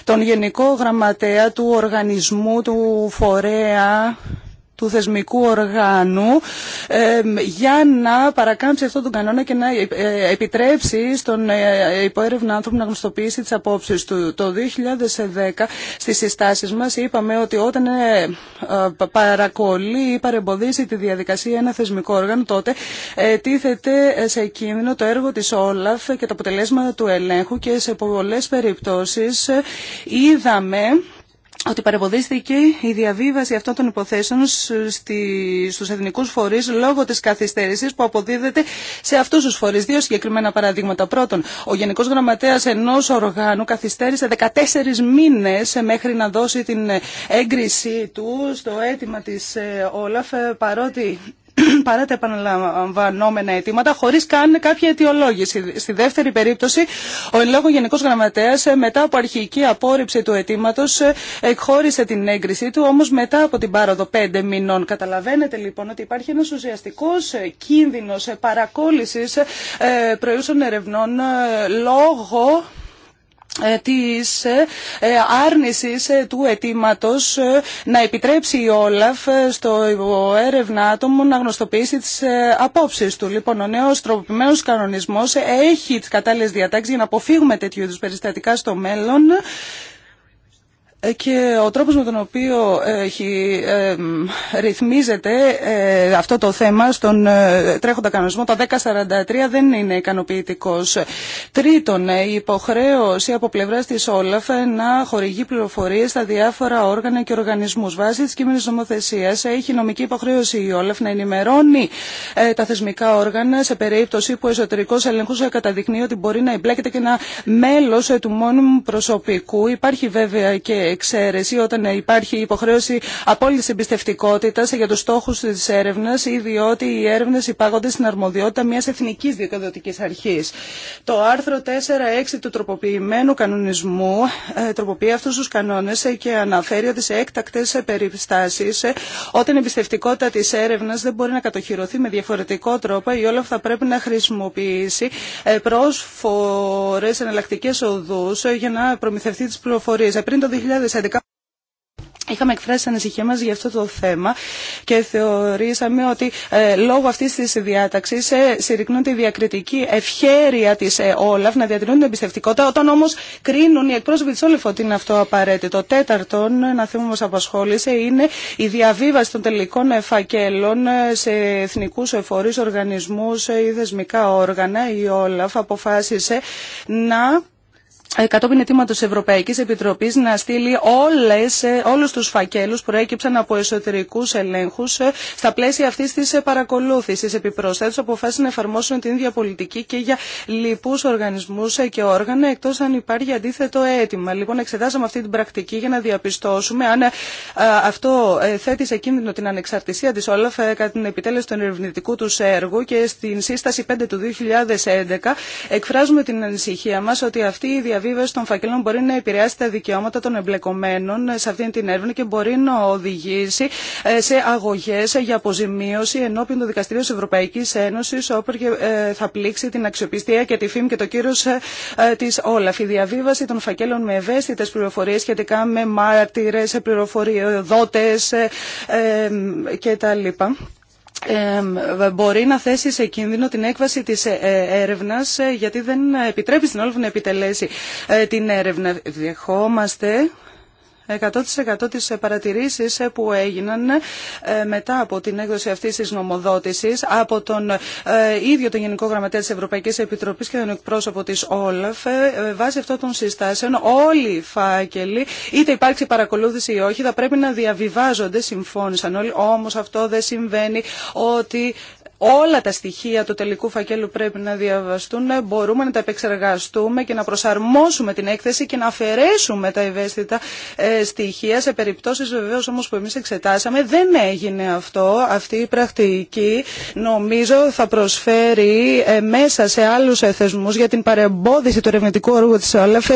τον Γενικό Γραμματέα του Οργανισμού του Φορέα του θεσμικού οργάνου για να παρακάμψει αυτόν τον κανόνα και να ε, ε, επιτρέψει στον ε, υποέρευνα άνθρωπο να γνωστοποιήσει τις απόψεις του. Το 2010 στις συστάσεις μας είπαμε ότι όταν παρακολεί ή παρεμποδίσει τη διαδικασία ένα θεσμικό όργανο τότε τίθεται σε κίνδυνο το έργο της Όλαφ και τα αποτελέσματα του ελέγχου και σε πολλές περιπτώσεις είδαμε ότι παρεμποδίστηκε η διαβίβαση αυτών των υποθέσεων στη, στους εθνικούς φορείς λόγω της καθυστέρησης που αποδίδεται σε αυτούς τους φορείς. Δύο συγκεκριμένα παραδείγματα. Πρώτον, ο Γενικός Γραμματέας ενός οργάνου καθυστέρησε 14 μήνες μέχρι να δώσει την έγκρισή του στο αίτημα της ε, Όλαφ παρότι παρά τα επαναλαμβανόμενα αιτήματα, χωρί καν κάποια αιτιολόγηση. Στη δεύτερη περίπτωση, ο εν λόγω Γενικό Γραμματέα, ε, μετά από αρχική απόρριψη του αιτήματο, ε, εκχώρησε την έγκρισή του, όμω μετά από την πάροδο πέντε μηνών. Καταλαβαίνετε λοιπόν ότι υπάρχει ένα ουσιαστικό ε, κίνδυνο παρακόλληση προϊόντων ερευνών λόγω ε, της ε, ε, άρνηση του αιτήματο να επιτρέψει η Όλαφ στο έρευνα άτομο να γνωστοποιήσει τις απόψεις του. Λοιπόν, ο νέος τροποποιημένος κανονισμός έχει τις κατάλληλες διατάξεις για να αποφύγουμε τέτοιου είδους περιστατικά στο μέλλον. Ε, και ο τρόπος με τον οποίο ε, έχει, ε, ρυθμίζεται ε, αυτό το θέμα στον τρέχοντα κανονισμό, το 1043 δεν είναι ικανοποιητικός. Τρίτον, η υποχρέωση από πλευράς της Όλαφ να χορηγεί πληροφορίες στα διάφορα όργανα και οργανισμούς. Βάσει της κείμενης νομοθεσίας έχει νομική υποχρέωση η Όλαφ να ενημερώνει τα θεσμικά όργανα σε περίπτωση που ο εσωτερικός ελεγχός καταδεικνύει ότι μπορεί να εμπλέκεται και ένα μέλος του μόνιμου προσωπικού. Υπάρχει βέβαια και εξαίρεση όταν υπάρχει υποχρέωση απόλυτη εμπιστευτικότητα για του στόχου τη έρευνα ή διότι οι έρευνε υπάγονται στην αρμοδιότητα μια εθνική δικαιοδοτική αρχή. Το άρθρο 4.6 του τροποποιημένου κανονισμού ε, τροποποιεί αυτού του κανόνε και αναφέρει ότι σε έκτακτε περιστάσει, ε, όταν η εμπιστευτικότητα τη έρευνα δεν μπορεί να κατοχυρωθεί με διαφορετικό τρόπο, η Όλαφ θα πρέπει να χρησιμοποιήσει ε, πρόσφορε εναλλακτικέ οδού για να προμηθευτεί τι πληροφορίε. Πριν το 2011 Είχαμε εκφράσει ανησυχία μας για αυτό το θέμα και θεωρήσαμε ότι ε, λόγω αυτής της διάταξης ε, τη τη διακριτική ευχέρεια της ε, Όλαφ να διατηρούν την εμπιστευτικότητα όταν όμως κρίνουν οι εκπρόσωποι της Όλαφ ότι είναι αυτό απαραίτητο. Τέταρτον, ε, ένα θέμα που μας απασχόλησε είναι η διαβίβαση των τελικών ε, φακέλων σε εθνικούς φορείς, οργανισμούς ή θεσμικά όργανα. Η Όλαφ αποφάσισε να κατόπιν αιτήματο Ευρωπαϊκής Επιτροπής να στείλει όλες, ε, όλους τους φακέλους προέκυψαν από εσωτερικούς ελέγχους ε, στα πλαίσια αυτής της ε, παρακολούθησης. Επιπροσθέτως αποφάσισαν να εφαρμόσουν την ίδια πολιτική και για λοιπούς οργανισμούς και όργανα εκτός αν υπάρχει αντίθετο αίτημα. Λοιπόν, εξετάζαμε αυτή την πρακτική για να διαπιστώσουμε αν αυτό θέτει σε κίνδυνο την ανεξαρτησία της Όλαφ κατά την επιτέλεση του ερευνητικού του έργου και στην σύσταση 5 του 2011 εκφράζουμε την ανησυχία μας ότι αυτή η διαβίβαση των φακελών μπορεί να επηρεάσει τα δικαιώματα των εμπλεκομένων σε αυτή την έρευνα και μπορεί να οδηγήσει ε, σε αγωγέ για αποζημίωση ενώπιον του Δικαστηρίου τη Ευρωπαϊκή Ένωση, όπου ε, θα πλήξει την αξιοπιστία και τη φήμη και το κύριο ε, τη Όλαφ. Η διαβίβαση των φακέλων με ευαίσθητε πληροφορίε σχετικά με μάρτυρε, πληροφοριοδότε κτλ μπορεί να θέσει σε κίνδυνο την έκβαση της ε, ε, έρευνας ε, γιατί δεν επιτρέπει στην Όλαφ να επιτελέσει την έρευνα. Δεχόμαστε 100% τις παρατηρήσεις ε, που έγιναν ε, μετά από την έκδοση αυτής της νομοδότησης από τον ε, ίδιο τον Γενικό Γραμματέα της Ευρωπαϊκής Επιτροπής και τον εκπρόσωπο της Όλαφ. Βάσει αυτών των συστάσεων όλοι οι φάκελοι, είτε υπάρξει παρακολούθηση ή όχι, θα πρέπει να διαβιβάζονται, συμφώνησαν όλοι, όμως αυτό δεν συμβαίνει ότι όλα τα στοιχεία του τελικού φακέλου πρέπει να διαβαστούν, ε, μπορούμε να τα επεξεργαστούμε και να προσαρμόσουμε την έκθεση και να αφαιρέσουμε τα ευαίσθητα ε, στοιχεία σε περιπτώσεις βεβαίως όμως που εμείς εξετάσαμε. Δεν έγινε αυτό. Αυτή η πρακτική νομίζω θα προσφέρει ε, μέσα σε άλλους θεσμού για την παρεμπόδιση του ερευνητικού όργου της Όλαφ,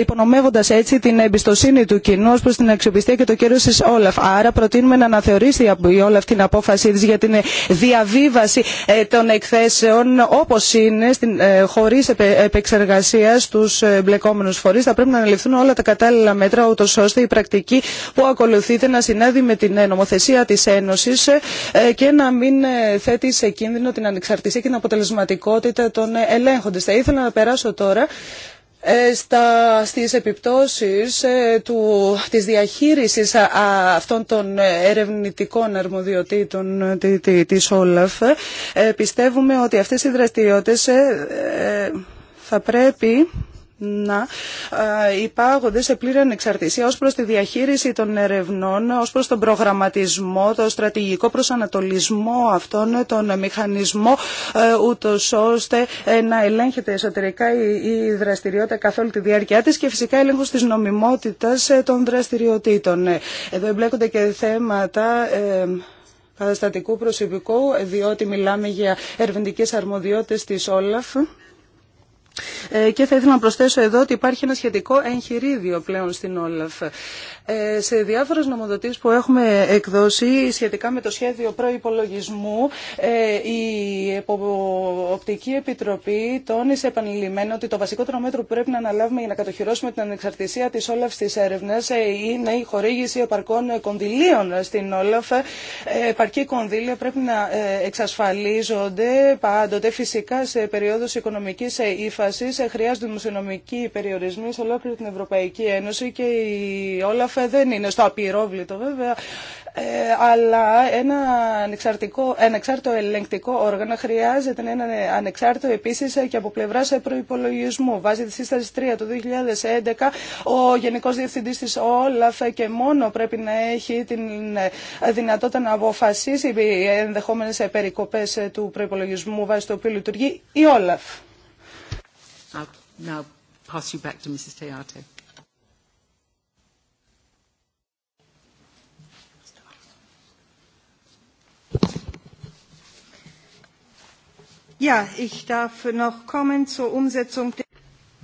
υπονομεύοντας έτσι την εμπιστοσύνη του κοινού προς την αξιοπιστία και το κέρδος τη Όλαφ. Άρα προτείνουμε να αναθεωρήσει η Όλαφ την απόφασή για την διαβίβαση ε, των εκθέσεων όπως είναι χωρί ε, χωρίς επεξεργασία στους ε, μπλεκόμενους φορείς. Θα πρέπει να αναλυφθούν όλα τα κατάλληλα μέτρα ούτως ώστε η πρακτική που ακολουθείται να συνάδει με την ε, νομοθεσία της Ένωσης και να μην θέτει σε κίνδυνο την ανεξαρτησία και την αποτελεσματικότητα των ελέγχοντες. Θα ήθελα να περάσω τώρα ε, στα, στις επιπτώσεις ε, του, της διαχείρισης αυτών των ερευνητικών αρμοδιοτήτων ε, της Όλαφ πιστεύουμε ότι αυτές οι δραστηριότητες θα πρέπει να υπάγονται σε πλήρη ανεξαρτησία ως προς τη διαχείριση των ερευνών, ως προς τον προγραμματισμό, το στρατηγικό προσανατολισμό αυτών, τον μηχανισμό, ε, ούτως ώστε ε, να ελέγχεται εσωτερικά η δραστηριότητα καθ' όλη τη διάρκεια της και φυσικά έλεγχος της νομιμότητας ε, των δραστηριοτήτων. Εδώ εμπλέκονται και θέματα καταστατικού προσωπικού, διότι μιλάμε για ερευνητικές αρμοδιότητες της Όλαφ ε, και θα ήθελα να προσθέσω εδώ ότι υπάρχει ένα σχετικό εγχειρίδιο πλέον στην Όλαφ ε, σε διάφορες νομοδοτήσεις που έχουμε εκδώσει σχετικά με το σχέδιο προϋπολογισμού ε, η Οπτική Επιτροπή τόνισε επανειλημμένα ότι το βασικό μέτρο που πρέπει να αναλάβουμε για να κατοχυρώσουμε την ανεξαρτησία της Όλαφ της έρευνας ε, είναι η χορήγηση επαρκών κονδυλίων στην Όλαφ. Επαρκή κονδύλια πρέπει να εξασφαλίζονται πάντοτε φυσικά σε περίοδους οικονομικής ύφασης χρειάζονται δημοσιονομικοί περιορισμοί σε ολόκληρη την Ευρωπαϊκή Ένωση και η Όλαφ δεν είναι στο απειρόβλητο βέβαια, ε, αλλά ένα ανεξαρτικό, ανεξάρτητο ελεγκτικό όργανο χρειάζεται να είναι ανεξάρτητο επίση και από πλευρά προπολογισμού. Βάζει τη σύσταση 3 του 2011 ο Γενικό Διευθυντή τη Όλαφ και μόνο πρέπει να έχει την δυνατότητα να αποφασίσει οι ενδεχόμενε περικοπέ του προπολογισμού βάσει το οποίο λειτουργεί η Όλαφ. Now pass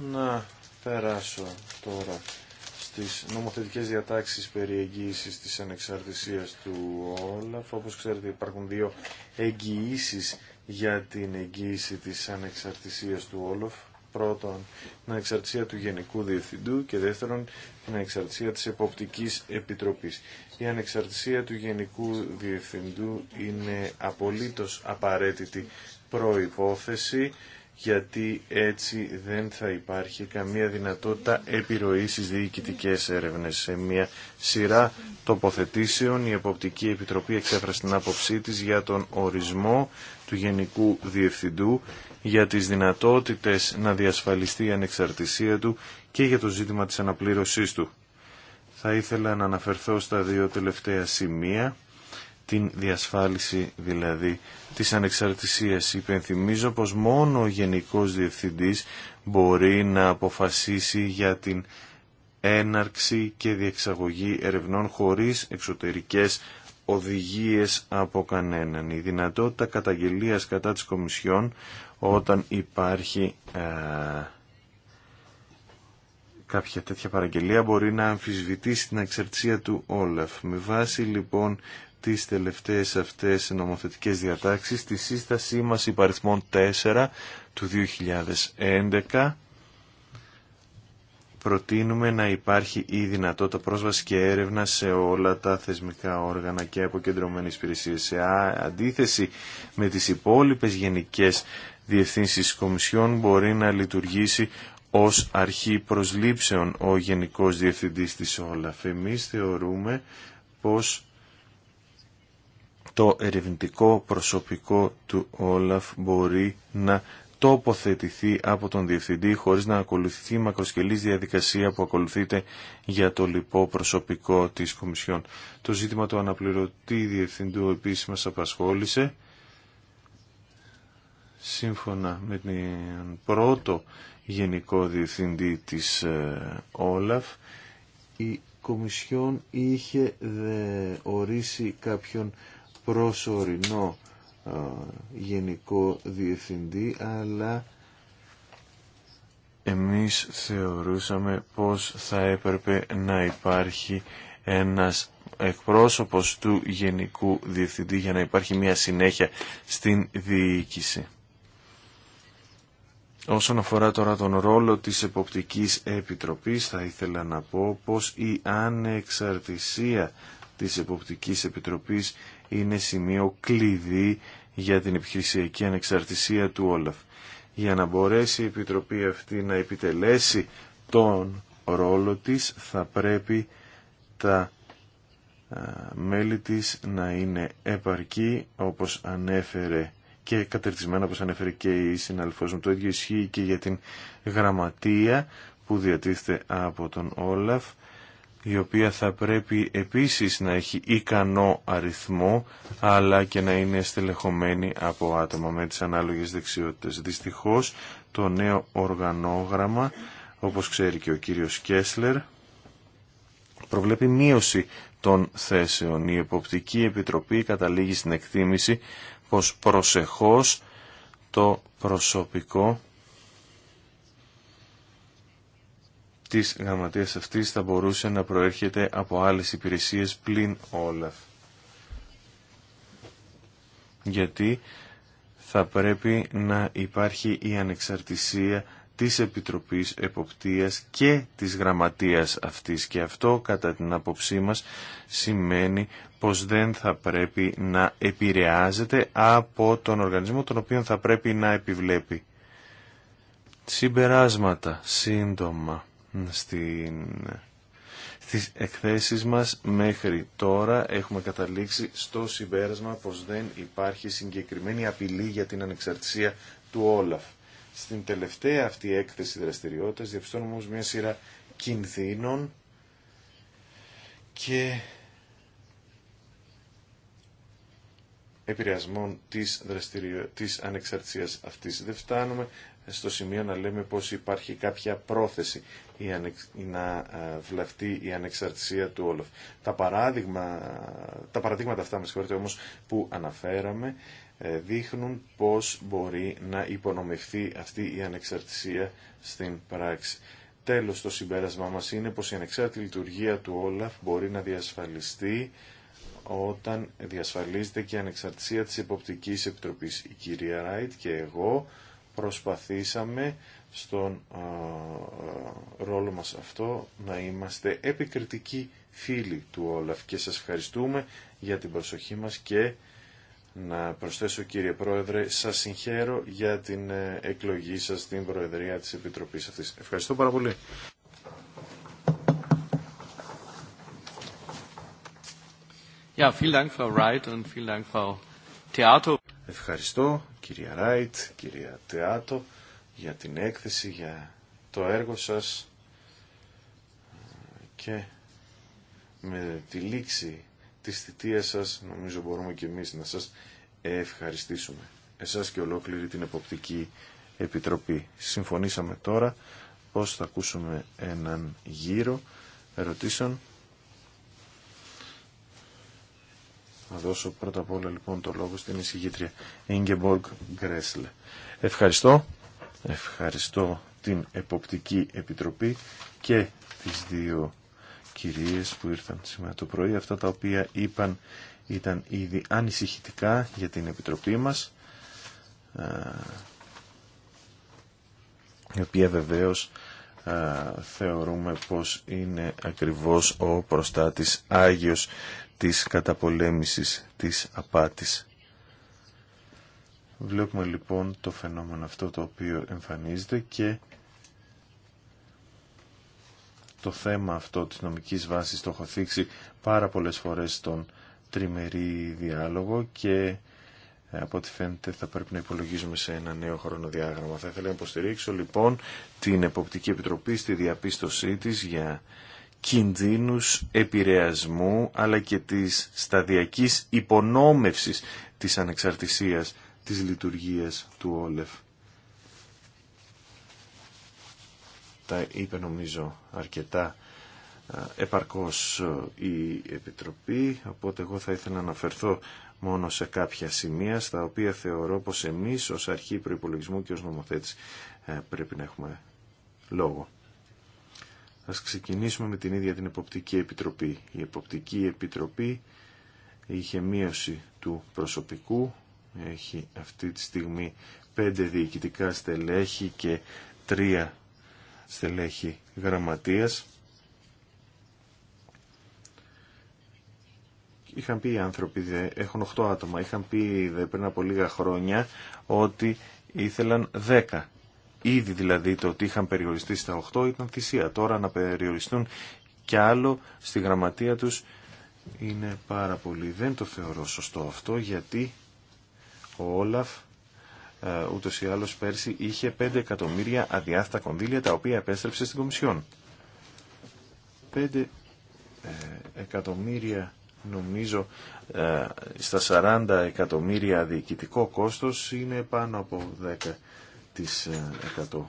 Να περάσω τώρα στις νομοθετικές διατάξεις περί εγγύησης της ανεξαρτησίας του Όλαφ. Όπως ξέρετε υπάρχουν δύο εγγυήσεις για την εγγύηση της ανεξαρτησίας του Όλαφ. Πρώτον, την ανεξαρτησία του Γενικού Διευθυντού και δεύτερον, την ανεξαρτησία της Εποπτικής Επιτροπής. Η ανεξαρτησία του Γενικού Διευθυντού είναι απολύτως απαραίτητη προϋπόθεση γιατί έτσι δεν θα υπάρχει καμία δυνατότητα επιρροή στις διοικητικές έρευνες. Σε μια σειρά τοποθετήσεων η Εποπτική Επιτροπή εξέφρασε την άποψή της για τον ορισμό του Γενικού Διευθυντού, για τις δυνατότητες να διασφαλιστεί η ανεξαρτησία του και για το ζήτημα της αναπλήρωσής του. Θα ήθελα να αναφερθώ στα δύο τελευταία σημεία την διασφάλιση δηλαδή της ανεξαρτησίας. Υπενθυμίζω πως μόνο ο Γενικός Διευθυντής μπορεί να αποφασίσει για την έναρξη και διεξαγωγή ερευνών χωρίς εξωτερικές οδηγίες από κανέναν. Η δυνατότητα καταγγελίας κατά της Κομισιόν όταν υπάρχει ε, κάποια τέτοια παραγγελία μπορεί να αμφισβητήσει την εξαρτησία του Όλαφ. Με βάση λοιπόν τις τελευταίες αυτές νομοθετικές διατάξεις στη σύστασή μας υπαριθμών 4 του 2011 προτείνουμε να υπάρχει η δυνατότητα πρόσβαση και έρευνα σε όλα τα θεσμικά όργανα και αποκεντρωμένες υπηρεσίες. Σε αντίθεση με τις υπόλοιπες γενικές διευθύνσεις κομισιών μπορεί να λειτουργήσει ως αρχή προσλήψεων ο Γενικός Διευθυντής της Όλαφ. Εμείς θεωρούμε πως το ερευνητικό προσωπικό του Όλαφ μπορεί να τοποθετηθεί από τον Διευθυντή χωρίς να ακολουθηθεί η μακροσκελής διαδικασία που ακολουθείται για το λοιπό προσωπικό της Κομισιόν. Το ζήτημα του αναπληρωτή Διευθυντού επίσης μας απασχόλησε. Σύμφωνα με την πρώτο Γενικό Διευθυντή της ε, Όλαφ, η Κομισιόν είχε ορίσει κάποιον προσωρινό ε, γενικό διευθυντή, αλλά εμείς θεωρούσαμε πως θα έπρεπε να υπάρχει ένας εκπρόσωπος του Γενικού Διευθυντή για να υπάρχει μια συνέχεια στην διοίκηση. Όσον αφορά τώρα τον ρόλο της Εποπτικής Επιτροπής, θα ήθελα να πω πως η ανεξαρτησία της Εποπτικής Επιτροπής είναι σημείο κλειδί για την επιχειρησιακή ανεξαρτησία του Όλαφ. Για να μπορέσει η Επιτροπή αυτή να επιτελέσει τον ρόλο της θα πρέπει τα μέλη της να είναι επαρκή όπως ανέφερε και κατερτισμένα όπως ανέφερε και η συναλφός μου. Το ίδιο ισχύει και για την γραμματεία που διατίθεται από τον Όλαφ η οποία θα πρέπει επίσης να έχει ικανό αριθμό αλλά και να είναι στελεχωμένη από άτομα με τις ανάλογες δεξιότητες. Δυστυχώς το νέο οργανόγραμμα, όπως ξέρει και ο κύριος Κέσλερ, προβλέπει μείωση των θέσεων. Η Εποπτική Επιτροπή καταλήγει στην εκτίμηση πως προσεχώς το προσωπικό της γραμματείας αυτής θα μπορούσε να προέρχεται από άλλες υπηρεσίες πλην όλα. Γιατί θα πρέπει να υπάρχει η ανεξαρτησία της Επιτροπής Εποπτείας και της Γραμματείας αυτής και αυτό κατά την απόψή μας σημαίνει πως δεν θα πρέπει να επηρεάζεται από τον οργανισμό τον οποίο θα πρέπει να επιβλέπει. Συμπεράσματα σύντομα στην... στις εκθέσεις μας μέχρι τώρα έχουμε καταλήξει στο συμπέρασμα πως δεν υπάρχει συγκεκριμένη απειλή για την ανεξαρτησία του Όλαφ. Στην τελευταία αυτή έκθεση δραστηριότητας διαπιστώνουμε όμως μια σειρά κινδύνων και επηρεασμών της, δραστηριο... της ανεξαρτησίας αυτής. Δεν φτάνουμε στο σημείο να λέμε πως υπάρχει κάποια πρόθεση να ε, βλαφτεί η ανεξαρτησία του Όλοφ. Τα, παράδειγμα, τα παραδείγματα αυτά, με συγχωρείτε όμως, που αναφέραμε ε, δείχνουν πως μπορεί να υπονομευθεί αυτή η ανεξαρτησία στην πράξη. Τέλος, το συμπέρασμά μας είναι πως η ανεξάρτητη λειτουργία του Όλαφ μπορεί να διασφαλιστεί όταν διασφαλίζεται και η ανεξαρτησία της Εποπτικής Επιτροπής. Η κυρία Ράιτ και εγώ προσπαθήσαμε στον ρόλο μας αυτό να είμαστε επικριτικοί φίλοι του Όλαφ και σας ευχαριστούμε για την προσοχή μας και να προσθέσω κύριε Πρόεδρε, σας συγχαίρω για την ε, εκλογή σας στην Προεδρία της Επιτροπής αυτής. Ευχαριστώ πάρα πολύ. Ja, vielen Dank, Frau Wright, und vielen Dank, Frau Ευχαριστώ κυρία Ράιτ, κυρία Τεάτο για την έκθεση, για το έργο σας και με τη λήξη της θητείας σας νομίζω μπορούμε και εμείς να σας ευχαριστήσουμε. Εσάς και ολόκληρη την Εποπτική Επιτροπή. Συμφωνήσαμε τώρα πως θα ακούσουμε έναν γύρο ερωτήσεων Θα δώσω πρώτα απ' όλα λοιπόν το λόγο στην εισηγήτρια Ingeborg Γκρέσλε. Ευχαριστώ. Ευχαριστώ την Εποπτική Επιτροπή και τις δύο κυρίες που ήρθαν σήμερα το πρωί. Αυτά τα οποία είπαν ήταν ήδη ανησυχητικά για την Επιτροπή μας, η οποία βεβαίως θεωρούμε πως είναι ακριβώς ο προστάτης Άγιος της καταπολέμησης της απάτης. Βλέπουμε λοιπόν το φαινόμενο αυτό το οποίο εμφανίζεται και το θέμα αυτό της νομικής βάσης το έχω θίξει πάρα πολλές φορές στον τριμερή διάλογο και ε, από ό,τι φαίνεται θα πρέπει να υπολογίζουμε σε ένα νέο χρονοδιάγραμμα. Θα ήθελα να υποστηρίξω λοιπόν την Εποπτική Επιτροπή στη διαπίστωσή της για κινδύνους επηρεασμού αλλά και της σταδιακής υπονόμευσης της ανεξαρτησίας της λειτουργίας του Όλεφ. Τα είπε νομίζω αρκετά επαρκώς η Επιτροπή, οπότε εγώ θα ήθελα να αναφερθώ μόνο σε κάποια σημεία στα οποία θεωρώ πως εμείς ως αρχή προϋπολογισμού και ως νομοθέτης ε, πρέπει να έχουμε λόγο. Ας ξεκινήσουμε με την ίδια την Εποπτική Επιτροπή. Η Εποπτική Επιτροπή είχε μείωση του προσωπικού, έχει αυτή τη στιγμή πέντε διοικητικά στελέχη και τρία στελέχη γραμματείας. Είχαν πει οι άνθρωποι, έχουν 8 άτομα, είχαν πει δε, πριν από λίγα χρόνια ότι ήθελαν 10 Ήδη δηλαδή το ότι είχαν περιοριστεί στα 8 ήταν θυσία. Τώρα να περιοριστούν κι άλλο στη γραμματεία τους είναι πάρα πολύ. Δεν το θεωρώ σωστό αυτό γιατί ο Όλαφ ε, ούτως ή άλλως πέρσι είχε 5 εκατομμύρια αδιάστα κονδύλια τα οποία επέστρεψε στην Κομισιόν. 5 ε, εκατομμύρια νομίζω ε, στα 40 εκατομμύρια διοικητικό κόστος είναι πάνω από 10 100. Ε,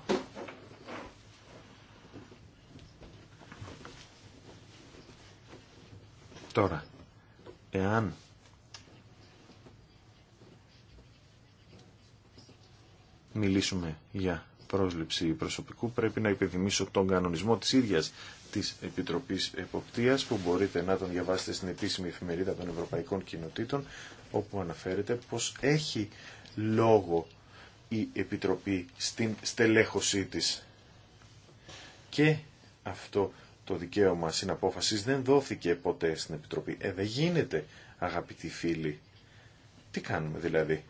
Τώρα, εάν μιλήσουμε για πρόσληψη προσωπικού πρέπει να υπενθυμίσω τον κανονισμό της ίδιας της Επιτροπής Εποπτείας που μπορείτε να τον διαβάσετε στην επίσημη εφημερίδα των Ευρωπαϊκών Κοινοτήτων όπου αναφέρεται πως έχει λόγο η Επιτροπή στην στελέχωσή της. Και αυτό το δικαίωμα συναπόφασης δεν δόθηκε ποτέ στην Επιτροπή. Ε, δεν γίνεται αγαπητοί φίλοι. Τι κάνουμε δηλαδή.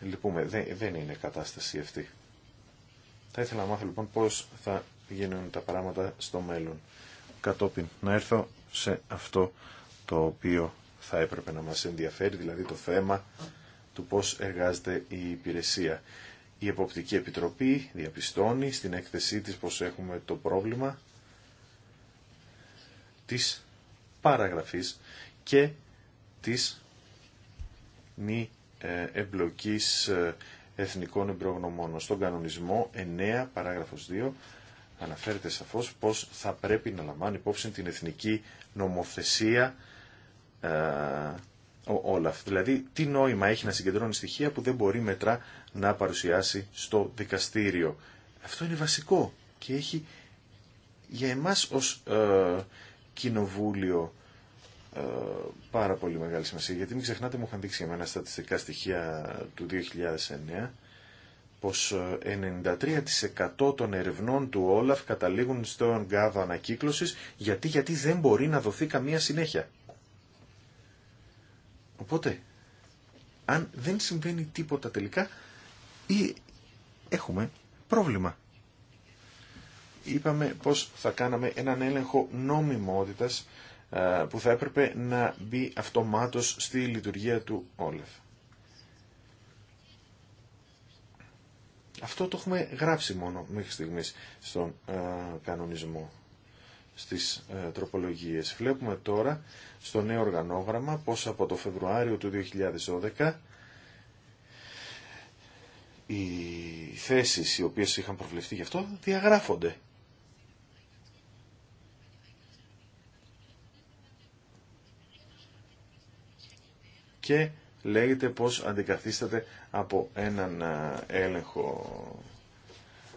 Λυπούμε, δεν, δεν είναι κατάσταση αυτή. Θα ήθελα να μάθω λοιπόν πώς θα γίνουν τα πράγματα στο μέλλον. Κατόπιν να έρθω σε αυτό το οποίο θα έπρεπε να μας ενδιαφέρει, δηλαδή το θέμα του πώς εργάζεται η υπηρεσία. Η Εποπτική Επιτροπή διαπιστώνει στην έκθεσή της πως έχουμε το πρόβλημα της παραγραφής και της μη ε, εμπλοκής ε, εθνικών εμπρογνωμών. Στον κανονισμό 9 παράγραφος 2 αναφέρεται σαφώς πως θα πρέπει να λαμβάνει υπόψη την εθνική νομοθεσία ε, ο Όλαφ. Δηλαδή, τι νόημα έχει να συγκεντρώνει στοιχεία που δεν μπορεί μετρά να παρουσιάσει στο δικαστήριο. Αυτό είναι βασικό και έχει για εμάς ως ε, κοινοβούλιο ε, πάρα πολύ μεγάλη σημασία. Γιατί μην ξεχνάτε, μου είχαν δείξει εμένα στατιστικά στοιχεία του 2009 πως 93% ε, των ερευνών του Όλαφ καταλήγουν στον γκάδο ανακύκλωσης γιατί, γιατί δεν μπορεί να δοθεί καμία συνέχεια. Οπότε, αν δεν συμβαίνει τίποτα τελικά, ή έχουμε πρόβλημα. Είπαμε πως θα κάναμε έναν έλεγχο νόμιμότητας που θα έπρεπε να μπει αυτομάτως στη λειτουργία του Όλεφ. Αυτό το έχουμε γράψει μόνο μέχρι στιγμής στον κανονισμό στις ε, τροπολογίες. Βλέπουμε τώρα στο νέο οργανόγραμμα πως από το Φεβρουάριο του 2012 οι θέσεις οι οποίες είχαν προβλεφθεί γι' αυτό διαγράφονται. Και λέγεται πως αντικαθίσταται από έναν ε, έλεγχο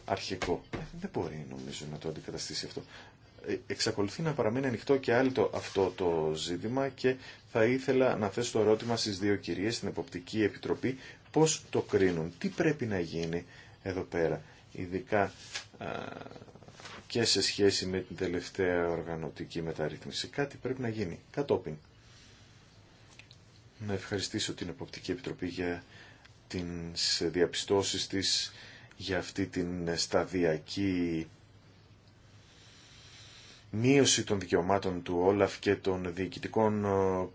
αρχικό. Ε, δεν μπορεί νομίζω να το αντικαταστήσει αυτό εξακολουθεί να παραμείνει ανοιχτό και άλλο αυτό το ζήτημα και θα ήθελα να θέσω το ερώτημα στις δύο κυρίες στην Εποπτική Επιτροπή πώς το κρίνουν, τι πρέπει να γίνει εδώ πέρα, ειδικά και σε σχέση με την τελευταία οργανωτική μεταρρύθμιση. Κάτι πρέπει να γίνει κατόπιν. Να ευχαριστήσω την Εποπτική Επιτροπή για τις διαπιστώσεις της για αυτή την σταδιακή μείωση των δικαιωμάτων του Όλαφ και των διοικητικών ε,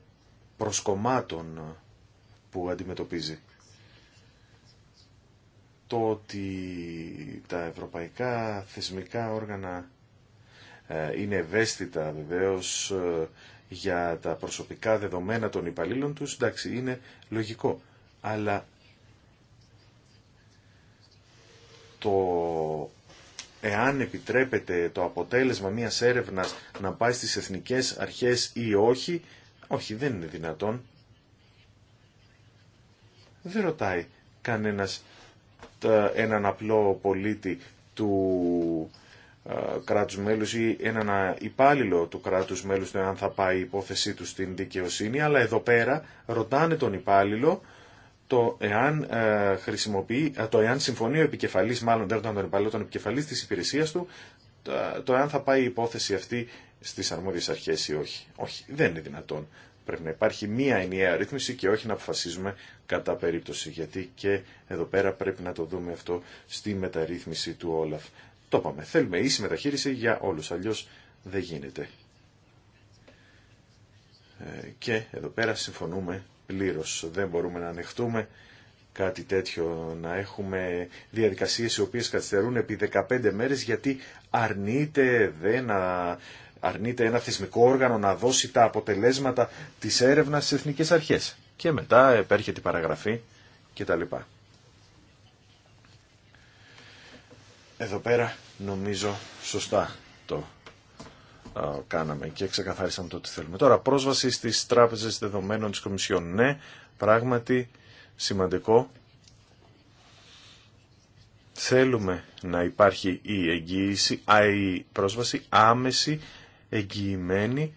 προσκομμάτων ε, που αντιμετωπίζει. Το ότι τα ευρωπαϊκά θεσμικά όργανα ε, είναι ευαίσθητα βεβαίως για τα προσωπικά δεδομένα των υπαλλήλων τους, εντάξει, είναι λογικό. Αλλά το εάν επιτρέπεται το αποτέλεσμα μιας έρευνας να πάει στις εθνικές αρχές ή όχι, όχι δεν είναι δυνατόν. Δεν ρωτάει κανένας ε, έναν απλό πολίτη του ε, κράτους μέλους ή έναν υπάλληλο του κράτους μέλους το εάν θα πάει η υπόθεσή του στην δικαιοσύνη, αλλά εδώ πέρα ρωτάνε τον υπάλληλο το εάν ε, ε, το εάν συμφωνεί ο επικεφαλής, μάλλον δεν τον τον επικεφαλής της υπηρεσίας του, το, εάν θα πάει η υπόθεση αυτή στι αρμόδιες αρχέ. ή όχι. Όχι, δεν είναι δυνατόν. Πρέπει να υπάρχει μία ενιαία ρύθμιση και όχι να αποφασίζουμε κατά περίπτωση, γιατί και εδώ πέρα πρέπει να το δούμε αυτό στη μεταρρύθμιση του Όλαφ. Το είπαμε, θέλουμε ίση μεταχείριση για όλου αλλιώ δεν γίνεται. Ε, και εδώ πέρα συμφωνούμε πλήρως. Δεν μπορούμε να ανεχτούμε κάτι τέτοιο, να έχουμε διαδικασίες οι οποίες καθυστερούν επί 15 μέρες γιατί αρνείται, δεν, αρνείται ένα θεσμικό όργανο να δώσει τα αποτελέσματα της έρευνας στις εθνικές αρχές. Και μετά επέρχεται η παραγραφή κτλ. Εδώ πέρα νομίζω σωστά το κάναμε και ξεκαθάρισαμε το τι θέλουμε. Τώρα, πρόσβαση στις τράπεζες δεδομένων της Κομισιόν. Ναι, πράγματι σημαντικό. Θέλουμε να υπάρχει η εγγύηση, α, η πρόσβαση άμεση, εγγυημένη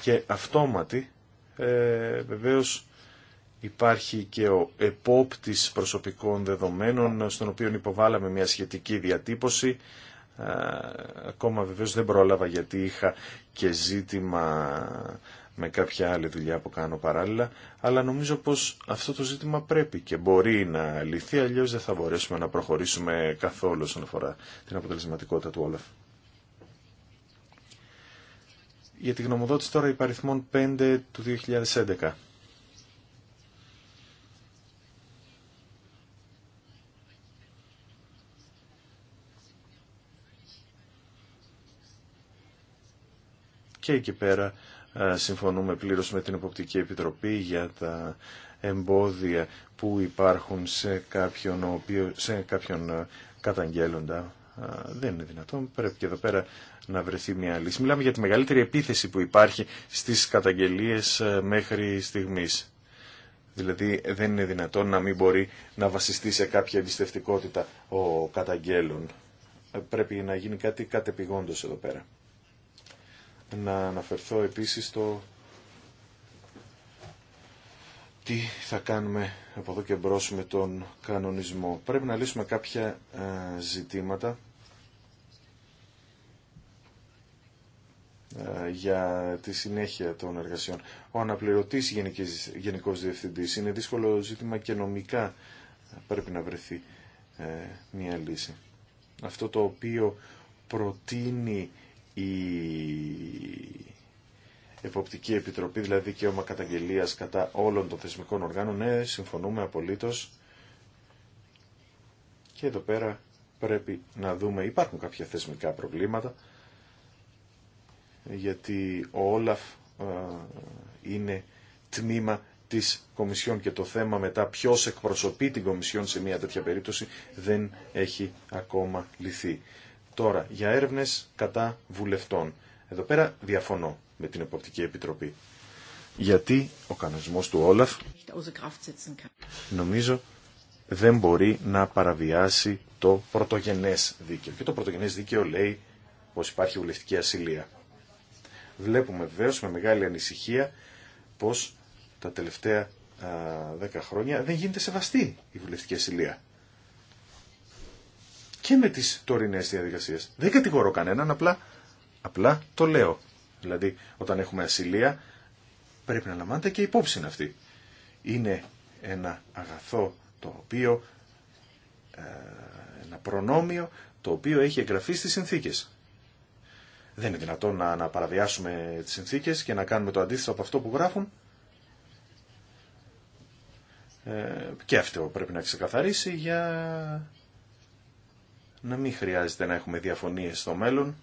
και αυτόματη. Ε, βεβαίως υπάρχει και ο επόπτης προσωπικών δεδομένων, στον οποίο υποβάλαμε μια σχετική διατύπωση ακόμα βεβαίως δεν πρόλαβα γιατί είχα και ζήτημα με κάποια άλλη δουλειά που κάνω παράλληλα, αλλά νομίζω πως αυτό το ζήτημα πρέπει και μπορεί να λυθεί, αλλιώς δεν θα μπορέσουμε να προχωρήσουμε καθόλου όσον αφορά την αποτελεσματικότητα του Όλαφ. Για τη γνωμοδότηση τώρα υπαριθμών 5 του 2011. και εκεί πέρα συμφωνούμε πλήρως με την Εποπτική Επιτροπή για τα εμπόδια που υπάρχουν σε κάποιον, σε κάποιον καταγγέλλοντα. Δεν είναι δυνατόν. Πρέπει και εδώ πέρα να βρεθεί μια λύση. Μιλάμε για τη μεγαλύτερη επίθεση που υπάρχει στις καταγγελίες μέχρι στιγμής. Δηλαδή δεν είναι δυνατόν να μην μπορεί να βασιστεί σε κάποια εμπιστευτικότητα ο καταγγέλων. Ε, πρέπει να γίνει κάτι κατεπηγόντως εδώ πέρα να αναφερθώ επίσης στο τι θα κάνουμε από εδώ και μπρος με τον κανονισμό. Πρέπει να λύσουμε κάποια ε, ζητήματα ε, για τη συνέχεια των εργασιών. Ο αναπληρωτής γενικός διευθυντής είναι δύσκολο ζήτημα και νομικά πρέπει να βρεθεί ε, μια λύση. Αυτό το οποίο προτείνει η Εποπτική Επιτροπή, δηλαδή δικαίωμα καταγγελίας κατά όλων των θεσμικών οργάνων, ναι, συμφωνούμε απολύτως. Και εδώ πέρα πρέπει να δούμε, υπάρχουν κάποια θεσμικά προβλήματα, γιατί ο Όλαφ ε, είναι τμήμα της Κομισιόν και το θέμα μετά ποιος εκπροσωπεί την Κομισιόν σε μια τέτοια περίπτωση δεν έχει ακόμα λυθεί. Τώρα, για έρευνε κατά βουλευτών. Εδώ πέρα διαφωνώ με την Εποπτική Επιτροπή. Γιατί ο κανονισμός του Όλαφ νομίζω δεν μπορεί να παραβιάσει το πρωτογενές δίκαιο. Και το πρωτογενές δίκαιο λέει πω υπάρχει βουλευτική ασυλία. Βλέπουμε βεβαίω με μεγάλη ανησυχία πως τα τελευταία δέκα χρόνια δεν γίνεται σεβαστή η βουλευτική ασυλία και με τις τωρινές διαδικασίες. Δεν κατηγορώ κανέναν, απλά, απλά το λέω. Δηλαδή, όταν έχουμε ασυλία, πρέπει να λαμβάνεται και υπόψη αυτή. Είναι ένα αγαθό το οποίο, ε, ένα προνόμιο το οποίο έχει εγγραφεί στις συνθήκες. Δεν είναι δυνατόν να, να παραβιάσουμε τις συνθήκες και να κάνουμε το αντίθετο από αυτό που γράφουν. Ε, και αυτό πρέπει να ξεκαθαρίσει για να μην χρειάζεται να έχουμε διαφωνίες στο μέλλον.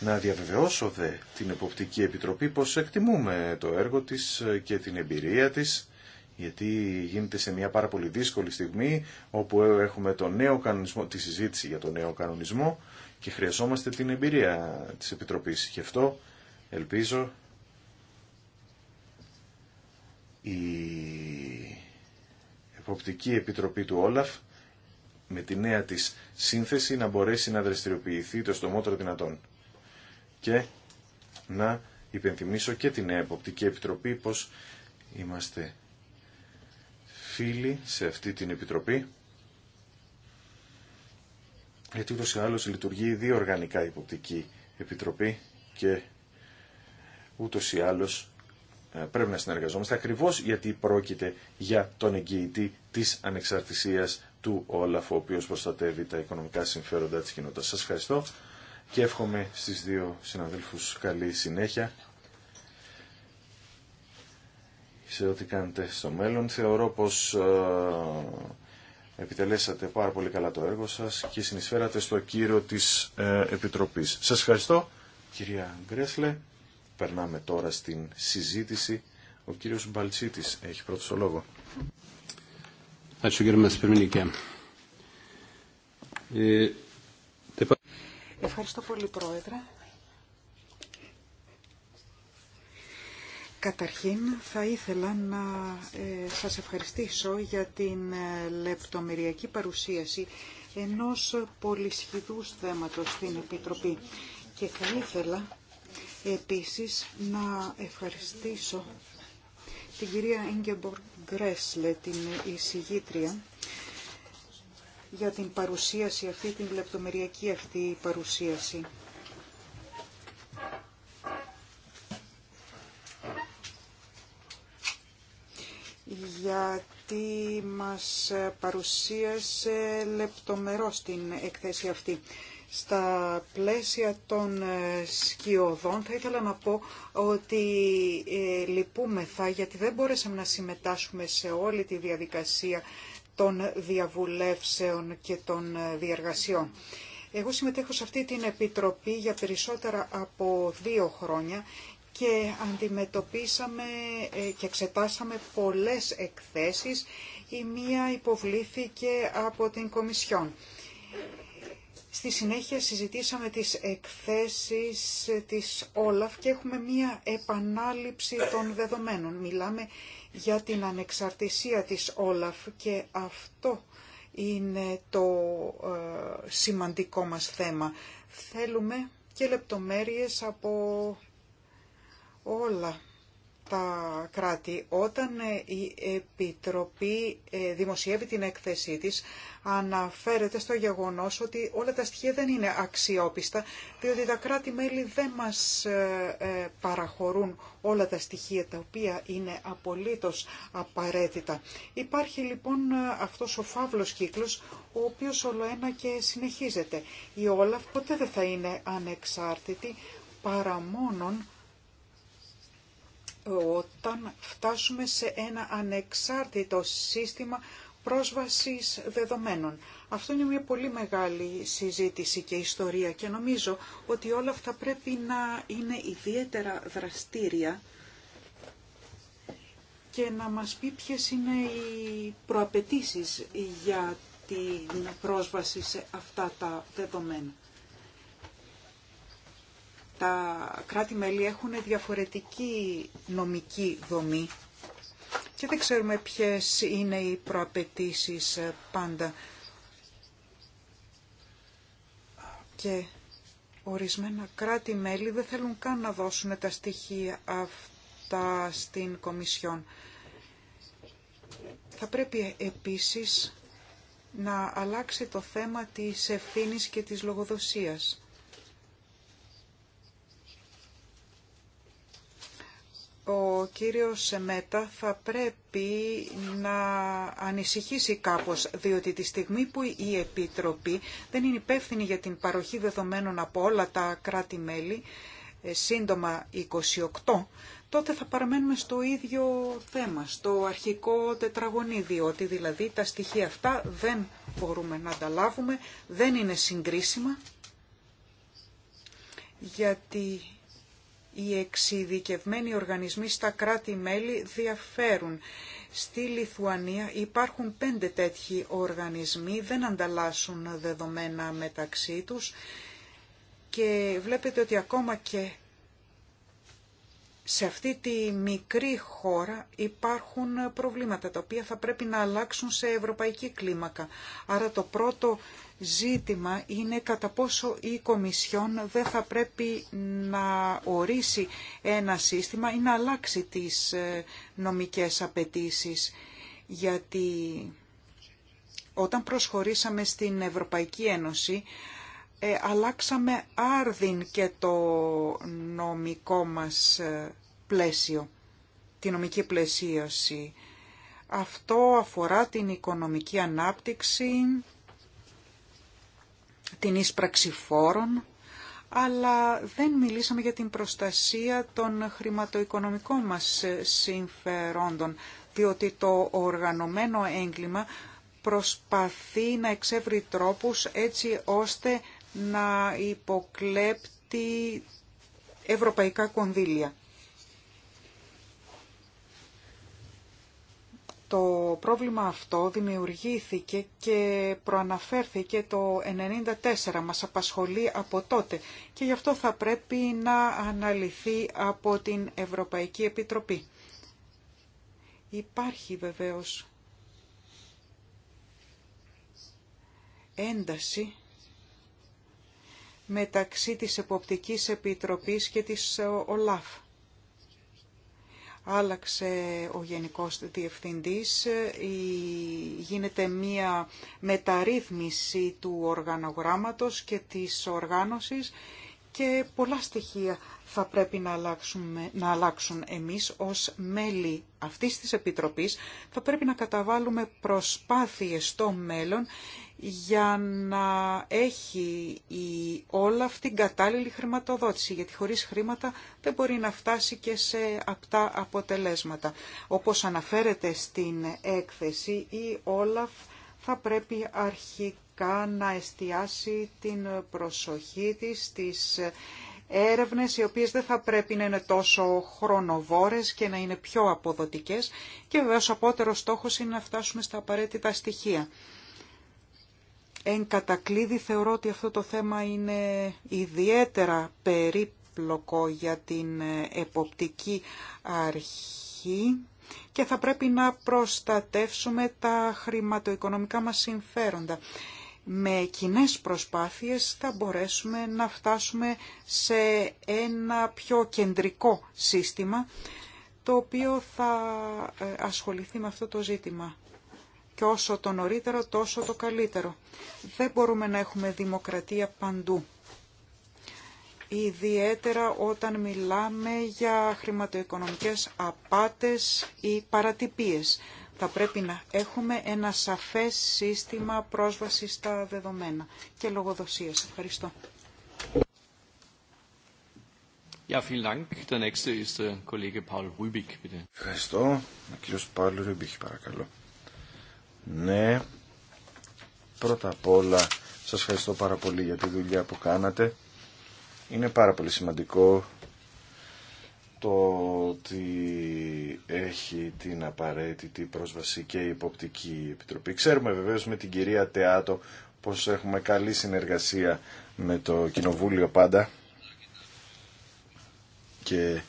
Να διαβεβαιώσω δε την Εποπτική Επιτροπή πως εκτιμούμε το έργο της και την εμπειρία της, γιατί γίνεται σε μια πάρα πολύ δύσκολη στιγμή όπου έχουμε το νέο κανονισμό, τη συζήτηση για το νέο κανονισμό και χρειαζόμαστε την εμπειρία της Επιτροπής. Γι' αυτό ελπίζω εποπτική επιτροπή του Όλαφ με τη νέα της σύνθεση να μπορέσει να δραστηριοποιηθεί το στομότερο δυνατόν. Και να υπενθυμίσω και την νέα εποπτική επιτροπή πως είμαστε φίλοι σε αυτή την επιτροπή γιατί ούτως ή άλλως λειτουργεί δύο οργανικά υποπτική επιτροπή και ούτως ή άλλως ε, πρέπει να συνεργαζόμαστε ακριβώς γιατί πρόκειται για τον εγγυητή της ανεξαρτησίας του όλαφου, ο οποίος προστατεύει τα οικονομικά συμφέροντα της κοινότητας. Σας ευχαριστώ και εύχομαι στις δύο συναδέλφους καλή συνέχεια σε ό,τι κάνετε στο μέλλον. Θεωρώ πως ε, επιτελέσατε πάρα πολύ καλά το έργο σας και συνεισφέρατε στο κύριο της ε, Επιτροπής. Σας ευχαριστώ κυρία Γκρέσλε περνάμε τώρα στην συζήτηση. Ο κύριος Μπαλτσίτης έχει πρώτο το λόγο. Ε, Ευχαριστώ πολύ, Πρόεδρε. Καταρχήν θα ήθελα να ε, σας ευχαριστήσω για την ε, λεπτομεριακή παρουσίαση ενός πολυσχηδούς θέματος στην Επιτροπή και θα ήθελα Επίσης, να ευχαριστήσω την κυρία Ίγκεμπορ Γκρέσλε, την εισηγήτρια, για την παρουσίαση αυτή, την λεπτομεριακή αυτή παρουσίαση. γιατί μας παρουσίασε λεπτομερώς την εκθέση αυτή. Στα πλαίσια των ε, σκιωδών θα ήθελα να πω ότι ε, λυπούμεθα γιατί δεν μπορέσαμε να συμμετάσχουμε σε όλη τη διαδικασία των διαβουλεύσεων και των ε, διεργασιών. Εγώ συμμετέχω σε αυτή την επιτροπή για περισσότερα από δύο χρόνια και αντιμετωπίσαμε ε, και εξετάσαμε πολλές εκθέσεις. Η μία υποβλήθηκε από την Κομισιόν. Στη συνέχεια συζητήσαμε τις εκθέσεις της Όλαφ και έχουμε μία επανάληψη των δεδομένων. Μιλάμε για την ανεξαρτησία της Όλαφ και αυτό είναι το ε, σημαντικό μας θέμα. Θέλουμε και λεπτομέρειες από όλα τα κράτη. Όταν ε, η Επιτροπή ε, δημοσιεύει την έκθεσή της, αναφέρεται στο γεγονός ότι όλα τα στοιχεία δεν είναι αξιόπιστα, διότι τα κράτη-μέλη δεν μας ε, παραχωρούν όλα τα στοιχεία τα οποία είναι απολύτως απαραίτητα. Υπάρχει λοιπόν αυτός ο φαύλος κύκλος, ο οποίος όλο ένα και συνεχίζεται. Η Όλαφ ποτέ δεν θα είναι ανεξάρτητη παρά μόνον όταν φτάσουμε σε ένα ανεξάρτητο σύστημα πρόσβασης δεδομένων. Αυτό είναι μια πολύ μεγάλη συζήτηση και ιστορία και νομίζω ότι όλα αυτά πρέπει να είναι ιδιαίτερα δραστήρια και να μας πει ποιες είναι οι προαπαιτήσεις για την πρόσβαση σε αυτά τα δεδομένα τα κράτη-μέλη έχουν διαφορετική νομική δομή και δεν ξέρουμε ποιες είναι οι προαπαιτήσεις ε, πάντα. Και ορισμένα κράτη-μέλη δεν θέλουν καν να δώσουν τα στοιχεία αυτά στην Κομισιόν. Θα πρέπει επίσης να αλλάξει το θέμα της ευθύνης και της λογοδοσίας. ο κύριος Σεμέτα θα πρέπει να ανησυχήσει κάπως, διότι τη στιγμή που η Επιτροπή δεν είναι υπεύθυνη για την παροχή δεδομένων από όλα τα κράτη-μέλη, ε, σύντομα 28, τότε θα παραμένουμε στο ίδιο θέμα, στο αρχικό τετραγωνίδι, ότι δηλαδή τα στοιχεία αυτά δεν μπορούμε να τα δεν είναι συγκρίσιμα, γιατί οι εξειδικευμένοι οργανισμοί στα κράτη-μέλη διαφέρουν. Στη Λιθουανία υπάρχουν πέντε τέτοιοι οργανισμοί, δεν ανταλλάσσουν δεδομένα μεταξύ τους και βλέπετε ότι ακόμα και σε αυτή τη μικρή χώρα υπάρχουν προβλήματα τα οποία θα πρέπει να αλλάξουν σε ευρωπαϊκή κλίμακα. Άρα το πρώτο ζήτημα είναι κατά πόσο η Κομισιόν δεν θα πρέπει να ορίσει ένα σύστημα ή να αλλάξει τις ε, νομικές απαιτήσεις. Γιατί όταν προσχωρήσαμε στην Ευρωπαϊκή Ένωση, ε, αλλάξαμε άρδιν και το νομικό μας ε, πλαίσιο, τη νομική πλαισίωση. Αυτό αφορά την οικονομική ανάπτυξη, την ίσπραξη φόρων, αλλά δεν μιλήσαμε για την προστασία των χρηματοοικονομικών μας ε, συμφερόντων, διότι το οργανωμένο έγκλημα προσπαθεί να εξεύρει τρόπους έτσι ώστε να υποκλέπτει ευρωπαϊκά κονδύλια. Το πρόβλημα αυτό δημιουργήθηκε και προαναφέρθηκε το 1994, μας απασχολεί από τότε και γι' αυτό θα πρέπει να αναλυθεί από την Ευρωπαϊκή Επιτροπή. Υπάρχει βεβαίως ένταση μεταξύ της Εποπτικής Επιτροπής και της ΟΛΑΦ άλλαξε ο Γενικός Διευθυντής, γίνεται μία μεταρρύθμιση του οργανογράμματος και της οργάνωσης και πολλά στοιχεία θα πρέπει να, να αλλάξουν εμείς ως μέλη αυτής της Επιτροπής. Θα πρέπει να καταβάλουμε προσπάθειες στο μέλλον για να έχει η όλα αυτή κατάλληλη χρηματοδότηση, γιατί χωρίς χρήματα δεν μπορεί να φτάσει και σε αυτά αποτελέσματα. Όπως αναφέρεται στην έκθεση, η Όλαφ θα πρέπει αρχικά να εστιάσει την προσοχή της στις έρευνες οι οποίες δεν θα πρέπει να είναι τόσο χρονοβόρες και να είναι πιο αποδοτικές και βεβαίως απότερο στόχος είναι να φτάσουμε στα απαραίτητα στοιχεία. Εν κατακλείδη θεωρώ ότι αυτό το θέμα είναι ιδιαίτερα περίπλοκο για την ε, εποπτική αρχή και θα πρέπει να προστατεύσουμε τα χρηματοοικονομικά μας συμφέροντα. Με κοινέ προσπάθειες θα μπορέσουμε να φτάσουμε σε ένα πιο κεντρικό σύστημα το οποίο θα ε, ασχοληθεί με αυτό το ζήτημα. Και όσο το νωρίτερο, τόσο το καλύτερο. Δεν μπορούμε να έχουμε δημοκρατία παντού. Ιδιαίτερα όταν μιλάμε για χρηματοοικονομικές απάτες ή παρατυπίες. Θα πρέπει να έχουμε ένα σαφές σύστημα πρόσβασης στα δεδομένα και λογοδοσίας. Ευχαριστώ. Ja, vielen Dank. Der nächste ist der äh, Kollege Paul Rübig, bitte. Ευχαριστώ. παρακαλώ. Ναι, πρώτα απ' όλα σας ευχαριστώ πάρα πολύ για τη δουλειά που κάνατε. Είναι πάρα πολύ σημαντικό το ότι έχει την απαραίτητη πρόσβαση και η Υποπτική Επιτροπή. Ξέρουμε βεβαίως με την κυρία Τεάτο πως έχουμε καλή συνεργασία με το Κοινοβούλιο πάντα και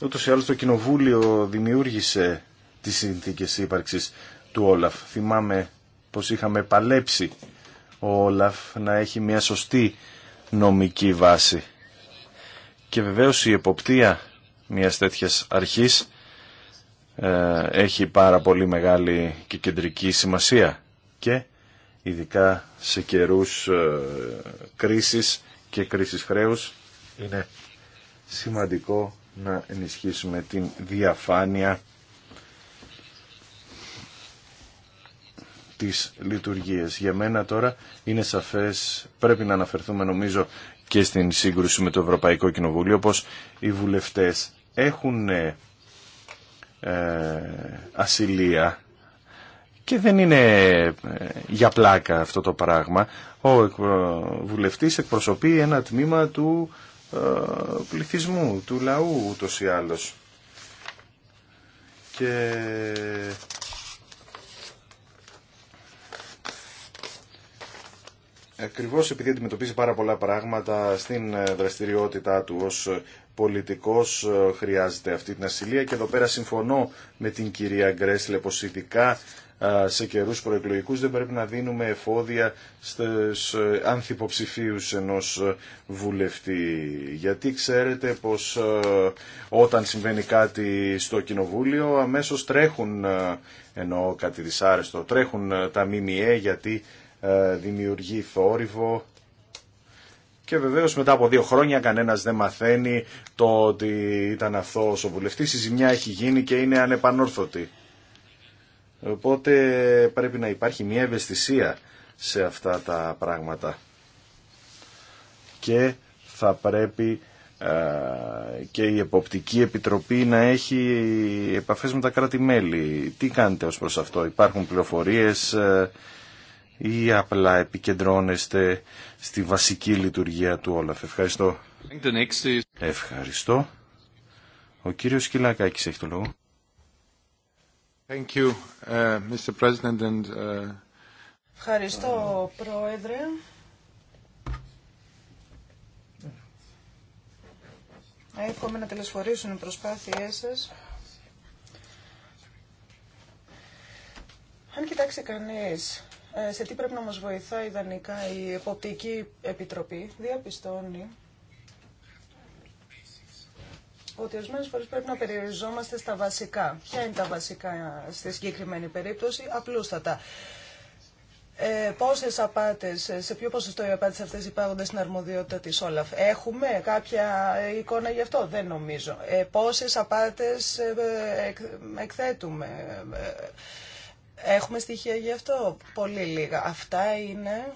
ούτως ή άλλως το Κοινοβούλιο δημιούργησε τις συνθήκες ύπαρξης του Θυμάμαι πως είχαμε παλέψει ο Όλαφ να έχει μια σωστή νομική βάση. Και βεβαίως η εποπτεία μιας τέτοιας αρχής ε, έχει πάρα πολύ μεγάλη και κεντρική σημασία και ειδικά σε καιρούς ε, κρίσης και κρίσης χρέους είναι σημαντικό να ενισχύσουμε την διαφάνεια της λειτουργίας. Για μένα τώρα είναι σαφές, πρέπει να αναφερθούμε νομίζω και στην σύγκρουση με το Ευρωπαϊκό Κοινοβούλιο, πως οι βουλευτές έχουν ε, ασυλία και δεν είναι ε, για πλάκα αυτό το πράγμα. Ο βουλευτής εκπροσωπεί ένα τμήμα του ε, πληθυσμού, του λαού ούτως ή άλλως. Και ακριβώς επειδή αντιμετωπίζει πάρα πολλά πράγματα στην ε, δραστηριότητά του ως πολιτικός ε, χρειάζεται αυτή την ασυλία και εδώ πέρα συμφωνώ με την κυρία Γκρέσλε πως ειδικά ε, σε καιρούς προεκλογικούς δεν πρέπει να δίνουμε εφόδια στους ανθυποψηφίους ενός βουλευτή. Γιατί ξέρετε πως όταν συμβαίνει κάτι στο κοινοβούλιο αμέσως τρέχουν, ενώ κάτι δυσάρεστο, τρέχουν τα ΜΜΕ γιατί ε, δημιουργεί θόρυβο και βεβαίως μετά από δύο χρόνια κανένας δεν μαθαίνει το ότι ήταν αθώος ο βουλευτής, η ζημιά έχει γίνει και είναι ανεπανόρθωτη. Οπότε πρέπει να υπάρχει μια ευαισθησία σε αυτά τα πράγματα. Και θα πρέπει ε, και η Εποπτική Επιτροπή να έχει επαφές με τα κράτη-μέλη. Τι κάνετε ως προς αυτό, υπάρχουν πληροφορίες ε, ή απλά επικεντρώνεστε στη βασική λειτουργία του Όλαφ. Ευχαριστώ. Ευχαριστώ. Ο κύριος Κυλακάκης έχει το λόγο. Thank you, uh, Mr. President and, uh, Ευχαριστώ, Πρόεδρε. Εύχομαι να τελεσφορήσουν οι προσπάθειές σας. Αν κοιτάξει κανείς ε, σε τι πρέπει να μας βοηθά ιδανικά η Εποπτική Επιτροπή, διαπιστώνει ότι ορισμένε φορέ πρέπει να περιοριζόμαστε στα βασικά. Ποια είναι τα βασικά στη συγκεκριμένη περίπτωση, απλούστατα. Ε, πόσες απάτες, ε, σε ποιο ποσοστό οι απάτες αυτές υπάρχουν στην αρμοδιότητα της Όλαφ. Έχουμε κάποια εικόνα γι' αυτό, δεν νομίζω. Ε, πόσες απάτες ε, εκθέτουμε. Έχουμε στοιχεία γι' αυτό. Πολύ λίγα. Αυτά είναι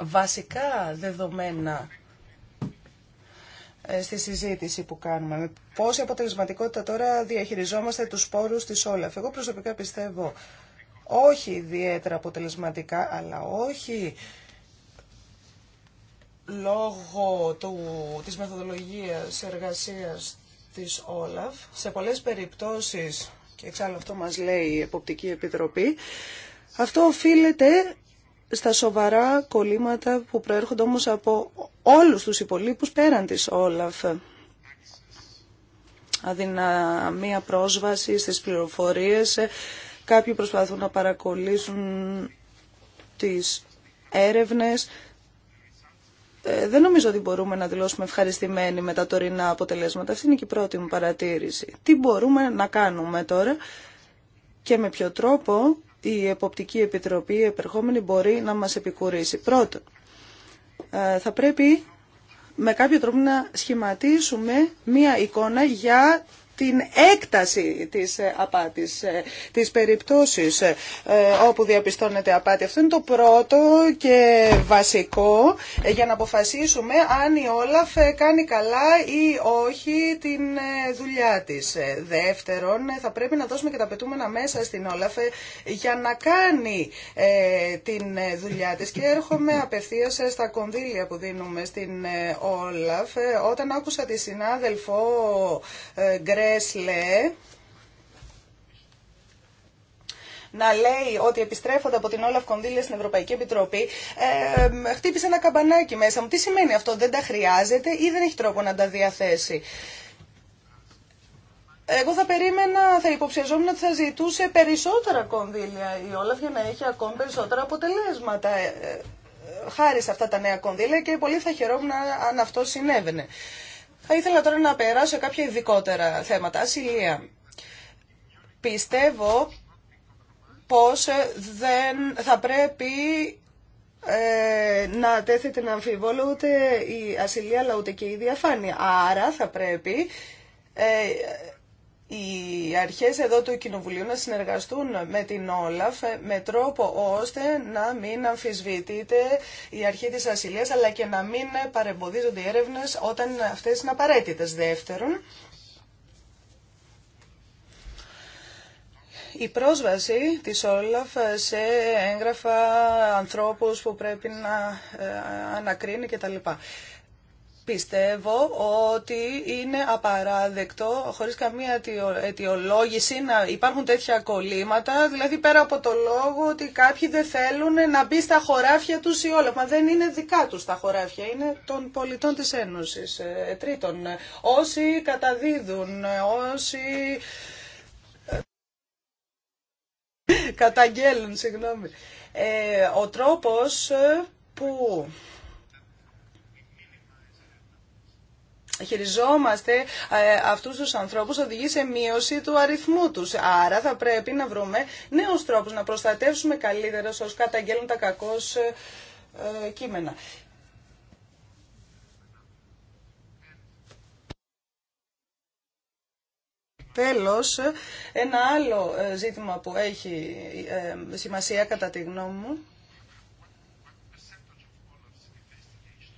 βασικά δεδομένα ε, στη συζήτηση που κάνουμε. Με πόση αποτελεσματικότητα τώρα διαχειριζόμαστε τους σπόρους της Όλαφ. Εγώ προσωπικά πιστεύω όχι ιδιαίτερα αποτελεσματικά, αλλά όχι λόγω του, της μεθοδολογίας εργασίας της Όλαφ. Σε πολλές περιπτώσεις και εξάλλου αυτό μας λέει η Εποπτική Επιτροπή, αυτό οφείλεται στα σοβαρά κολλήματα που προέρχονται όμως από όλους τους υπολείπους πέραν της Όλαφ. Αδυναμία πρόσβαση στις πληροφορίες, κάποιοι προσπαθούν να παρακολύσουν τις έρευνες, ε, δεν νομίζω ότι μπορούμε να δηλώσουμε ευχαριστημένοι με τα τωρινά αποτελέσματα. Αυτή είναι και η πρώτη μου παρατήρηση. Τι μπορούμε να κάνουμε τώρα και με ποιο τρόπο η Εποπτική Επιτροπή η επερχόμενη μπορεί να μας επικουρήσει. Πρώτον, ε, θα πρέπει με κάποιο τρόπο να σχηματίσουμε μία εικόνα για την έκταση της ε, απάτης, ε, της περιπτώσεις ε, όπου διαπιστώνεται απάτη. Αυτό είναι το πρώτο και βασικό για να αποφασίσουμε αν η Όλαφ κάνει καλά ή όχι την δουλειά της. Δεύτερον, θα πρέπει να δώσουμε και τα πετούμενα μέσα στην Όλαφ για να κάνει την δουλειά της και έρχομαι απευθείας στα κονδύλια που δίνουμε στην Όλαφ. Όταν άκουσα τη συνάδελφο Γκρέ Πρέσλε να λέει ότι επιστρέφονται από την Όλαφ κονδύλια στην Ευρωπαϊκή Επιτροπή, ε, χτύπησε ένα καμπανάκι μέσα μου. Τι σημαίνει αυτό, δεν τα χρειάζεται ή δεν έχει τρόπο να τα διαθέσει. Εγώ θα περίμενα, θα υποψιαζόμουν ότι θα ζητούσε περισσότερα κονδύλια η Όλαφ για να έχει ακόμη περισσότερα αποτελέσματα. Ε, ε, χάρη σε αυτά τα νέα κονδύλια και πολύ θα χαιρόμουν αν αυτό συνέβαινε. Θα ήθελα τώρα να περάσω κάποια ειδικότερα θέματα. Ασυλία. Πιστεύω πως ε, δεν θα πρέπει ε, να τέθεται να αμφιβόλω ούτε η ασυλία αλλά ούτε και η διαφάνεια. Άρα θα πρέπει ε, οι αρχές εδώ του Κοινοβουλίου να συνεργαστούν με την Όλαφ με τρόπο ώστε να μην αμφισβητείται η αρχή της ασυλίας αλλά και να μην παρεμποδίζονται οι έρευνες όταν αυτές είναι απαραίτητες. Δεύτερον, η πρόσβαση της Όλαφ σε έγγραφα ανθρώπους που πρέπει να ε, ανακρίνει κτλ. Πιστεύω ότι είναι απαράδεκτο, χωρίς καμία αιτιολόγηση, να υπάρχουν τέτοια κολλήματα, δηλαδή πέρα από το λόγο ότι κάποιοι δεν θέλουν να μπει στα χωράφια τους ή όλα. Μα δεν είναι δικά τους τα χωράφια, είναι των πολιτών της Ένωσης. Ε, Τρίτον, όσοι καταδίδουν, όσοι ε, καταγγέλουν, συγγνώμη. Ε, ο τρόπος ε, που χειριζόμαστε ε, αυτούς τους ανθρώπους οδηγεί σε μείωση του αριθμού τους. Άρα θα πρέπει να βρούμε νέους τρόπους να προστατεύσουμε καλύτερα όσους καταγγέλνουν τα κακώς ε, ε, κείμενα. Τέλος, ένα άλλο ζήτημα που έχει σημασία κατά τη γνώμη μου,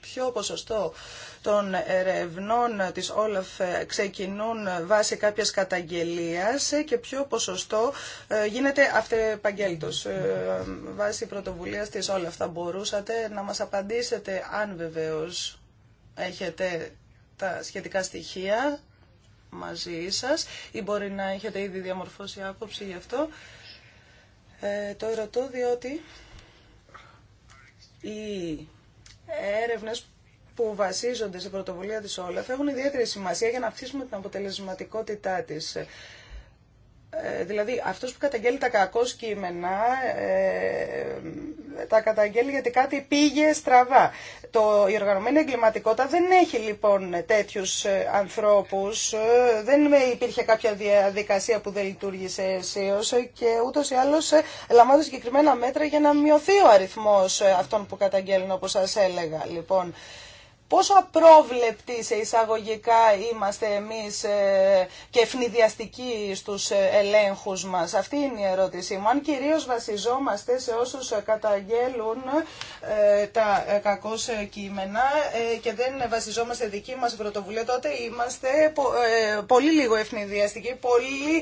ποιο ποσοστό των ερευνών της Όλαφ ξεκινούν βάσει κάποιας καταγγελίας και ποιο ποσοστό ε, γίνεται αυτεπαγγέλτος ε, βάσει πρωτοβουλίας της Όλαφ. Θα μπορούσατε να μας απαντήσετε αν βεβαίως έχετε τα σχετικά στοιχεία μαζί σας ή μπορεί να έχετε ήδη διαμορφώσει άποψη γι' αυτό. Ε, το ερωτώ διότι οι έρευνες που βασίζονται σε πρωτοβουλία της Όλαφ έχουν ιδιαίτερη σημασία για να αυξήσουμε την αποτελεσματικότητά της. Ε, δηλαδή, αυτός που καταγγέλει τα κακό κείμενα, ε, τα καταγγέλει γιατί κάτι πήγε στραβά. Το, η οργανωμένη εγκληματικότητα δεν έχει λοιπόν τέτοιους ε, ανθρώπους, ε, δεν υπήρχε κάποια διαδικασία που δεν λειτουργήσε αισίως και ούτως ή άλλως ε, λαμβάνονται συγκεκριμένα μέτρα για να μειωθεί ο αριθμός ε, αυτών που καταγγέλνουν, όπως σας έλεγα. Λοιπόν, Πόσο απρόβλεπτοι σε εισαγωγικά είμαστε εμείς ε, και ευνηδιαστικοί στους ε, ελέγχους μας. Αυτή είναι η ερώτησή μου. Αν κυρίως βασιζόμαστε σε όσους ε, καταγγέλουν τα κακώς κείμενα και δεν βασιζόμαστε δική μας πρωτοβουλία, τότε είμαστε πολύ λίγο ευνηδιαστικοί, πολύ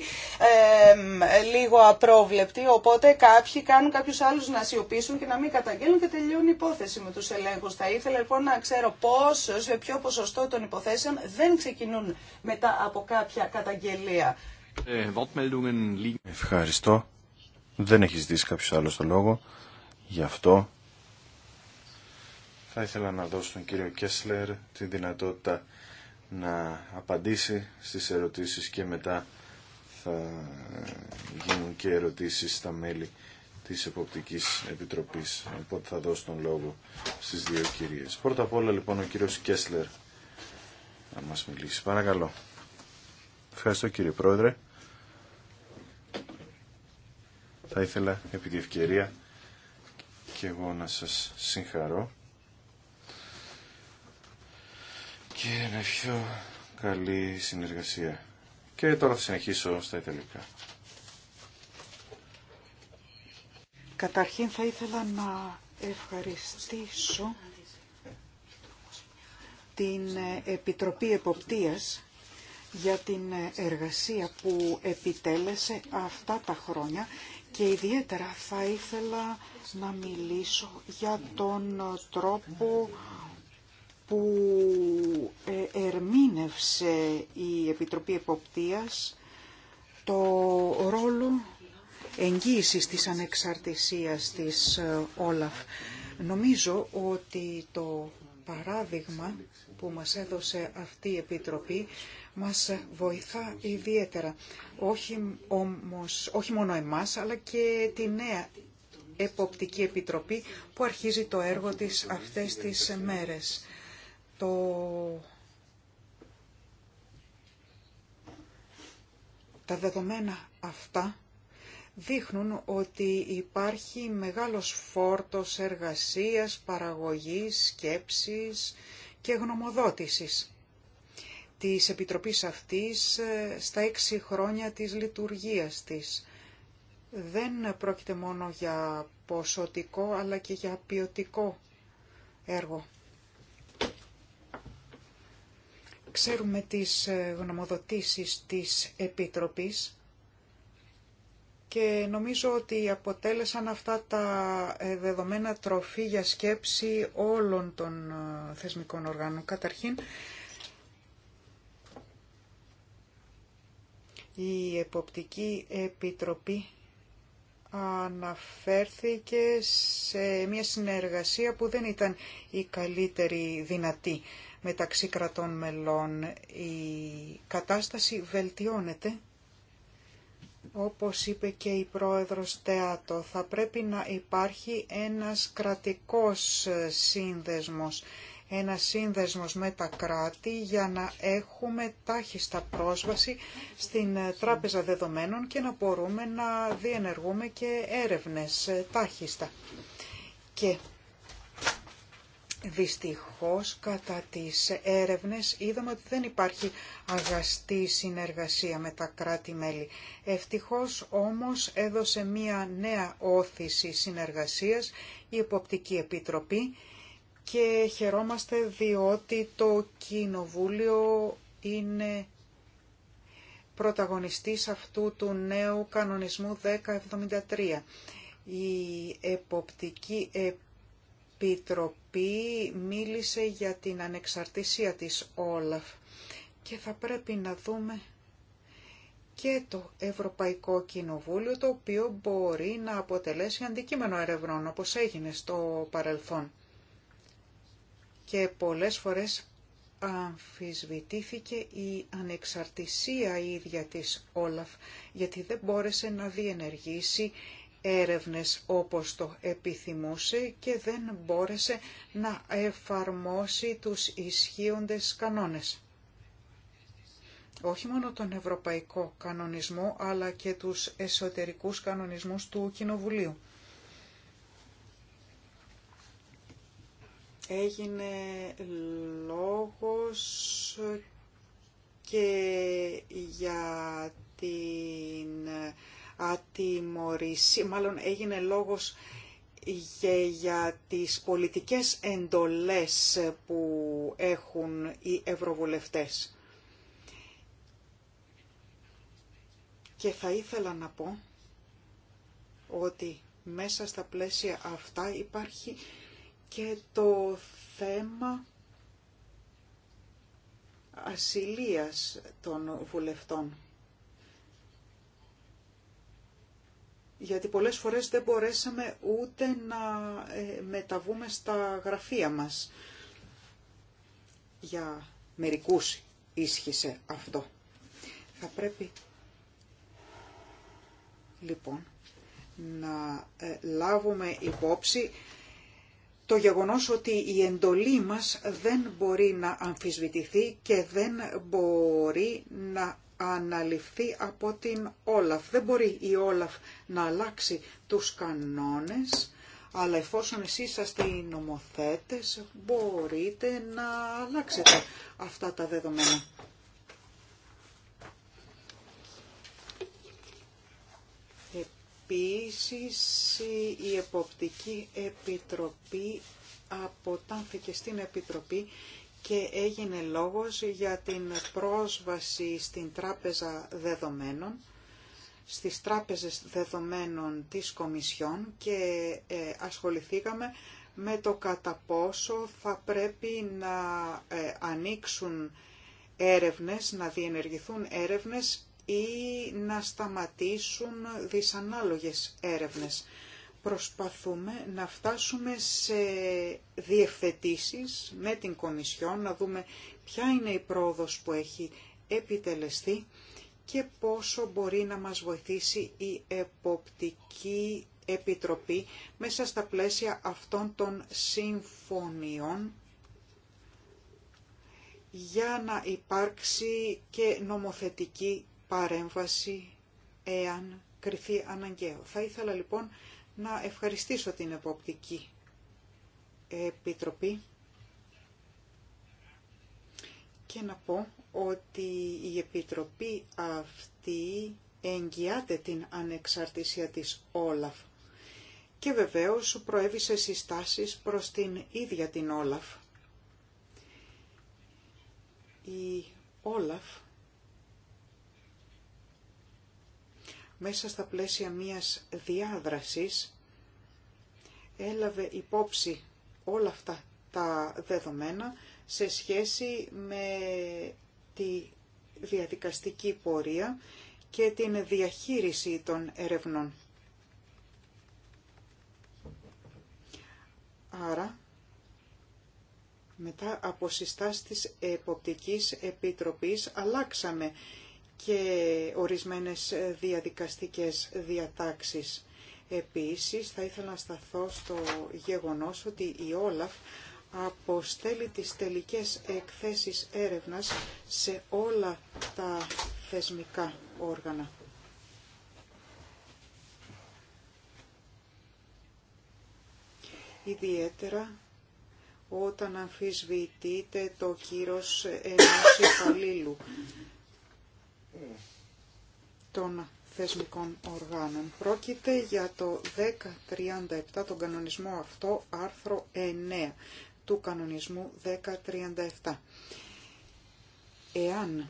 λίγο απρόβλεπτοι, οπότε κάποιοι κάνουν κάποιους άλλους να σιωπήσουν και να μην καταγγέλουν και τελειώνει η υπόθεση με τους ελέγχους. Θα ήθελα λοιπόν να ξέρω όσο σε ποιο ποσοστό των υποθέσεων δεν ξεκινούν μετά από κάποια καταγγελία. Ε, Ευχαριστώ. Δεν έχει ζητήσει κάποιο άλλο το λόγο. Γι' αυτό θα ήθελα να δώσω στον κύριο Κέσλερ τη δυνατότητα να απαντήσει στις ερωτήσεις και μετά θα γίνουν και ερωτήσεις στα μέλη της Εποπτικής Επιτροπής. Οπότε θα δώσω τον λόγο στις δύο κυρίες. Πρώτα απ' όλα λοιπόν ο κύριος Κέσλερ να μα μιλήσει. Παρακαλώ. Ευχαριστώ κύριε Πρόεδρε. Θα ήθελα επί τη ευκαιρία και εγώ να σας συγχαρώ και να ευχηθώ καλή συνεργασία. Και τώρα θα συνεχίσω στα Ιταλικά. Καταρχήν θα ήθελα να ευχαριστήσω την Επιτροπή Εποπτείας για την εργασία που επιτέλεσε αυτά τα χρόνια και ιδιαίτερα θα ήθελα να μιλήσω για τον τρόπο που ε, ερμήνευσε η Επιτροπή Εποπτείας το ρόλο εγγύησης της ανεξαρτησίας της ε, Όλαφ. Νομίζω ότι το παράδειγμα που μας έδωσε αυτή η Επιτροπή μας βοηθά ιδιαίτερα. Όχι, όμως, όχι μόνο εμάς, αλλά και τη νέα Εποπτική Επιτροπή που αρχίζει το έργο της αυτές τις μέρες. Το... Τα δεδομένα αυτά δείχνουν ότι υπάρχει μεγάλος φόρτος εργασίας, παραγωγής, σκέψης και γνωμοδότησης της Επιτροπής αυτής ε, στα έξι χρόνια της λειτουργίας της. Δεν πρόκειται μόνο για ποσοτικό αλλά και για ποιοτικό έργο. Ξέρουμε τις ε, γνωμοδοτήσεις της Επιτροπής και νομίζω ότι αποτέλεσαν αυτά τα ε, δεδομένα τροφή για σκέψη όλων των ε, θεσμικών οργάνων. Καταρχήν, η Εποπτική Επιτροπή αναφέρθηκε σε μια συνεργασία που δεν ήταν η καλύτερη δυνατή μεταξύ κρατών μελών. Η κατάσταση βελτιώνεται όπως είπε και η πρόεδρος Τεάτο, θα πρέπει να υπάρχει ένας κρατικός σύνδεσμος, ένας σύνδεσμος με τα κράτη για να έχουμε τάχιστα πρόσβαση στην τράπεζα δεδομένων και να μπορούμε να διενεργούμε και έρευνες τάχιστα. Και Δυστυχώς, κατά τις έρευνες είδαμε ότι δεν υπάρχει αγαστή συνεργασία με τα κράτη-μέλη. Ευτυχώς όμως έδωσε μία νέα όθηση συνεργασίας η Εποπτική Επιτροπή και χαιρόμαστε διότι το Κοινοβούλιο είναι πρωταγωνιστής αυτού του νέου κανονισμού 1073. Η Εποπτική Επιτροπή Επιτροπή μίλησε για την ανεξαρτησία της Όλαφ και θα πρέπει να δούμε και το Ευρωπαϊκό Κοινοβούλιο το οποίο μπορεί να αποτελέσει αντικείμενο ερευνών όπως έγινε στο παρελθόν. Και πολλές φορές αμφισβητήθηκε η ανεξαρτησία ίδια της Όλαφ γιατί δεν μπόρεσε να διενεργήσει έρευνες όπως το επιθυμούσε και δεν μπόρεσε να εφαρμόσει τους ισχύοντες κανόνες. Όχι μόνο τον ευρωπαϊκό κανονισμό, αλλά και τους εσωτερικούς κανονισμούς του Κοινοβουλίου. Έγινε λόγος και για την ατιμωρήσει, μάλλον έγινε λόγος για τις πολιτικές εντολές που έχουν οι ευρωβουλευτές. Και θα ήθελα να πω ότι μέσα στα πλαίσια αυτά υπάρχει και το θέμα ασυλίας των βουλευτών. γιατί πολλές φορές δεν μπορέσαμε ούτε να ε, μεταβούμε στα γραφεία μας. Για μερικούς ίσχυσε αυτό. Θα πρέπει λοιπόν να ε, λάβουμε υπόψη το γεγονός ότι η εντολή μας δεν μπορεί να αμφισβητηθεί και δεν μπορεί να αναλυφθεί από την Όλαφ. Δεν μπορεί η Όλαφ να αλλάξει τους κανόνες, αλλά εφόσον εσείς είσαστε οι νομοθέτες, μπορείτε να αλλάξετε αυτά τα δεδομένα. Επίσης, η Εποπτική Επιτροπή αποτάνθηκε στην Επιτροπή και έγινε λόγος για την πρόσβαση στην τράπεζα δεδομένων, στις τράπεζες δεδομένων της Κομισιόν και ε, ασχοληθήκαμε με το κατά πόσο θα πρέπει να ε, ανοίξουν έρευνες, να διενεργηθούν έρευνες ή να σταματήσουν δυσανάλογες έρευνες προσπαθούμε να φτάσουμε σε διευθετήσεις με την Κομισιόν, να δούμε ποια είναι η πρόοδος που έχει επιτελεστεί και πόσο μπορεί να μας βοηθήσει η Εποπτική Επιτροπή μέσα στα πλαίσια αυτών των συμφωνιών για να υπάρξει και νομοθετική παρέμβαση εάν κριθεί αναγκαίο. Θα ήθελα λοιπόν να ευχαριστήσω την Εποπτική Επιτροπή και να πω ότι η Επιτροπή αυτή εγγυάται την ανεξαρτησία της Όλαφ και βεβαίως προέβησε συστάσεις προς την ίδια την Όλαφ. Η Όλαφ μέσα στα πλαίσια μιας διάδρασης έλαβε υπόψη όλα αυτά τα δεδομένα σε σχέση με τη διαδικαστική πορεία και την διαχείριση των ερευνών. Άρα, μετά από συστάσεις της Εποπτικής Επιτροπής, αλλάξαμε και ορισμένες διαδικαστικές διατάξεις. Επίσης, θα ήθελα να σταθώ στο γεγονός ότι η Όλαφ αποστέλει τις τελικές εκθέσεις έρευνας σε όλα τα θεσμικά όργανα. Ιδιαίτερα όταν αμφισβητείται το κύρος ενός υπαλλήλου των θεσμικών οργάνων. Πρόκειται για το 1037, τον κανονισμό αυτό, άρθρο 9 του κανονισμού 1037. Εάν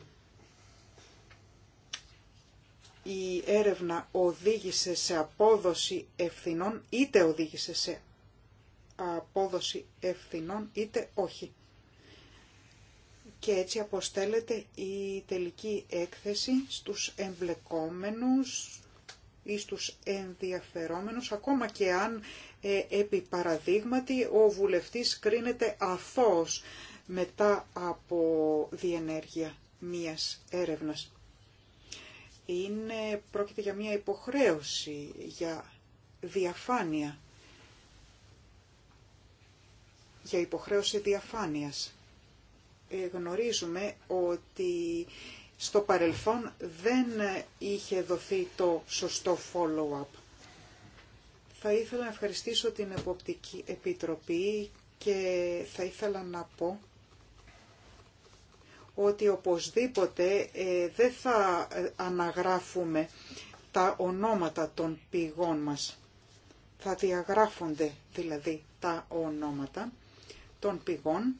η έρευνα οδήγησε σε απόδοση ευθυνών, είτε οδήγησε σε απόδοση ευθυνών, είτε όχι και έτσι αποστέλλεται η τελική έκθεση στους εμπλεκόμενους ή στους ενδιαφερόμενους, ακόμα και αν ε, επί παραδείγματι ο βουλευτής κρίνεται αθώος μετά από διενέργεια μίας έρευνας. Είναι, πρόκειται για μια υποχρέωση, για διαφάνεια, για υποχρέωση διαφάνειας. Ε, γνωρίζουμε ότι στο παρελθόν δεν είχε δοθεί το σωστό follow-up. Θα ήθελα να ευχαριστήσω την Εποπτική Επιτροπή και θα ήθελα να πω ότι οπωσδήποτε ε, δεν θα ε, αναγράφουμε τα ονόματα των πηγών μας. Θα διαγράφονται δηλαδή τα ονόματα των πηγών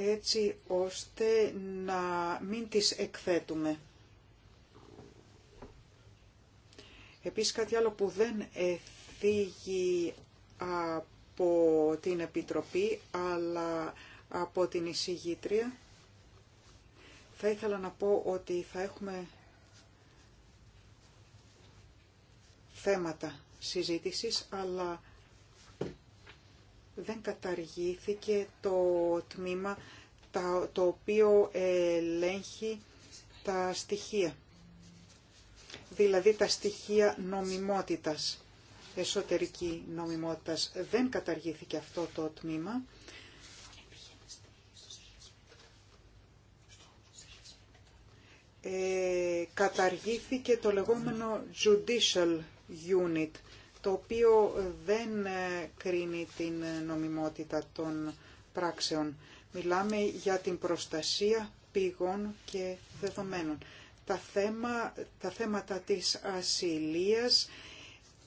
έτσι ώστε να μην τις εκθέτουμε. Επίσης κάτι άλλο που δεν εθίγει από την Επιτροπή αλλά από την εισηγήτρια θα ήθελα να πω ότι θα έχουμε θέματα συζήτησης αλλά δεν καταργήθηκε το τμήμα το οποίο ελέγχει τα στοιχεία, δηλαδή τα στοιχεία νομιμότητας, εσωτερική νομιμότητας. Δεν καταργήθηκε αυτό το τμήμα. Ε, καταργήθηκε το λεγόμενο Judicial Unit, το οποίο δεν ε, κρίνει την ε, νομιμότητα των πράξεων. Μιλάμε για την προστασία πηγών και δεδομένων. Τα, θέμα, τα θέματα της ασυλίας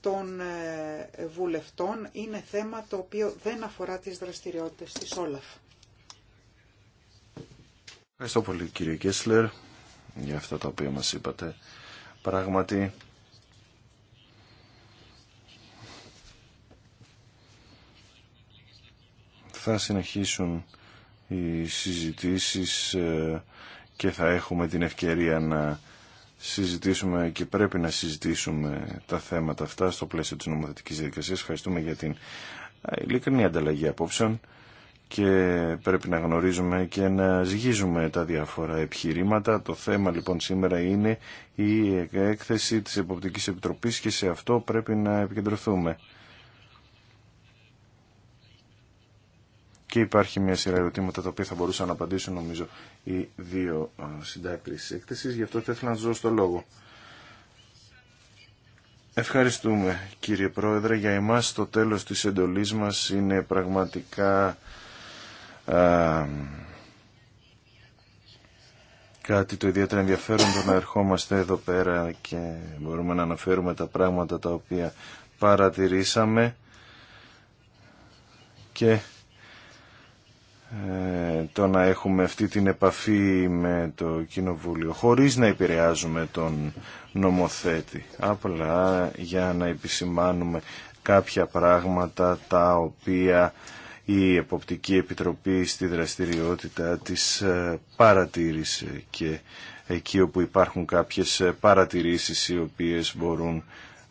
των ε, βουλευτών είναι θέμα το οποίο δεν αφορά τις δραστηριότητες της Όλαφ. Ευχαριστώ πολύ κύριε Κέσλερ για αυτά τα οποία μας είπατε. Πράγματι θα συνεχίσουν οι συζητήσεις ε, και θα έχουμε την ευκαιρία να συζητήσουμε και πρέπει να συζητήσουμε τα θέματα αυτά στο πλαίσιο της νομοθετικής διαδικασίας. Ευχαριστούμε για την ε, ειλικρινή ανταλλαγή απόψεων και πρέπει να γνωρίζουμε και να ζυγίζουμε τα διάφορα επιχειρήματα. Το θέμα λοιπόν σήμερα είναι η έκθεση της Εποπτικής Επιτροπής και σε αυτό πρέπει να επικεντρωθούμε. Και υπάρχει μια σειρά ερωτήματα τα οποία θα μπορούσαν να απαντήσουν νομίζω οι δύο ε, συντάκτε της έκθεσης. Γι' αυτό θα ήθελα να σα δώσω το λόγο. Ευχαριστούμε κύριε Πρόεδρε. Για εμάς το τέλος της εντολής μας είναι πραγματικά α, ε, κάτι το ιδιαίτερα ενδιαφέρον το να ερχόμαστε εδώ πέρα και μπορούμε να αναφέρουμε τα πράγματα τα οποία παρατηρήσαμε και ε, το να έχουμε αυτή την επαφή με το Κοινοβούλιο χωρίς να επηρεάζουμε τον νομοθέτη απλά για να επισημάνουμε κάποια πράγματα τα οποία η Εποπτική Επιτροπή στη δραστηριότητα της ε, παρατήρησε και εκεί όπου υπάρχουν κάποιες ε, παρατηρήσεις οι οποίες μπορούν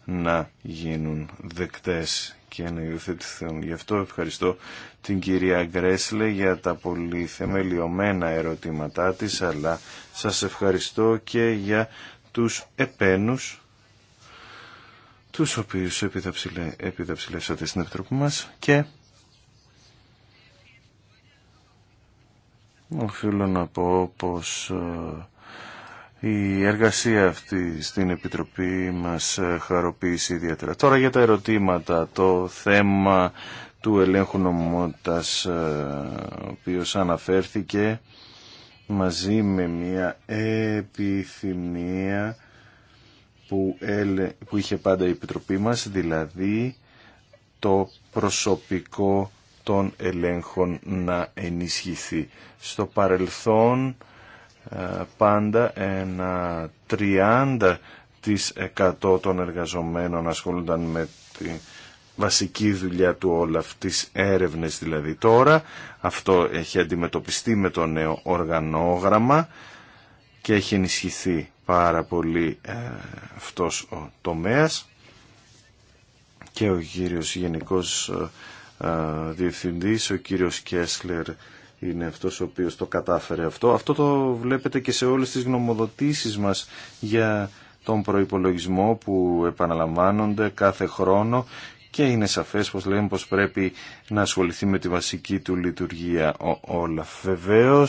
να γίνουν δεκτές και να υιοθετηθούν. Γι' αυτό ευχαριστώ την κυρία Γκρέσλε για τα πολύ θεμελιωμένα ερωτήματά της, αλλά σας ευχαριστώ και για τους επένους τους οποίους επιδαψιλεύσατε στην Επιτροπή μας και οφείλω να πω πως ε, η εργασία αυτή στην Επιτροπή μας ε, χαροποίησε ιδιαίτερα. Τώρα για τα ερωτήματα, το θέμα του ελέγχου νομιμότητας, ε, ο οποίος αναφέρθηκε μαζί με μια επιθυμία που, έλε, που είχε πάντα η Επιτροπή μας, δηλαδή το προσωπικό των ελέγχων να ενισχυθεί. Στο παρελθόν ε, πάντα ένα 30% των εργαζομένων ασχολούνταν με τη βασική δουλειά του Όλαφ, αυτής έρευνες δηλαδή τώρα. Αυτό έχει αντιμετωπιστεί με το νέο οργανόγραμμα και έχει ενισχυθεί πάρα πολύ ε, αυτός ο τομέας και ο κύριος Γενικός ε, Διευθυντής, ο κύριος Κέσλερ είναι αυτός ο οποίος το κατάφερε αυτό. Αυτό το βλέπετε και σε όλες τις γνωμοδοτήσεις μας για τον προϋπολογισμό που επαναλαμβάνονται κάθε χρόνο και είναι σαφές πως λέμε πως πρέπει να ασχοληθεί με τη βασική του λειτουργία όλα. Βεβαίω,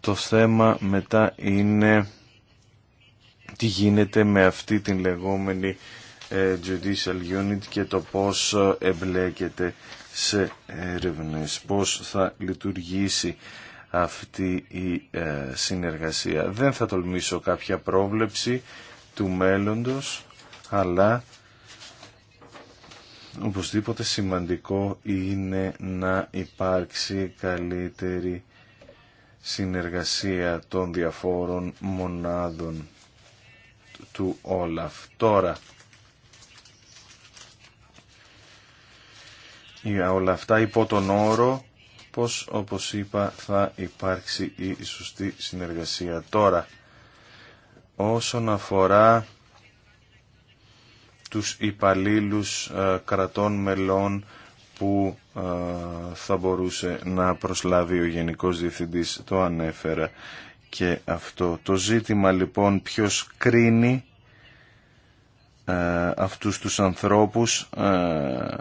το θέμα μετά είναι τι γίνεται με αυτή την λεγόμενη ε, Judicial Unit και το πώς ε, εμπλέκεται σε έρευνες πώς θα λειτουργήσει αυτή η ε, συνεργασία. Δεν θα τολμήσω κάποια πρόβλεψη του μέλλοντος, αλλά οπωσδήποτε σημαντικό είναι να υπάρξει καλύτερη συνεργασία των διαφόρων μονάδων του Όλαφ. Τώρα, για όλα αυτά υπό τον όρο πως όπως είπα θα υπάρξει η σωστή συνεργασία τώρα. Όσον αφορά τους υπαλλήλους ε, κρατών μελών που ε, θα μπορούσε να προσλάβει ο Γενικός Διευθυντής, το ανέφερα και αυτό. Το ζήτημα λοιπόν ποιος κρίνει ε, αυτούς τους ανθρώπους ε,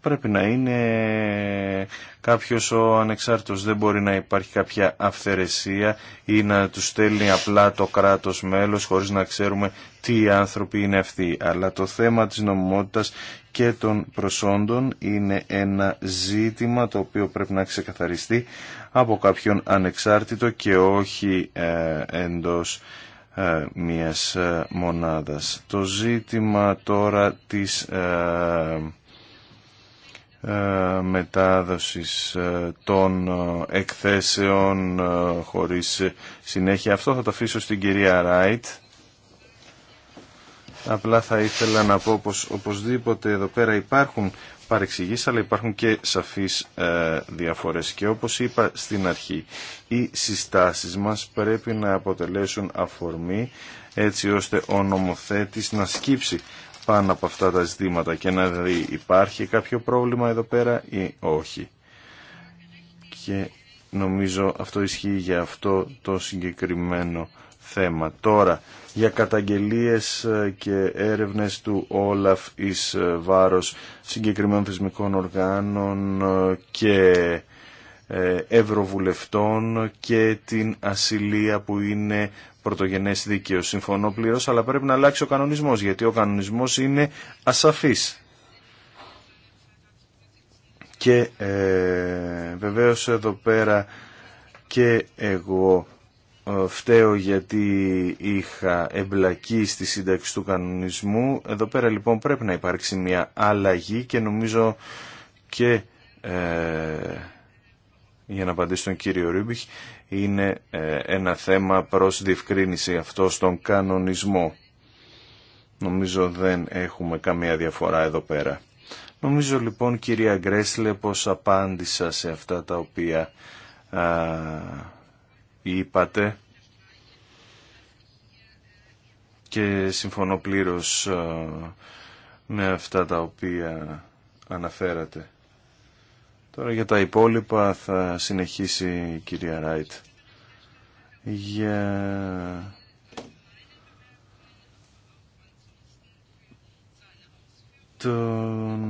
πρέπει να είναι κάποιος ο ανεξάρτητος δεν μπορεί να υπάρχει κάποια αυθαιρεσία ή να τους στέλνει απλά το κράτος μέλος χωρίς να ξέρουμε τι άνθρωποι είναι αυτοί αλλά το θέμα της νομιμότητας και των προσόντων είναι ένα ζήτημα το οποίο πρέπει να ξεκαθαριστεί από κάποιον ανεξάρτητο και όχι ε, εντός ε, μιας ε, μονάδας. Το ζήτημα τώρα της ε, μετάδοσης των εκθέσεων χωρίς συνέχεια. Αυτό θα το αφήσω στην κυρία Ράιτ. Απλά θα ήθελα να πω πως οπωσδήποτε εδώ πέρα υπάρχουν παρεξηγήσει, αλλά υπάρχουν και σαφείς ε, διαφορές. Και όπως είπα στην αρχή, οι συστάσεις μας πρέπει να αποτελέσουν αφορμή έτσι ώστε ο νομοθέτης να σκύψει πάνω από αυτά τα ζητήματα και να δει υπάρχει κάποιο πρόβλημα εδώ πέρα ή όχι. Και νομίζω αυτό ισχύει για αυτό το συγκεκριμένο θέμα. Τώρα, για καταγγελίες ε, και έρευνες του Όλαφ εις ε, βάρος συγκεκριμένων θεσμικών οργάνων ε, και ευρωβουλευτών και την ασυλία που είναι πρωτογενές δίκαιο. Συμφωνώ πλήρως, αλλά πρέπει να αλλάξει ο κανονισμός, γιατί ο κανονισμός είναι ασαφής. Και ε, βεβαίως εδώ πέρα και εγώ φταίω γιατί είχα εμπλακεί στη σύνταξη του κανονισμού. Εδώ πέρα λοιπόν πρέπει να υπάρξει μια αλλαγή και νομίζω και ε, για να απαντήσω τον κύριο Ρίμπιχ είναι ε, ένα θέμα προς διευκρίνηση αυτό στον κανονισμό. Νομίζω δεν έχουμε καμία διαφορά εδώ πέρα. Νομίζω λοιπόν κυρία Γκρέσλε πως απάντησα σε αυτά τα οποία είπατε και συμφωνώ πλήρως ε, με αυτά τα οποία αναφέρατε. Τώρα για τα υπόλοιπα θα συνεχίσει η κυρία Ράιτ. Για... Τον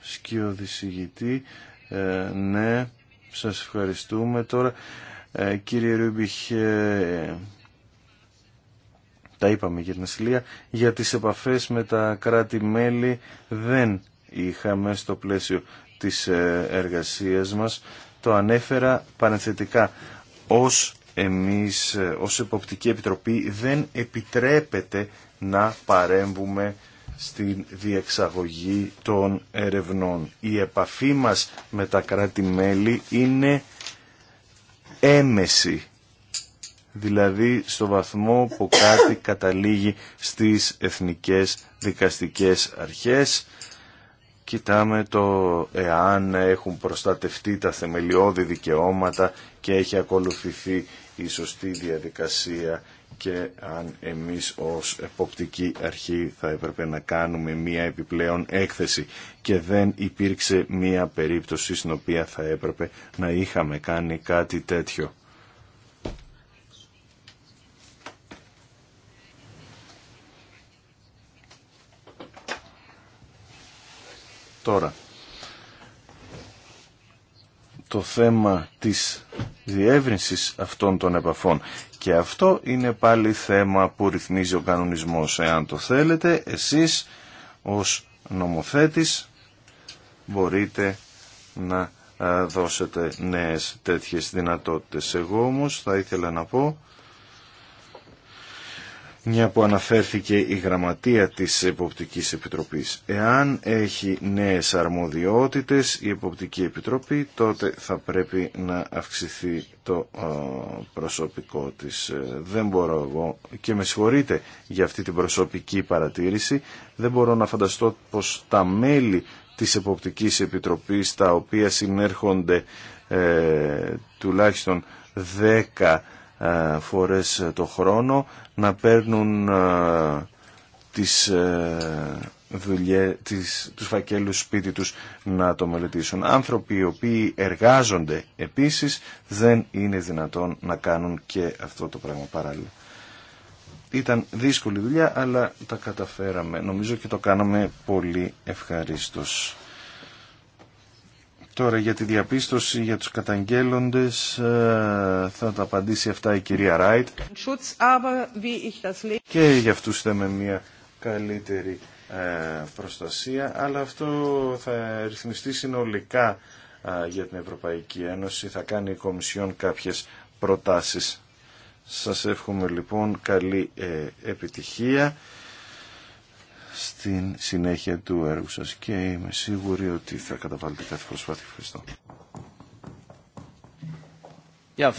σκιοδησηγητή, ε, ναι, σας ευχαριστούμε. Τώρα, ε, κύριε Ρούμπιχ, ε, τα είπαμε για την ασυλία, για τις επαφές με τα κράτη-μέλη δεν είχαμε στο πλαίσιο της ε, εργασίας μας. Το ανέφερα παρενθετικά ως εμείς, ως Εποπτική Επιτροπή, δεν επιτρέπεται να παρέμβουμε στην διεξαγωγή των ερευνών. Η επαφή μας με τα κράτη-μέλη είναι έμεση, δηλαδή στο βαθμό που κάτι καταλήγει στις εθνικές δικαστικές αρχές. Κοιτάμε το εάν έχουν προστατευτεί τα θεμελιώδη δικαιώματα και έχει ακολουθηθεί η σωστή διαδικασία και αν εμείς ως εποπτική αρχή θα έπρεπε να κάνουμε μία επιπλέον έκθεση και δεν υπήρξε μία περίπτωση στην οποία θα έπρεπε να είχαμε κάνει κάτι τέτοιο. Τώρα, το θέμα της διεύρυνσης αυτών των επαφών. Και αυτό είναι πάλι θέμα που ρυθμίζει ο κανονισμός. Εάν το θέλετε, εσείς ως νομοθέτης μπορείτε να δώσετε νέες τέτοιες δυνατότητες. Εγώ όμως θα ήθελα να πω μια που αναφέρθηκε η γραμματεία της Εποπτικής Επιτροπής. Εάν έχει νέες αρμοδιότητες η Εποπτική Επιτροπή, τότε θα πρέπει να αυξηθεί το προσωπικό της. Ε, δεν μπορώ εγώ, και με συγχωρείτε για αυτή την προσωπική παρατήρηση, δεν μπορώ να φανταστώ πως τα μέλη της Εποπτικής Επιτροπής, τα οποία συνέρχονται ε, τουλάχιστον 10 ε, φορές ε, το χρόνο να παίρνουν ε, τις δουλειές τις, τους φακέλους σπίτι τους να το μελετήσουν. Άνθρωποι οι οποίοι εργάζονται επίσης δεν είναι δυνατόν να κάνουν και αυτό το πράγμα παράλληλα. Ήταν δύσκολη δουλειά αλλά τα καταφέραμε. Νομίζω και το κάναμε πολύ ευχαρίστως. Τώρα για τη διαπίστωση για τους καταγγέλλοντες ε, θα τα απαντήσει αυτά η κυρία Ράιτ. Και για αυτούς είμαι μια καλύτερη ε, προστασία, αλλά αυτό θα ρυθμιστεί συνολικά ε, για την Ευρωπαϊκή Ένωση. Θα κάνει η Κομισιόν κάποιες προτάσεις. Σας εύχομαι λοιπόν καλή επιτυχία στην συνέχεια του έργου σας και είμαι σίγουρη ότι θα καταβάλλετε κάθε προσπάθεια. Ευχαριστώ. Äh,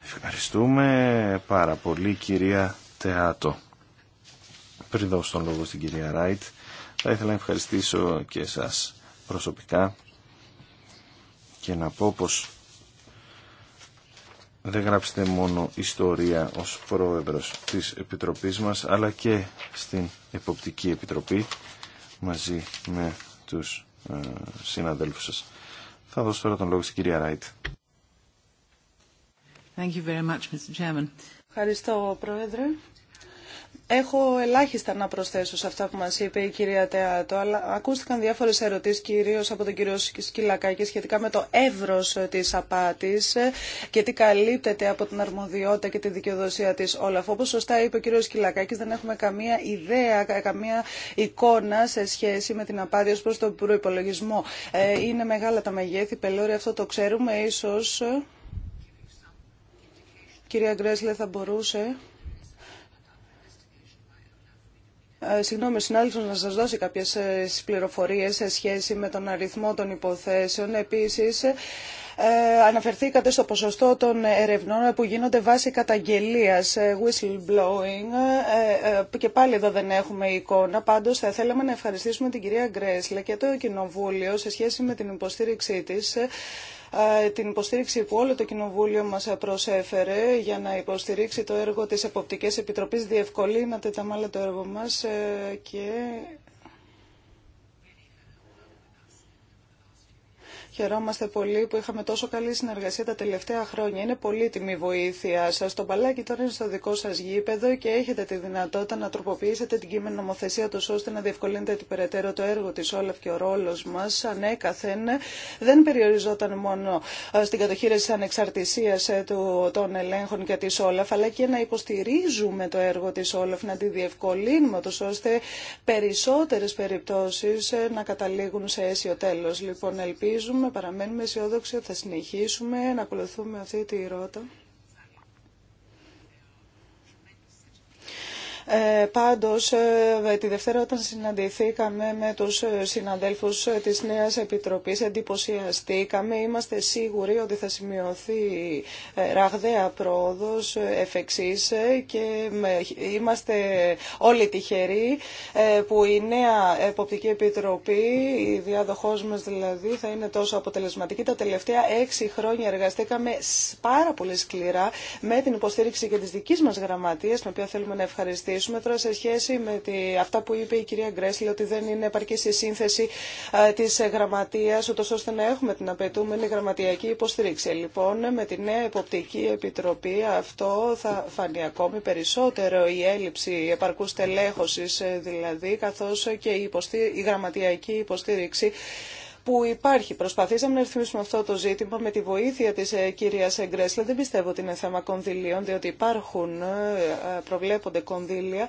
Ευχαριστούμε πάρα πολύ κυρία Τεάτο. Πριν δώσω τον λόγο στην κυρία Ράιτ, θα ήθελα να ευχαριστήσω και εσάς προσωπικά και να πω πως δεν γράψετε μόνο ιστορία ως πρόεδρος της Επιτροπής μας, αλλά και στην Εποπτική Επιτροπή μαζί με τους ε, συναδέλφους σας. Θα δώσω τώρα τον λόγο στην κυρία Ράιτ. Thank you Ευχαριστώ, Πρόεδρε. Έχω ελάχιστα να προσθέσω σε αυτά που μας είπε η κυρία Τεάτο, αλλά ακούστηκαν διάφορες ερωτήσεις κυρίως από τον κύριο Σκυλακάκη σχετικά με το εύρος της απάτης και τι καλύπτεται από την αρμοδιότητα και τη δικαιοδοσία της Όλαφ. Όπως σωστά είπε ο κύριος Σκυλακάκης, δεν έχουμε καμία ιδέα, καμία εικόνα σε σχέση με την απάτη ως προς τον προϋπολογισμό. Ε, είναι μεγάλα τα μεγέθη, πελώρια, αυτό το ξέρουμε, ίσως... Κυρία Γκρέσλε θα μπορούσε Ε, συγγνώμη συνάδελφο να σας δώσει κάποιες ε, πληροφορίε σε σχέση με τον αριθμό των υποθέσεων. Επίσης, ε, αναφερθήκατε στο ποσοστό των ερευνών που γίνονται βάσει καταγγελίας whistleblowing και πάλι εδώ δεν έχουμε εικόνα. Πάντως θα θέλαμε να ευχαριστήσουμε την κυρία Γκρέσλε και το Κοινοβούλιο σε σχέση με την υποστήριξή της ε, την υποστήριξη που όλο το Κοινοβούλιο μας προσέφερε για να υποστηρίξει το έργο της Εποπτικής Επιτροπής. Διευκολύνατε τα μάλλα το έργο μας ε, και Χαιρόμαστε πολύ που είχαμε τόσο καλή συνεργασία τα τελευταία χρόνια. Είναι πολύτιμη η βοήθειά σα. Το μπαλάκι τώρα είναι στο δικό σα γήπεδο και έχετε τη δυνατότητα να τροποποιήσετε την κείμενη νομοθεσία του ώστε να διευκολύνετε την περαιτέρω το έργο τη Όλαφ και ο ρόλο μα ανέκαθεν δεν περιοριζόταν μόνο ε, στην κατοχήρεση τη ανεξαρτησία ε, των ελέγχων και τη Όλαφ αλλά και να υποστηρίζουμε το έργο τη Όλαφ, να τη διευκολύνουμε ώστε περισσότερε περιπτώσει ε, να καταλήγουν σε αίσιο τέλο. Λοιπόν, ελπίζουμε παραμένουμε αισιόδοξοι ότι θα συνεχίσουμε να ακολουθούμε αυτή τη ρότα. Ε, πάντως, ε, τη Δευτέρα όταν συναντηθήκαμε με τους ε, συναδέλφους της Νέας Επιτροπής, εντυπωσιαστήκαμε. Είμαστε σίγουροι ότι θα σημειωθεί ραγδαία πρόοδος εφ' εξής και είμαστε όλοι τυχεροί που η Νέα Εποπτική Επιτροπή, η διάδοχός μας δηλαδή, θα είναι τόσο αποτελεσματική. Τα τελευταία έξι χρόνια εργαστήκαμε πάρα πολύ σκληρά με την υποστήριξη και της δικής μας γραμματείας, με οποία θέλουμε να ευχαριστήσουμε σε σχέση με τη, αυτά που είπε η κυρία Γκρέσλι ότι δεν είναι επαρκή η σύνθεση ε, της γραμματείας ούτως ώστε να έχουμε την απαιτούμενη γραμματιακή υποστήριξη. Λοιπόν, με τη νέα Εποπτική Επιτροπή αυτό θα φανεί ακόμη περισσότερο η έλλειψη επαρκούς τελέχωσης ε, δηλαδή καθώς και η, υποστή, η γραμματιακή υποστήριξη που υπάρχει. Προσπαθήσαμε να ρυθμίσουμε αυτό το ζήτημα με τη βοήθεια της ε, κυρίας Γκρέσλα. Δεν πιστεύω ότι είναι θέμα κονδυλίων, διότι υπάρχουν, ε, ε, προβλέπονται κονδύλια